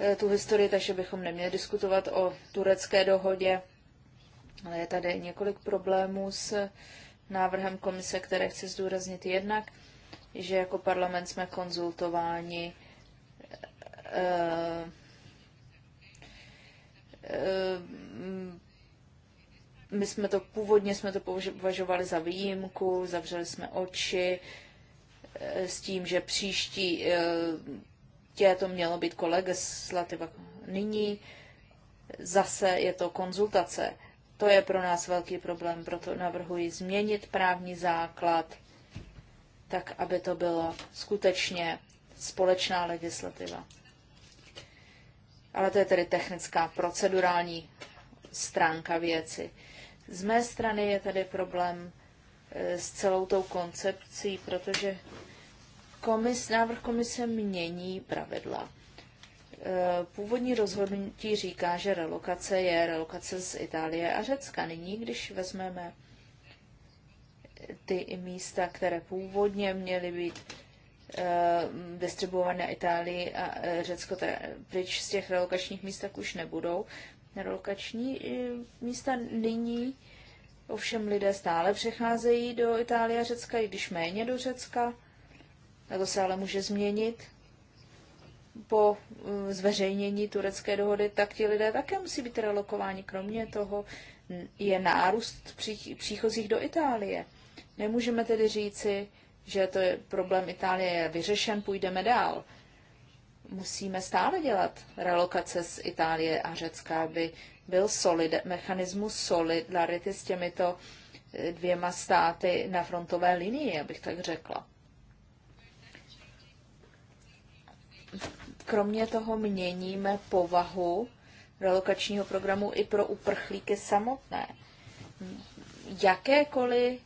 eh, tu historii, takže bychom neměli diskutovat o turecké dohodě. Ale je tady několik problémů s návrhem komise, které chci zdůraznit jednak, že jako parlament jsme konzultováni e, e, my jsme to původně jsme to považovali za výjimku, zavřeli jsme oči eh, s tím, že příští eh, tě to mělo být kolegislativa. Nyní zase je to konzultace. To je pro nás velký problém, proto navrhuji změnit právní základ tak, aby to byla skutečně společná legislativa. Ale to je tedy technická, procedurální stránka věci. Z mé strany je tady problém e, s celou tou koncepcí, protože komis, návrh komise mění pravidla. E, původní rozhodnutí říká, že relokace je relokace z Itálie a Řecka. Nyní, když vezmeme ty místa, které původně měly být e, distribuované Itálii a Řecko, pryč z těch relokačních míst, tak už nebudou relokační místa. Nyní ovšem lidé stále přecházejí do Itálie a Řecka, i když méně do Řecka. A to se ale může změnit. Po mm, zveřejnění turecké dohody, tak ti lidé také musí být relokováni. Kromě toho je nárůst příchozích do Itálie. Nemůžeme tedy říci, že to je problém Itálie je vyřešen, půjdeme dál musíme stále dělat relokace z Itálie a Řecka, aby byl solid, mechanismus solidarity s těmito eh, dvěma státy na frontové linii, abych tak řekla. Kromě toho měníme povahu relokačního programu i pro uprchlíky samotné. Hm, jakékoliv,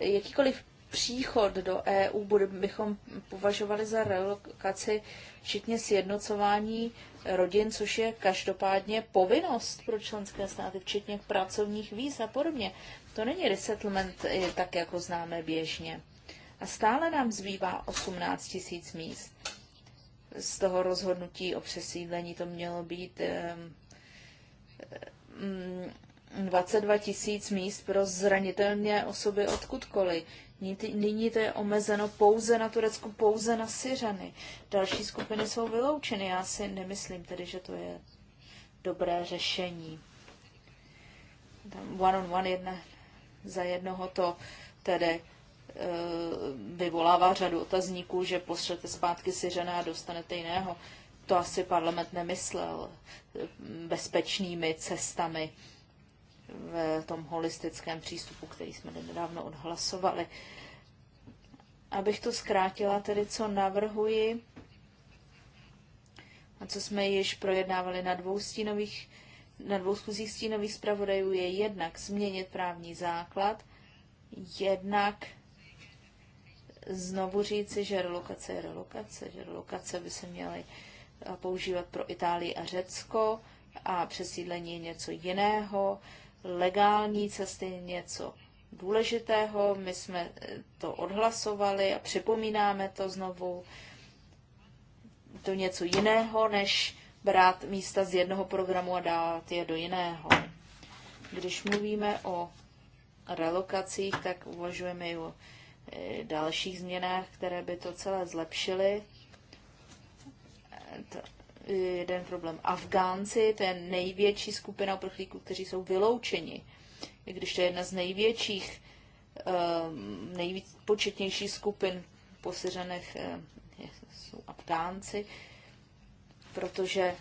jakýkoliv příchod do EU bude, bychom považovali za relokaci, včetně sjednocování rodin, což je každopádně povinnost pro členské státy, včetně pracovních víz a podobně. To není resettlement tak, jako známe běžně. A stále nám zbývá 18 tisíc míst. Z toho rozhodnutí o přesídlení to mělo být ehm, ehm, 22 tisíc míst pro zranitelné osoby odkudkoliv. Nyní to je omezeno pouze na Turecku, pouze na Syřany. Další skupiny jsou vyloučeny. Já si nemyslím tedy, že to je dobré řešení. one on one jedna za jednoho to tedy eh, vyvolává řadu otazníků, že pošlete zpátky Syřana a dostanete jiného. To asi parlament nemyslel eh, bezpečnými cestami v tom holistickém přístupu, který jsme nedávno odhlasovali. Abych to zkrátila, tedy co navrhuji a co jsme již projednávali na dvou stínových na dvou schůzích stínových zpravodajů je jednak změnit právní základ, jednak znovu říci, že relokace je relokace, že relokace by se měly eh, používat pro Itálii a Řecko a přesídlení je něco jiného legální cesty něco důležitého. My jsme eh, to odhlasovali a připomínáme to znovu. To něco jiného, než brát místa z jednoho programu a dát je do jiného. Když mluvíme o relokacích, tak uvažujeme i o eh, dalších změnách, které by to celé zlepšily. Eh, jeden problém. Afgánci, to je největší skupina uprchlíků, kteří jsou vyloučeni. I když to je jedna z největších, ehm, nejvíc početnější skupin poseřených eh, jsou Afgánci, protože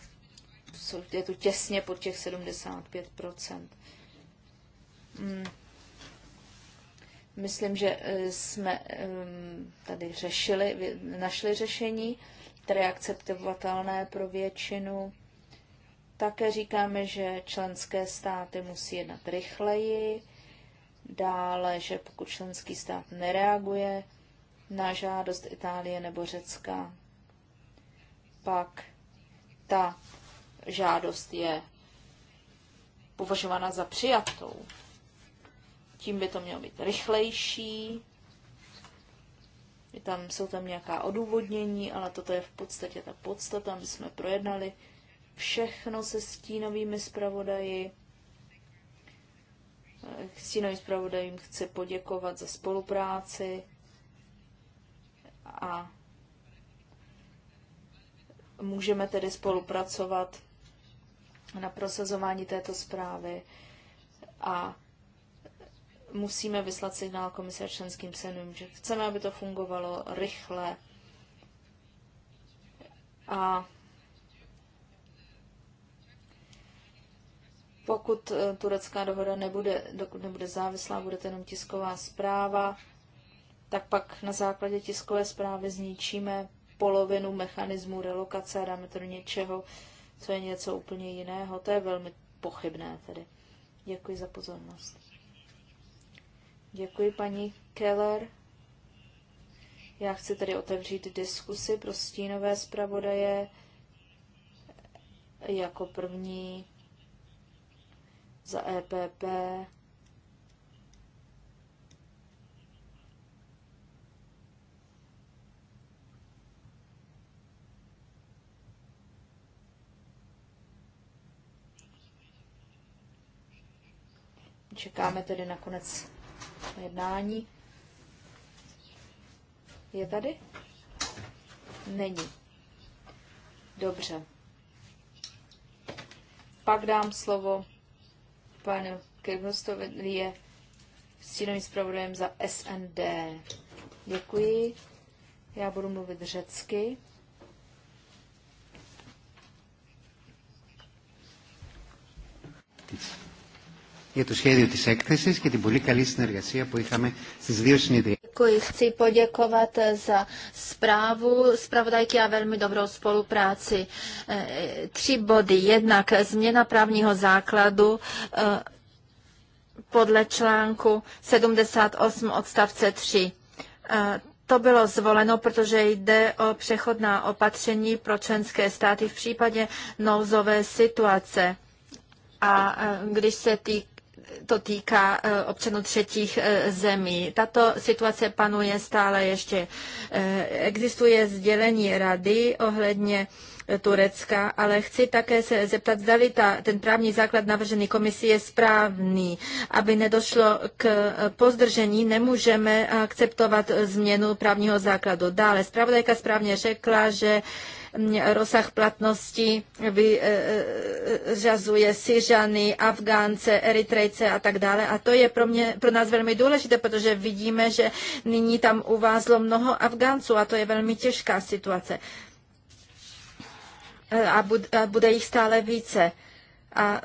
jsou, je to těsně pod těch 75 hmm. Myslím, že eh, jsme ehm, tady řešili, našli řešení které je akceptovatelné pro většinu. Také říkáme, že členské státy musí jednat rychleji, dále, že pokud členský stát nereaguje na žádost Itálie nebo Řecka, pak ta žádost je považována za přijatou. Tím by to mělo být rychlejší, je tam, jsou tam nějaká odůvodnění, ale toto je v podstatě ta podstata, my jsme projednali všechno se stínovými zpravodaji. K stínovým zpravodajům chci poděkovat za spolupráci a můžeme tedy spolupracovat na prosazování této zprávy a musíme vyslat signál komise členským senům, že chceme, aby to fungovalo rychle a pokud eh, turecká dohoda nebude, dokud nebude závislá, bude to jenom tisková zpráva, tak pak na základě tiskové zprávy zničíme polovinu mechanismu relokace a dáme to do něčeho, co je něco úplně jiného. To je velmi pochybné tedy. Děkuji za pozornost. Děkuji, paní Keller. Já chci tady otevřít diskusy pro stínové zpravodaje. Jako první za EPP čekáme tedy na konec jednání. Je tady? Není. Dobře. Pak dám slovo panu Kirchhofstovi, je stínovým zpravodajem za SND. Děkuji. Já budu mluvit řecky. It's για το σχέδιο της έκθεσης και την πολύ καλή συνεργασία που είχαμε στις δύο συνεδρίες. Děkuji. Chci poděkovat za zprávu zpravodajky a velmi dobrou spolupráci. E, tři body. Jednak změna právního základu e, podle článku 78 odstavce 3. E, to bylo zvoleno, protože jde o přechodná opatření pro členské státy v případě nouzové situace. A když se týká to týká eh, občanů třetích eh, zemí. Tato situace panuje stále ještě. Eh, existuje sdělení rady ohledně Turecka, ale chci také se zeptat, zdali ta, ten právní základ navržený komisí je správný. Aby nedošlo k pozdržení, nemůžeme akceptovat změnu právního základu. Dále, zpravodajka správně řekla, že mm, rozsah platnosti vyřazuje e, e, Syřany, Afgánce, Eritrejce a tak dále. A to je pro, mě, pro nás velmi důležité, protože vidíme, že nyní tam uvázlo mnoho Afgánců a to je velmi těžká situace a bude jich stále více. A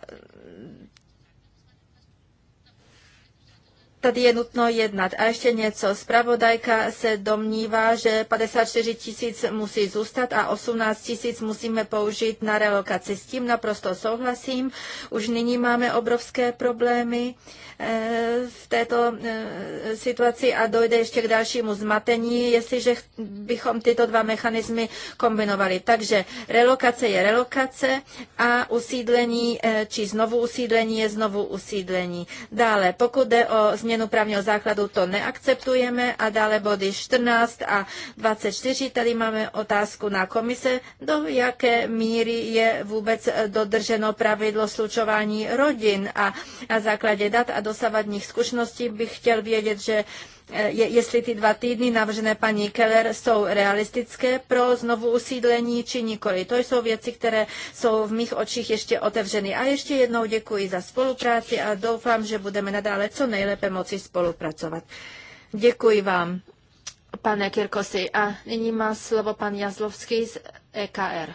tady je nutno jednat. A ještě něco. Spravodajka se domnívá, že 54 tisíc musí zůstat a 18 tisíc musíme použít na relokaci. S tím naprosto souhlasím. Už nyní máme obrovské problémy eh, v této eh, situaci a dojde ještě k dalšímu zmatení, jestliže bychom tyto dva mechanismy kombinovali. Takže relokace je relokace a usídlení eh, či znovu usídlení je znovu usídlení. Dále, pokud jde o změnu změnu právního základu, to neakceptujeme. A dále body 14 a 24, tady máme otázku na komise, do jaké míry je vůbec dodrženo pravidlo slučování rodin. A na základě dat a dosavadních zkušeností bych chtěl vědět, že Eh, je, jestli ty dva týdny navržené paní Keller jsou realistické pro znovu usídlení či nikoli. To jsou věci, které jsou v mých očích ještě otevřeny. A ještě jednou děkuji za spolupráci a doufám, že budeme nadále co nejlépe moci spolupracovat. Děkuji vám, pane Kirkosi. A nyní má slovo pan Jazlovský z EKR.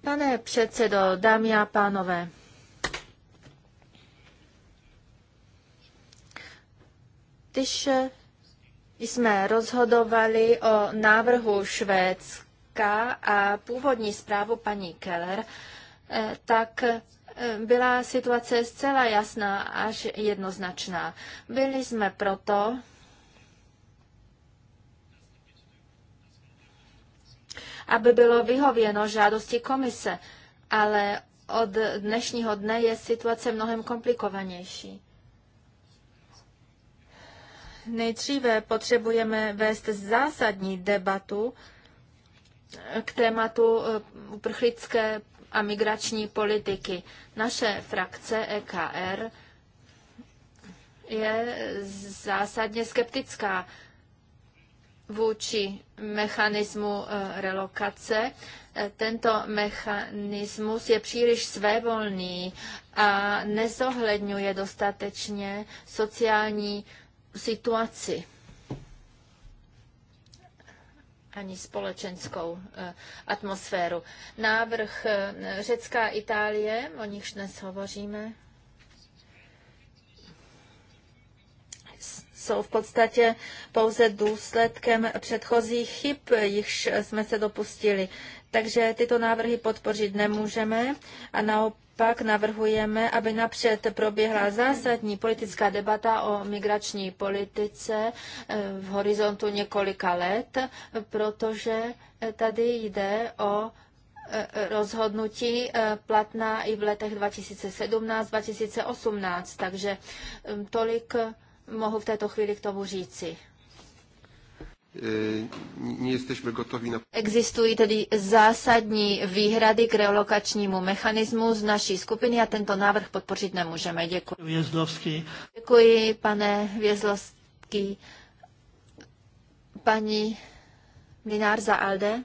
Pane předsedo, dámy a pánové, Když jsme rozhodovali o návrhu Švédska a původní zprávu paní Keller, eh, tak eh, byla situace zcela jasná až jednoznačná. Byli jsme proto, aby bylo vyhověno žádosti komise, ale od dnešního dne je situace mnohem komplikovanější. Nejdříve potřebujeme vést zásadní debatu k tématu eh, uprchlické a migrační politiky. Naše frakce EKR je zásadně skeptická vůči mechanismu eh, relokace. Eh, tento mechanismus je příliš svévolný a nezohledňuje dostatečně sociální situaci ani společenskou eh, atmosféru. Návrh eh, Řecká Itálie, o nichž dnes hovoříme, jsou v podstatě pouze důsledkem předchozích chyb, jichž jsme se dopustili. Takže tyto návrhy podpořit nemůžeme a naopak pak navrhujeme, aby napřed proběhla zásadní politická debata o migrační politice eh, v horizontu několika let, protože eh, tady jde o eh, rozhodnutí platná i v letech 2017-2018, takže tolik mohu v této chvíli k tomu říci. Eh, Existují tedy zásadní výhrady k relokačnímu mechanismu z naší skupiny a tento návrh podpořit nemůžeme. Děkuji. Vězlovský. Děkuji, pane Vězlovský. Paní Mlinár za Alde.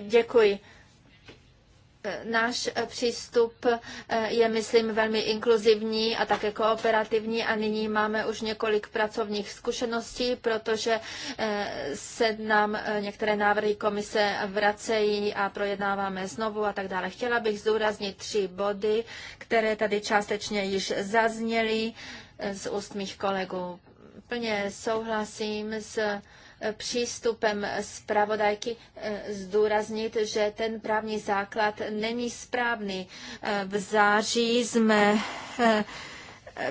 Děkuji. Náš eh, přístup eh, je, myslím, velmi inkluzivní a také kooperativní a nyní máme už několik pracovních zkušeností, protože eh, se nám některé návrhy komise vracejí a projednáváme znovu a tak dále. Chtěla bych zdůraznit tři body, které tady částečně již zazněly z úst mých kolegů. Plně souhlasím s přístupem zpravodajky eh, zdůraznit, že ten právní základ není správný. Eh, v září jsme eh,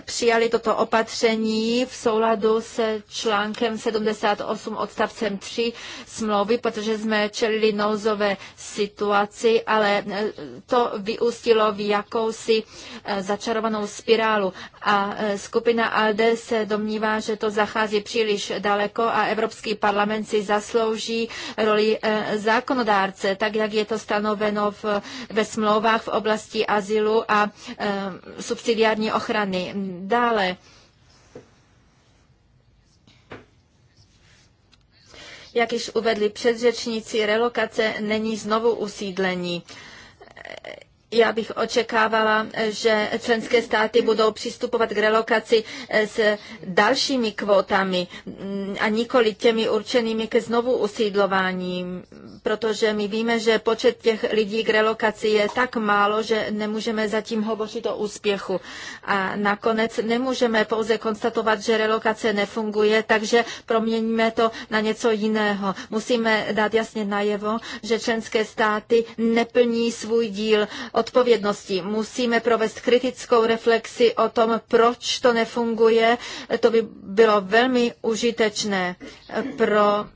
přijali toto opatření v souladu s článkem 78 odstavcem 3 smlouvy, protože jsme čelili nouzové situaci, ale e, to vyústilo v jakousi e, začarovanou spirálu. A e, skupina ALDE se domnívá, že to zachází příliš daleko a Evropský parlament si zaslouží roli zákonodárce, tak jak je to stanoveno v, ve smlouvách v oblasti azylu a subsidiární ochrany. Dále, jak již uvedli předřečníci, relokace není znovu usídlení já bych očekávala, že členské státy budou přistupovat k relokaci eh, s dalšími kvótami mm, a nikoli těmi určenými ke znovu usídlování, protože my víme, že počet těch lidí k relokaci je tak málo, že nemůžeme zatím hovořit o úspěchu. A nakonec nemůžeme pouze konstatovat, že relokace nefunguje, takže proměníme to na něco jiného. Musíme dát jasně najevo, že členské státy neplní svůj díl odpovědnosti. Musíme provést kritickou reflexi o tom, proč to nefunguje. To by bylo velmi užitečné pro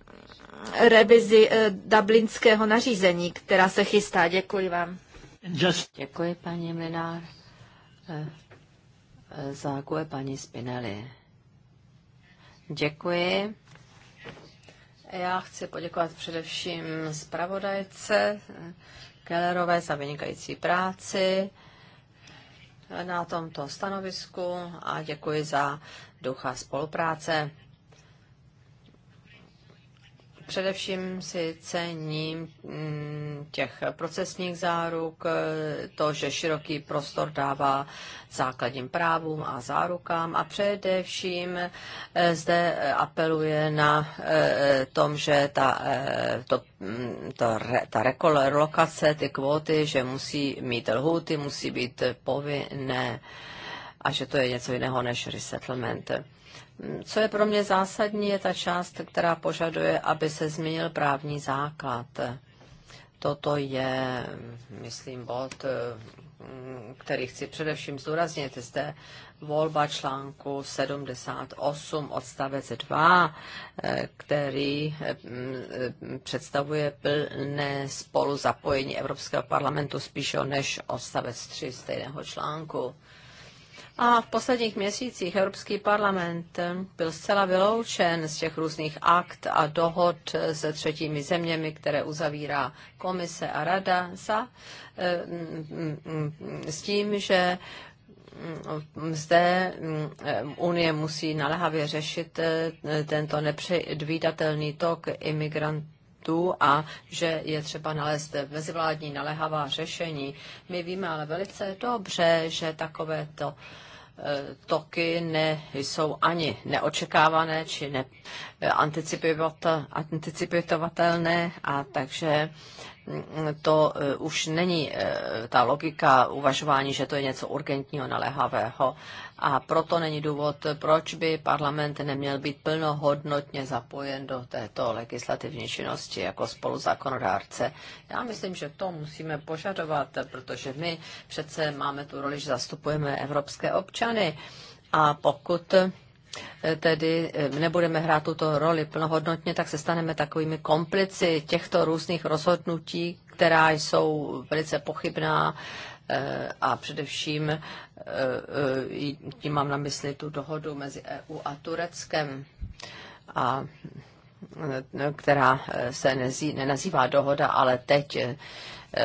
revizi eh, dublinského nařízení, která se chystá. Děkuji vám. Just... Děkuji, paní Minár. Eh, eh, zákuje paní Spinelli. Děkuji. Já chci poděkovat především zpravodajce Kellerové za vynikající práci na tomto stanovisku a děkuji za ducha spolupráce. Především si cením mm, těch procesních záruk, to, že široký prostor dává základním právům a zárukám a především eh, zde apeluje na eh, tom, že ta, eh, to, mm, to, ta rekolokace, ty kvóty, že musí mít lhuty, musí být povinné a že to je něco jiného než resettlement. Co je pro mě zásadní, je ta část, která požaduje, aby se změnil právní základ. Toto je, myslím, bod, který chci především zdůraznit, zde volba článku 78 odstavec 2, který mm, představuje plné spoluzapojení Evropského parlamentu spíše než odstavec 3 stejného článku. A v posledních měsících Evropský parlament byl zcela vyloučen z těch různých akt a dohod se třetími zeměmi, které uzavírá komise a rada za, s tím, že zde Unie musí naléhavě řešit tento nepředvídatelný tok imigrantů a že je třeba nalézt mezivládní naléhavá řešení. My víme ale velice dobře, že takovéto Eh, toky ne, jsou ani neočekávané či ne, eh, anticipovatelné a takže mm, to eh, už není ta logika uvažování, že to je něco urgentního, naléhavého, a proto není důvod, proč by parlament neměl být plnohodnotně zapojen do této legislativní činnosti jako spoluzákonodárce. Já myslím, že to musíme požadovat, protože my přece máme tu roli, že zastupujeme evropské občany a pokud eh, tedy eh, nebudeme hrát tuto roli plnohodnotně, tak se staneme takovými komplici těchto různých rozhodnutí, která jsou velice pochybná Eh, a především eh, eh, tím mám na mysli tu dohodu mezi EU a Tureckem, a, která se nezí, nenazývá dohoda, ale teď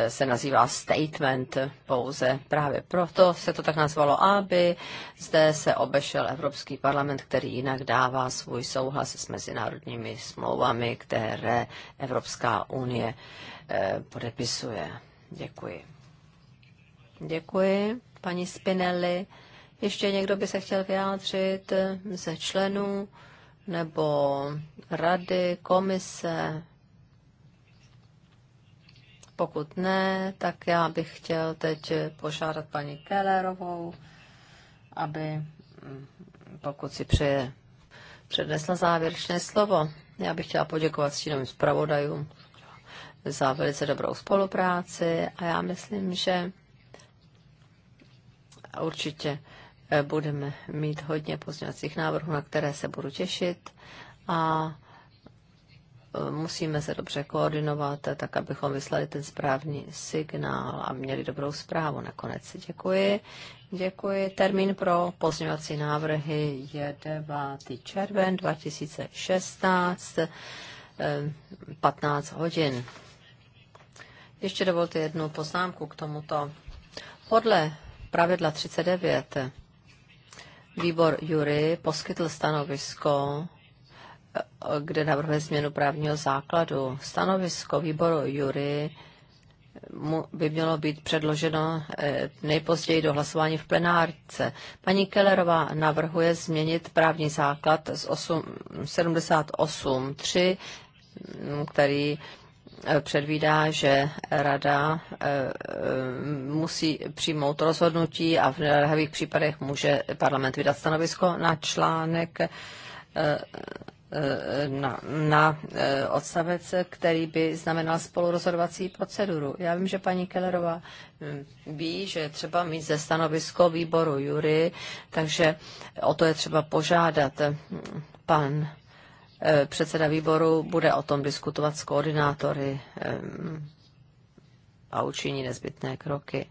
se nazývá statement pouze. Právě proto se to tak nazvalo, aby zde se obešel Evropský parlament, který jinak dává svůj souhlas s mezinárodními smlouvami, které Evropská unie podepisuje. Děkuji. Děkuji, paní Spinelli. Ještě někdo by se chtěl vyjádřit ze členů nebo rady, komise? Pokud ne, tak já bych chtěl teď požádat paní Kellerovou, aby, mm, pokud si přeje, přednesla závěrečné slovo. Já bych chtěla poděkovat stínovým zpravodajům za velice dobrou spolupráci a já myslím, že určitě eh, budeme mít hodně pozměňovacích návrhů, na které se budu těšit a eh, musíme se dobře koordinovat, eh, tak abychom vyslali ten správný signál a měli dobrou zprávu nakonec. Děkuji. Děkuji. Termín pro pozměňovací návrhy je 9. červen 2016, 15 hodin. Ještě dovolte jednu poznámku k tomuto. Podle pravidla 39 výbor Jury poskytl stanovisko, eh, kde navrhuje změnu právního základu. Stanovisko výboru Jury by mělo být předloženo eh, nejpozději do hlasování v plenárce. Paní Kellerová navrhuje změnit právní základ z 78.3, mm, který předvídá, že rada eh, eh, musí přijmout rozhodnutí a v nelehavých případech může parlament vydat stanovisko na článek eh, na, na odstavec, který by znamenal spolurozhodovací proceduru. Já vím, že paní Kellerová hm, ví, že je třeba mít ze stanovisko výboru jury, takže o to je třeba požádat pan Eh, předseda výboru bude o tom diskutovat s koordinátory eh, a učiní nezbytné kroky.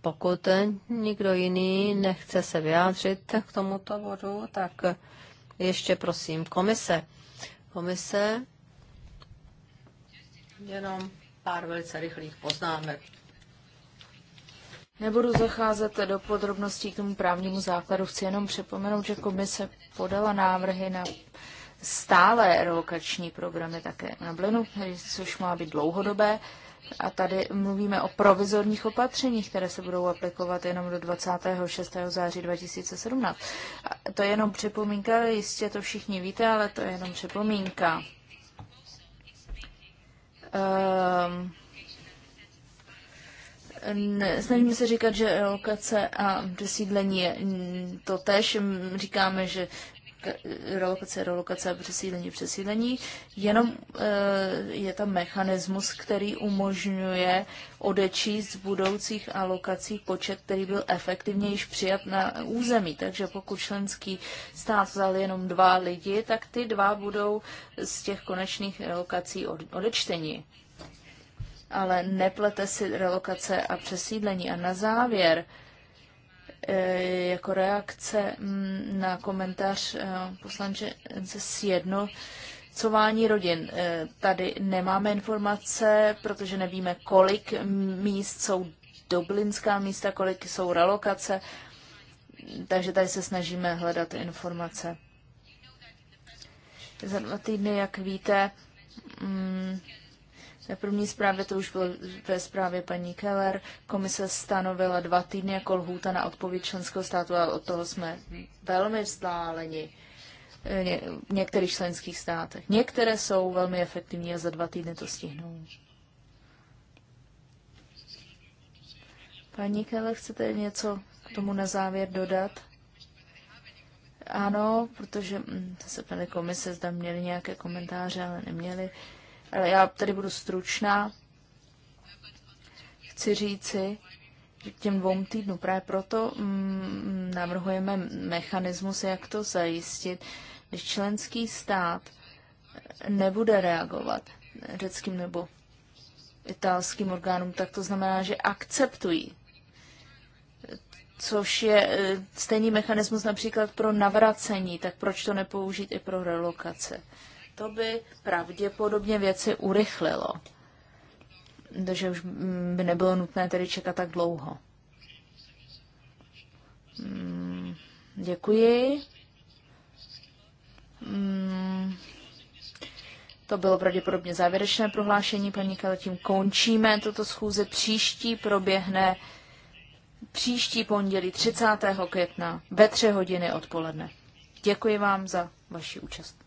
Pokud nikdo jiný nechce se vyjádřit k tomuto bodu, tak ještě prosím komise. Komise, jenom pár velice rychlých poznámek. Nebudu zacházet do podrobností k tomu právnímu základu. Chci jenom připomenout, že komise podala návrhy na stále relokační programy také na Blinu, což má být dlouhodobé. A tady mluvíme o provizorních opatřeních, které se budou aplikovat jenom do 26. září 2017. A to je jenom připomínka, jistě to všichni víte, ale to je jenom připomínka. Um, Snažíme se říkat, že relokace a přesídlení je to tež. Říkáme, že relokace, relokace a přesídlení, přesídlení. Jenom e, je tam mechanismus, který umožňuje odečíst z budoucích alokací počet, který byl efektivně již přijat na území. Takže pokud členský stát vzal jenom dva lidi, tak ty dva budou z těch konečných relokací odečteni ale neplete si relokace a přesídlení. A na závěr, e, jako reakce mm, na komentář e, poslanče z jedno, Cování rodin. E, tady nemáme informace, protože nevíme, kolik míst jsou dublinská místa, kolik jsou relokace, takže tady se snažíme hledat informace. Za dva týdny, jak víte, mm, na první zprávě, to už bylo ve zprávě paní Keller, komise stanovila dva týdny jako lhůta na odpověď členského státu a od toho jsme velmi vzdáleni eh, v některých členských státech. Některé jsou velmi efektivní a za dva týdny to stihnou. Paní Keller, chcete něco k tomu na závěr dodat? Ano, protože hm, se paní komise, zda měli nějaké komentáře, ale neměli. Uh, ale já tady budu stručná. Chci říci, že těm dvou týdnům právě proto mm, navrhujeme mechanismus, jak to zajistit, když členský stát nebude reagovat řeckým nebo italským orgánům, tak to znamená, že akceptují což je e, stejný mechanismus například pro navracení, tak proč to nepoužít i pro relokace? To by pravděpodobně věci urychlilo, Takže už by nebylo nutné tedy čekat tak dlouho. Hmm, děkuji. Hmm, to bylo pravděpodobně závěrečné prohlášení, paní Kale, tím končíme toto schůze. Příští proběhne příští pondělí 30. května ve 3 hodiny odpoledne. Děkuji vám za vaši účast.